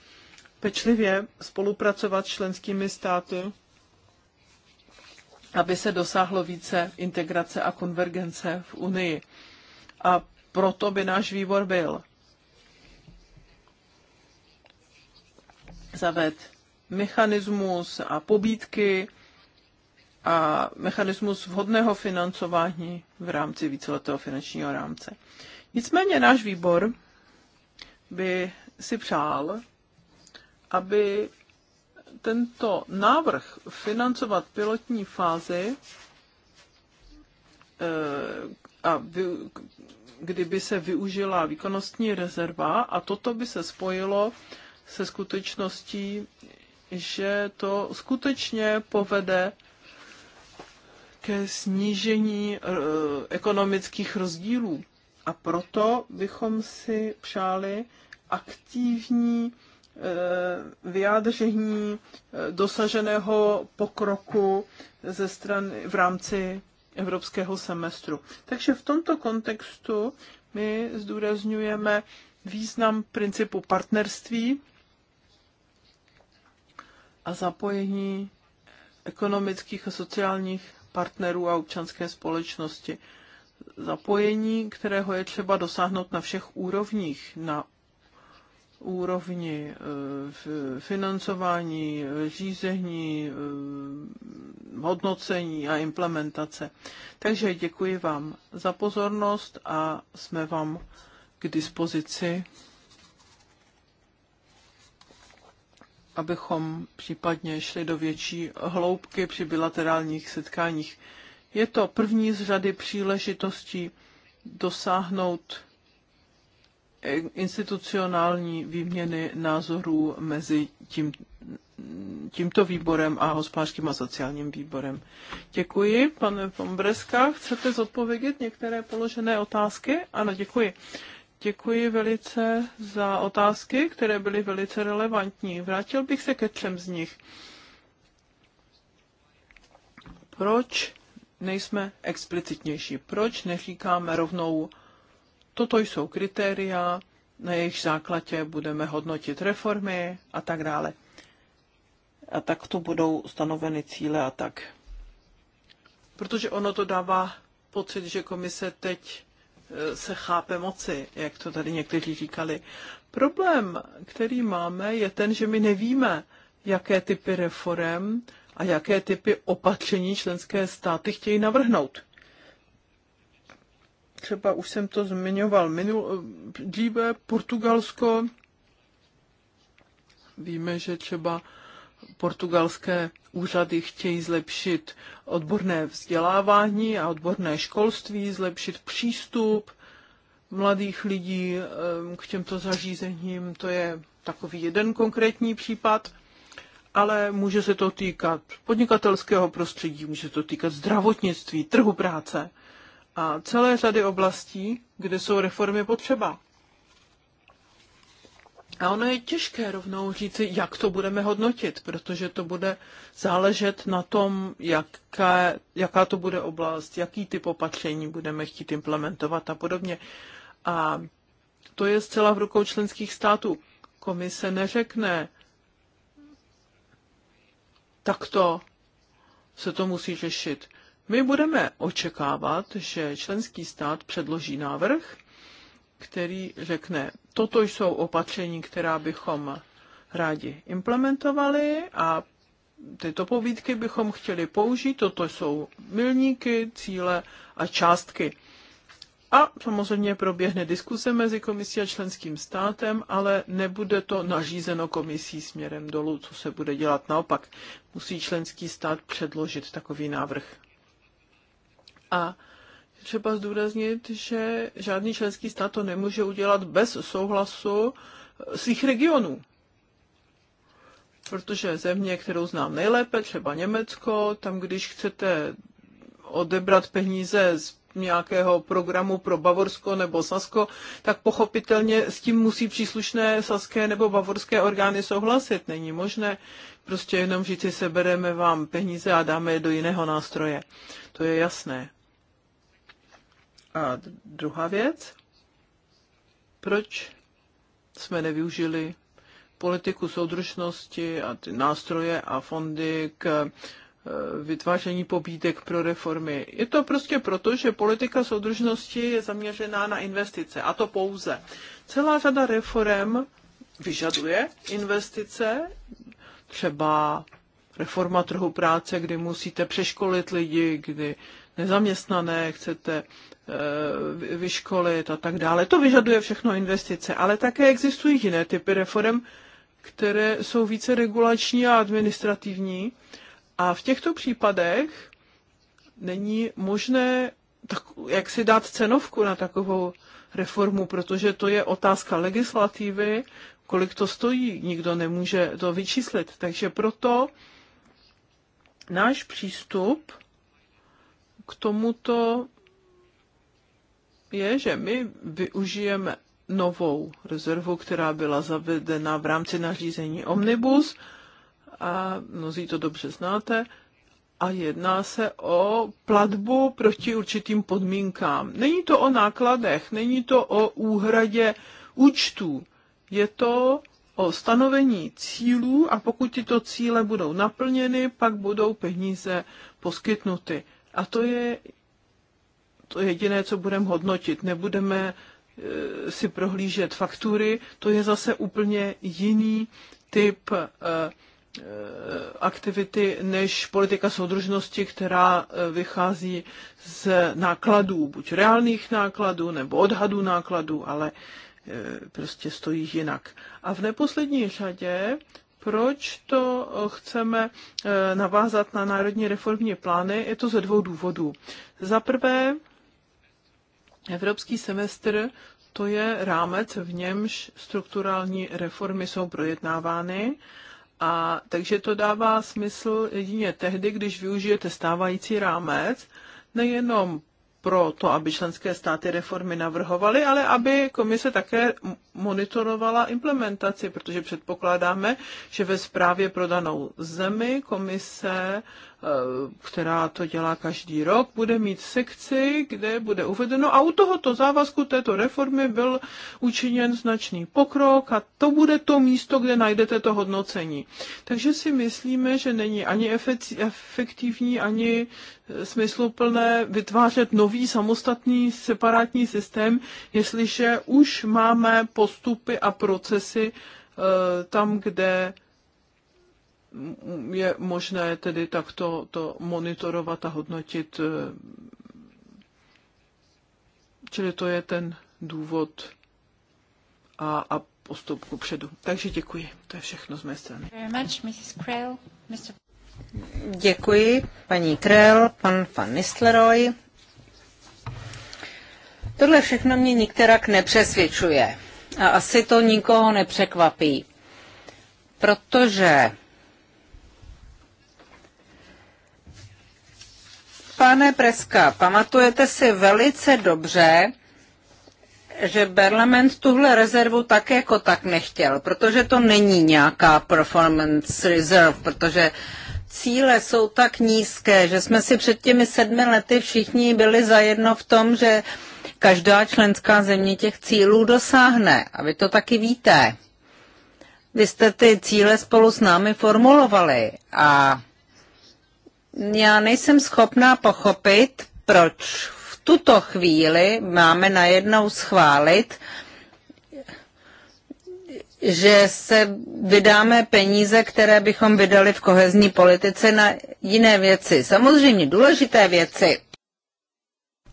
Speaker 3: pečlivě spolupracovat s členskými státy, aby se dosáhlo více integrace a konvergence v Unii. A proto by náš výbor byl zaved mechanismus a pobídky, a mechanismus vhodného financování v rámci víceletého finančního rámce. Nicméně náš výbor by si přál, aby tento návrh financovat pilotní fázi eh, a kdyby se využila výkonnostní rezerva a toto by se spojilo se skutečností, že to skutečně povede ke snížení eh, ekonomických rozdílů. A proto bychom si přáli aktivní eh, vyjádření eh, dosaženého pokroku ze strany v rámci evropského semestru. Takže v tomto kontextu my zdůrazňujeme význam principu partnerství a zapojení ekonomických a sociálních partnerů a občanské společnosti. Zapojení, kterého je třeba dosáhnout na všech úrovních, na úrovni e, financování, řízení, e, hodnocení a implementace. Takže děkuji vám za pozornost a jsme vám k dispozici. abychom případně šli do větší hloubky při bilaterálních setkáních. Je to první z řady příležitostí dosáhnout institucionální výměny názorů mezi tím, tímto výborem a hospodářským a sociálním výborem. Děkuji, pane Pombreska. Chcete zodpovědět některé položené otázky? Ano, děkuji. Děkuji velice za otázky, které byly velice relevantní. Vrátil bych se ke třem z nich. Proč nejsme explicitnější? Proč neříkáme rovnou, toto jsou kritéria, na jejich základě budeme hodnotit reformy a tak dále. A tak to budou stanoveny cíle a tak. Protože ono to dává pocit, že komise teď se chápe moci, jak to tady někteří říkali. Problém, který máme, je ten, že my nevíme, jaké typy reform a jaké typy opatření členské státy chtějí navrhnout. Třeba už jsem to zmiňoval minul, dříve Portugalsko. Víme, že třeba portugalské úřady chtějí zlepšit odborné vzdělávání a odborné školství, zlepšit přístup mladých lidí k těmto zařízením. To je takový jeden konkrétní případ, ale může se to týkat podnikatelského prostředí, může se to týkat zdravotnictví, trhu práce a celé řady oblastí, kde jsou reformy potřeba. A ono je těžké rovnou říci, jak to budeme hodnotit, protože to bude záležet na tom, jaká, jaká to bude oblast, jaký typ opatření budeme chtít implementovat a podobně. A to je zcela v rukou členských států. Komise neřekne, takto se to musí řešit. My budeme očekávat, že členský stát předloží návrh který řekne, toto jsou opatření, která bychom rádi implementovali a tyto povídky bychom chtěli použít, toto jsou milníky, cíle a částky. A samozřejmě proběhne diskuse mezi komisí a členským státem, ale nebude to nařízeno komisí směrem dolů, co se bude dělat. Naopak musí členský stát předložit takový návrh. A třeba zdůraznit, že žádný členský stát to nemůže udělat bez souhlasu svých regionů. Protože země, kterou znám nejlépe, třeba Německo, tam když chcete odebrat peníze z nějakého programu pro Bavorsko nebo Sasko, tak pochopitelně s tím musí příslušné saské nebo bavorské orgány souhlasit. Není možné prostě jenom říci, sebereme vám peníze a dáme je do jiného nástroje. To je jasné. A druhá věc, proč jsme nevyužili politiku soudržnosti a ty nástroje a fondy k e, vytváření pobídek pro reformy. Je to prostě proto, že politika soudržnosti je zaměřená na investice, a to pouze. Celá řada reform vyžaduje investice, třeba reforma trhu práce, kdy musíte přeškolit lidi, kdy nezaměstnané, chcete eh, vyškolit a tak dále. To vyžaduje všechno investice, ale také existují jiné typy reform, které jsou více regulační a administrativní. A v těchto případech není možné tak, jak si dát cenovku na takovou reformu, protože to je otázka legislativy, kolik to stojí, nikdo nemůže to vyčíslit. Takže proto náš přístup k tomuto je, že my využijeme novou rezervu, která byla zavedena v rámci nařízení Omnibus, a mnozí to dobře znáte, a jedná se o platbu proti určitým podmínkám. Není to o nákladech, není to o úhradě účtů, je to o stanovení cílů a pokud tyto cíle budou naplněny, pak budou peníze poskytnuty. A to je to jediné, co budeme hodnotit. Nebudeme e, si prohlížet faktury, to je zase úplně jiný typ e, e, aktivity než politika soudržnosti, která vychází z nákladů, buď reálných nákladů nebo odhadů nákladů, ale prostě stojí jinak. A v neposlední řadě proč to chceme eh, navázat na národní reformní plány? Je to ze dvou důvodů. Za prvé, evropský semestr to je rámec, v němž strukturální reformy jsou projednávány. A takže to dává smysl jedině tehdy, když využijete stávající rámec, nejenom pro to, aby členské státy reformy navrhovaly, ale aby komise také monitorovala implementaci, protože předpokládáme, že ve zprávě pro danou zemi komise Eh, která to dělá každý rok, bude mít sekci, kde bude uvedeno a u tohoto závazku této reformy byl učiněn značný pokrok a to bude to místo, kde najdete to hodnocení. Takže si myslíme, že není ani efektivní, ani eh, smysluplné vytvářet nový samostatný separátní systém, jestliže už máme postupy a procesy eh, tam, kde je možné tedy takto to monitorovat a hodnotit. Eh, čili to je ten důvod a, a postup ku předu. Takže děkuji. To je všechno z mé strany.
Speaker 2: Děkuji, paní Krell, pan van Nistleroy. Tohle všechno mě nikterak nepřesvědčuje. A asi to nikoho nepřekvapí. Protože Pane Preska, pamatujete si velice dobře, že Parlament tuhle rezervu tak jako tak nechtěl, protože to není nějaká performance reserve, protože cíle jsou tak nízké, že jsme si před těmi sedmi lety všichni byli zajedno v tom, že každá členská země těch cílů dosáhne. A vy to taky víte. Vy jste ty cíle spolu s námi formulovali a já nejsem schopná pochopit, proč v tuto chvíli máme najednou schválit, že se vydáme peníze, které bychom vydali v kohezní politice na jiné věci. Samozřejmě důležité věci.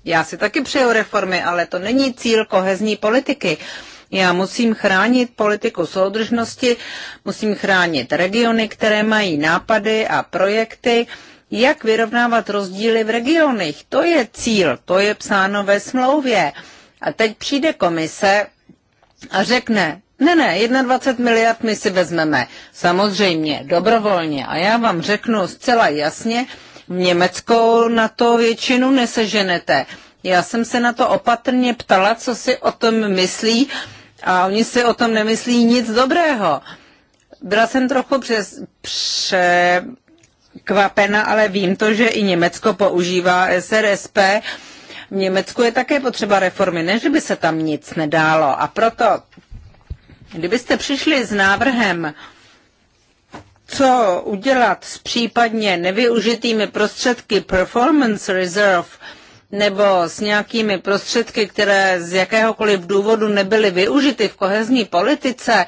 Speaker 2: Já si taky přeju reformy, ale to není cíl kohezní politiky. Já musím chránit politiku soudržnosti, musím chránit regiony, které mají nápady a projekty jak vyrovnávat rozdíly v regionech. To je cíl, to je psáno ve smlouvě. A teď přijde komise a řekne, ne, ne, 21 miliard my si vezmeme. Samozřejmě, dobrovolně. A já vám řeknu zcela jasně, v Německu na to většinu neseženete. Já jsem se na to opatrně ptala, co si o tom myslí a oni si o tom nemyslí nic dobrého. Byla jsem trochu přes, pře, překvapena, ale vím to, že i Německo používá SRSP. V Německu je také potřeba reformy, ne, že by se tam nic nedálo. A proto, kdybyste přišli s návrhem, co udělat s případně nevyužitými prostředky performance reserve nebo s nějakými prostředky, které z jakéhokoliv důvodu nebyly využity v kohezní politice,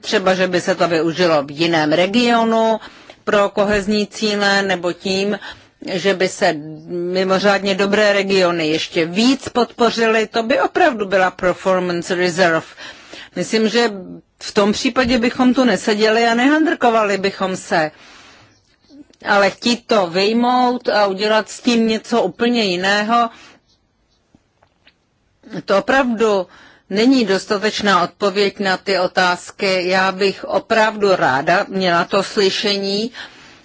Speaker 2: třeba že by se to využilo v jiném regionu, pro kohezní cíle nebo tím, že by se mimořádně dobré regiony ještě víc podpořily, to by opravdu byla performance reserve. Myslím, že v tom případě bychom tu neseděli a nehandrkovali bychom se. Ale chtít to vyjmout a udělat s tím něco úplně jiného, to opravdu není dostatečná odpověď na ty otázky. Já bych opravdu ráda měla to slyšení.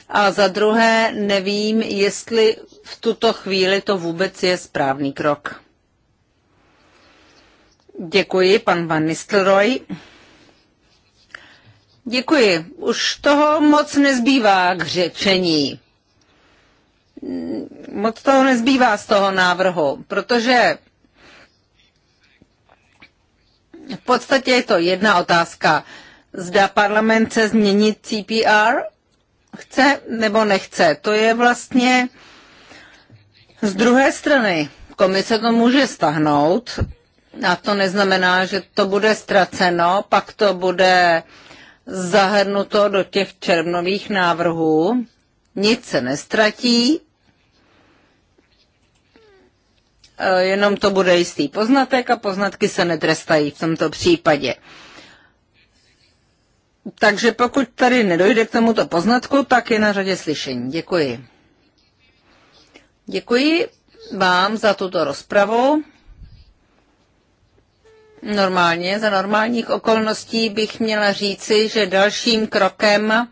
Speaker 2: A za druhé, nevím, jestli v tuto chvíli to vůbec je správný krok. Děkuji, pan Van Nistelrooy. Děkuji. Už toho moc nezbývá k řečení. Moc toho nezbývá z toho návrhu, protože v podstatě je to jedna otázka. Zda parlament se změnit CPR? Chce nebo nechce? To je vlastně z druhé strany. Komise to může stahnout a to neznamená, že to bude ztraceno, pak to bude zahrnuto do těch červnových návrhů. Nic se nestratí, Eh, jenom to bude jistý poznatek a poznatky se netrestají v tomto případě. Takže pokud tady nedojde k tomuto poznatku, tak je na řadě slyšení. Děkuji. Děkuji vám za tuto rozpravu. Normálně, za normálních okolností bych měla říci, že dalším krokem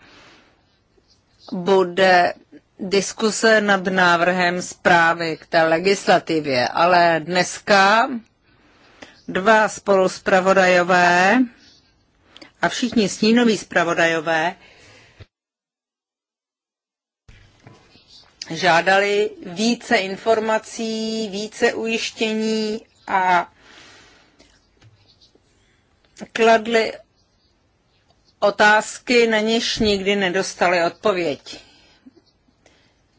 Speaker 2: bude diskuse nad návrhem zprávy k té legislativě, ale dneska dva spoluspravodajové a všichni stínoví spravodajové žádali více informací, více ujištění a kladli otázky, na něž nikdy nedostali odpověď.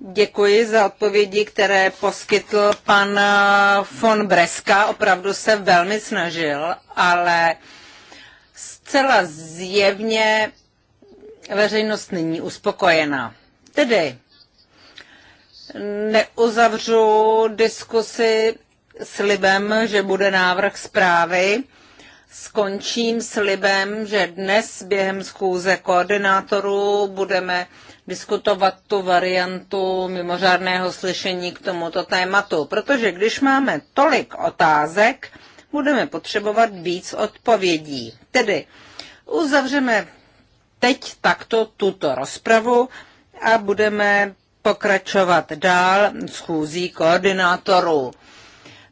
Speaker 2: Děkuji za odpovědi, které poskytl pan eh, von Breska. Opravdu se velmi snažil, ale zcela zjevně veřejnost není uspokojená. Tedy neuzavřu diskusi slibem, že bude návrh zprávy skončím slibem, že dnes během schůze koordinátorů budeme diskutovat tu variantu mimořádného slyšení k tomuto tématu, protože když máme tolik otázek, budeme potřebovat víc odpovědí. Tedy uzavřeme teď takto tuto rozpravu a budeme pokračovat dál schůzí koordinátorů.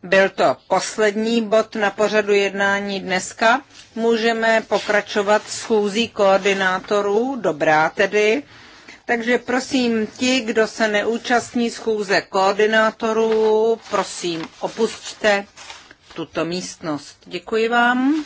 Speaker 2: Byl to poslední bod na pořadu jednání dneska. Můžeme pokračovat schůzí koordinátorů, dobrá tedy. Takže prosím ti, kdo se neúčastní schůze koordinátorů, prosím opusťte tuto místnost. Děkuji vám.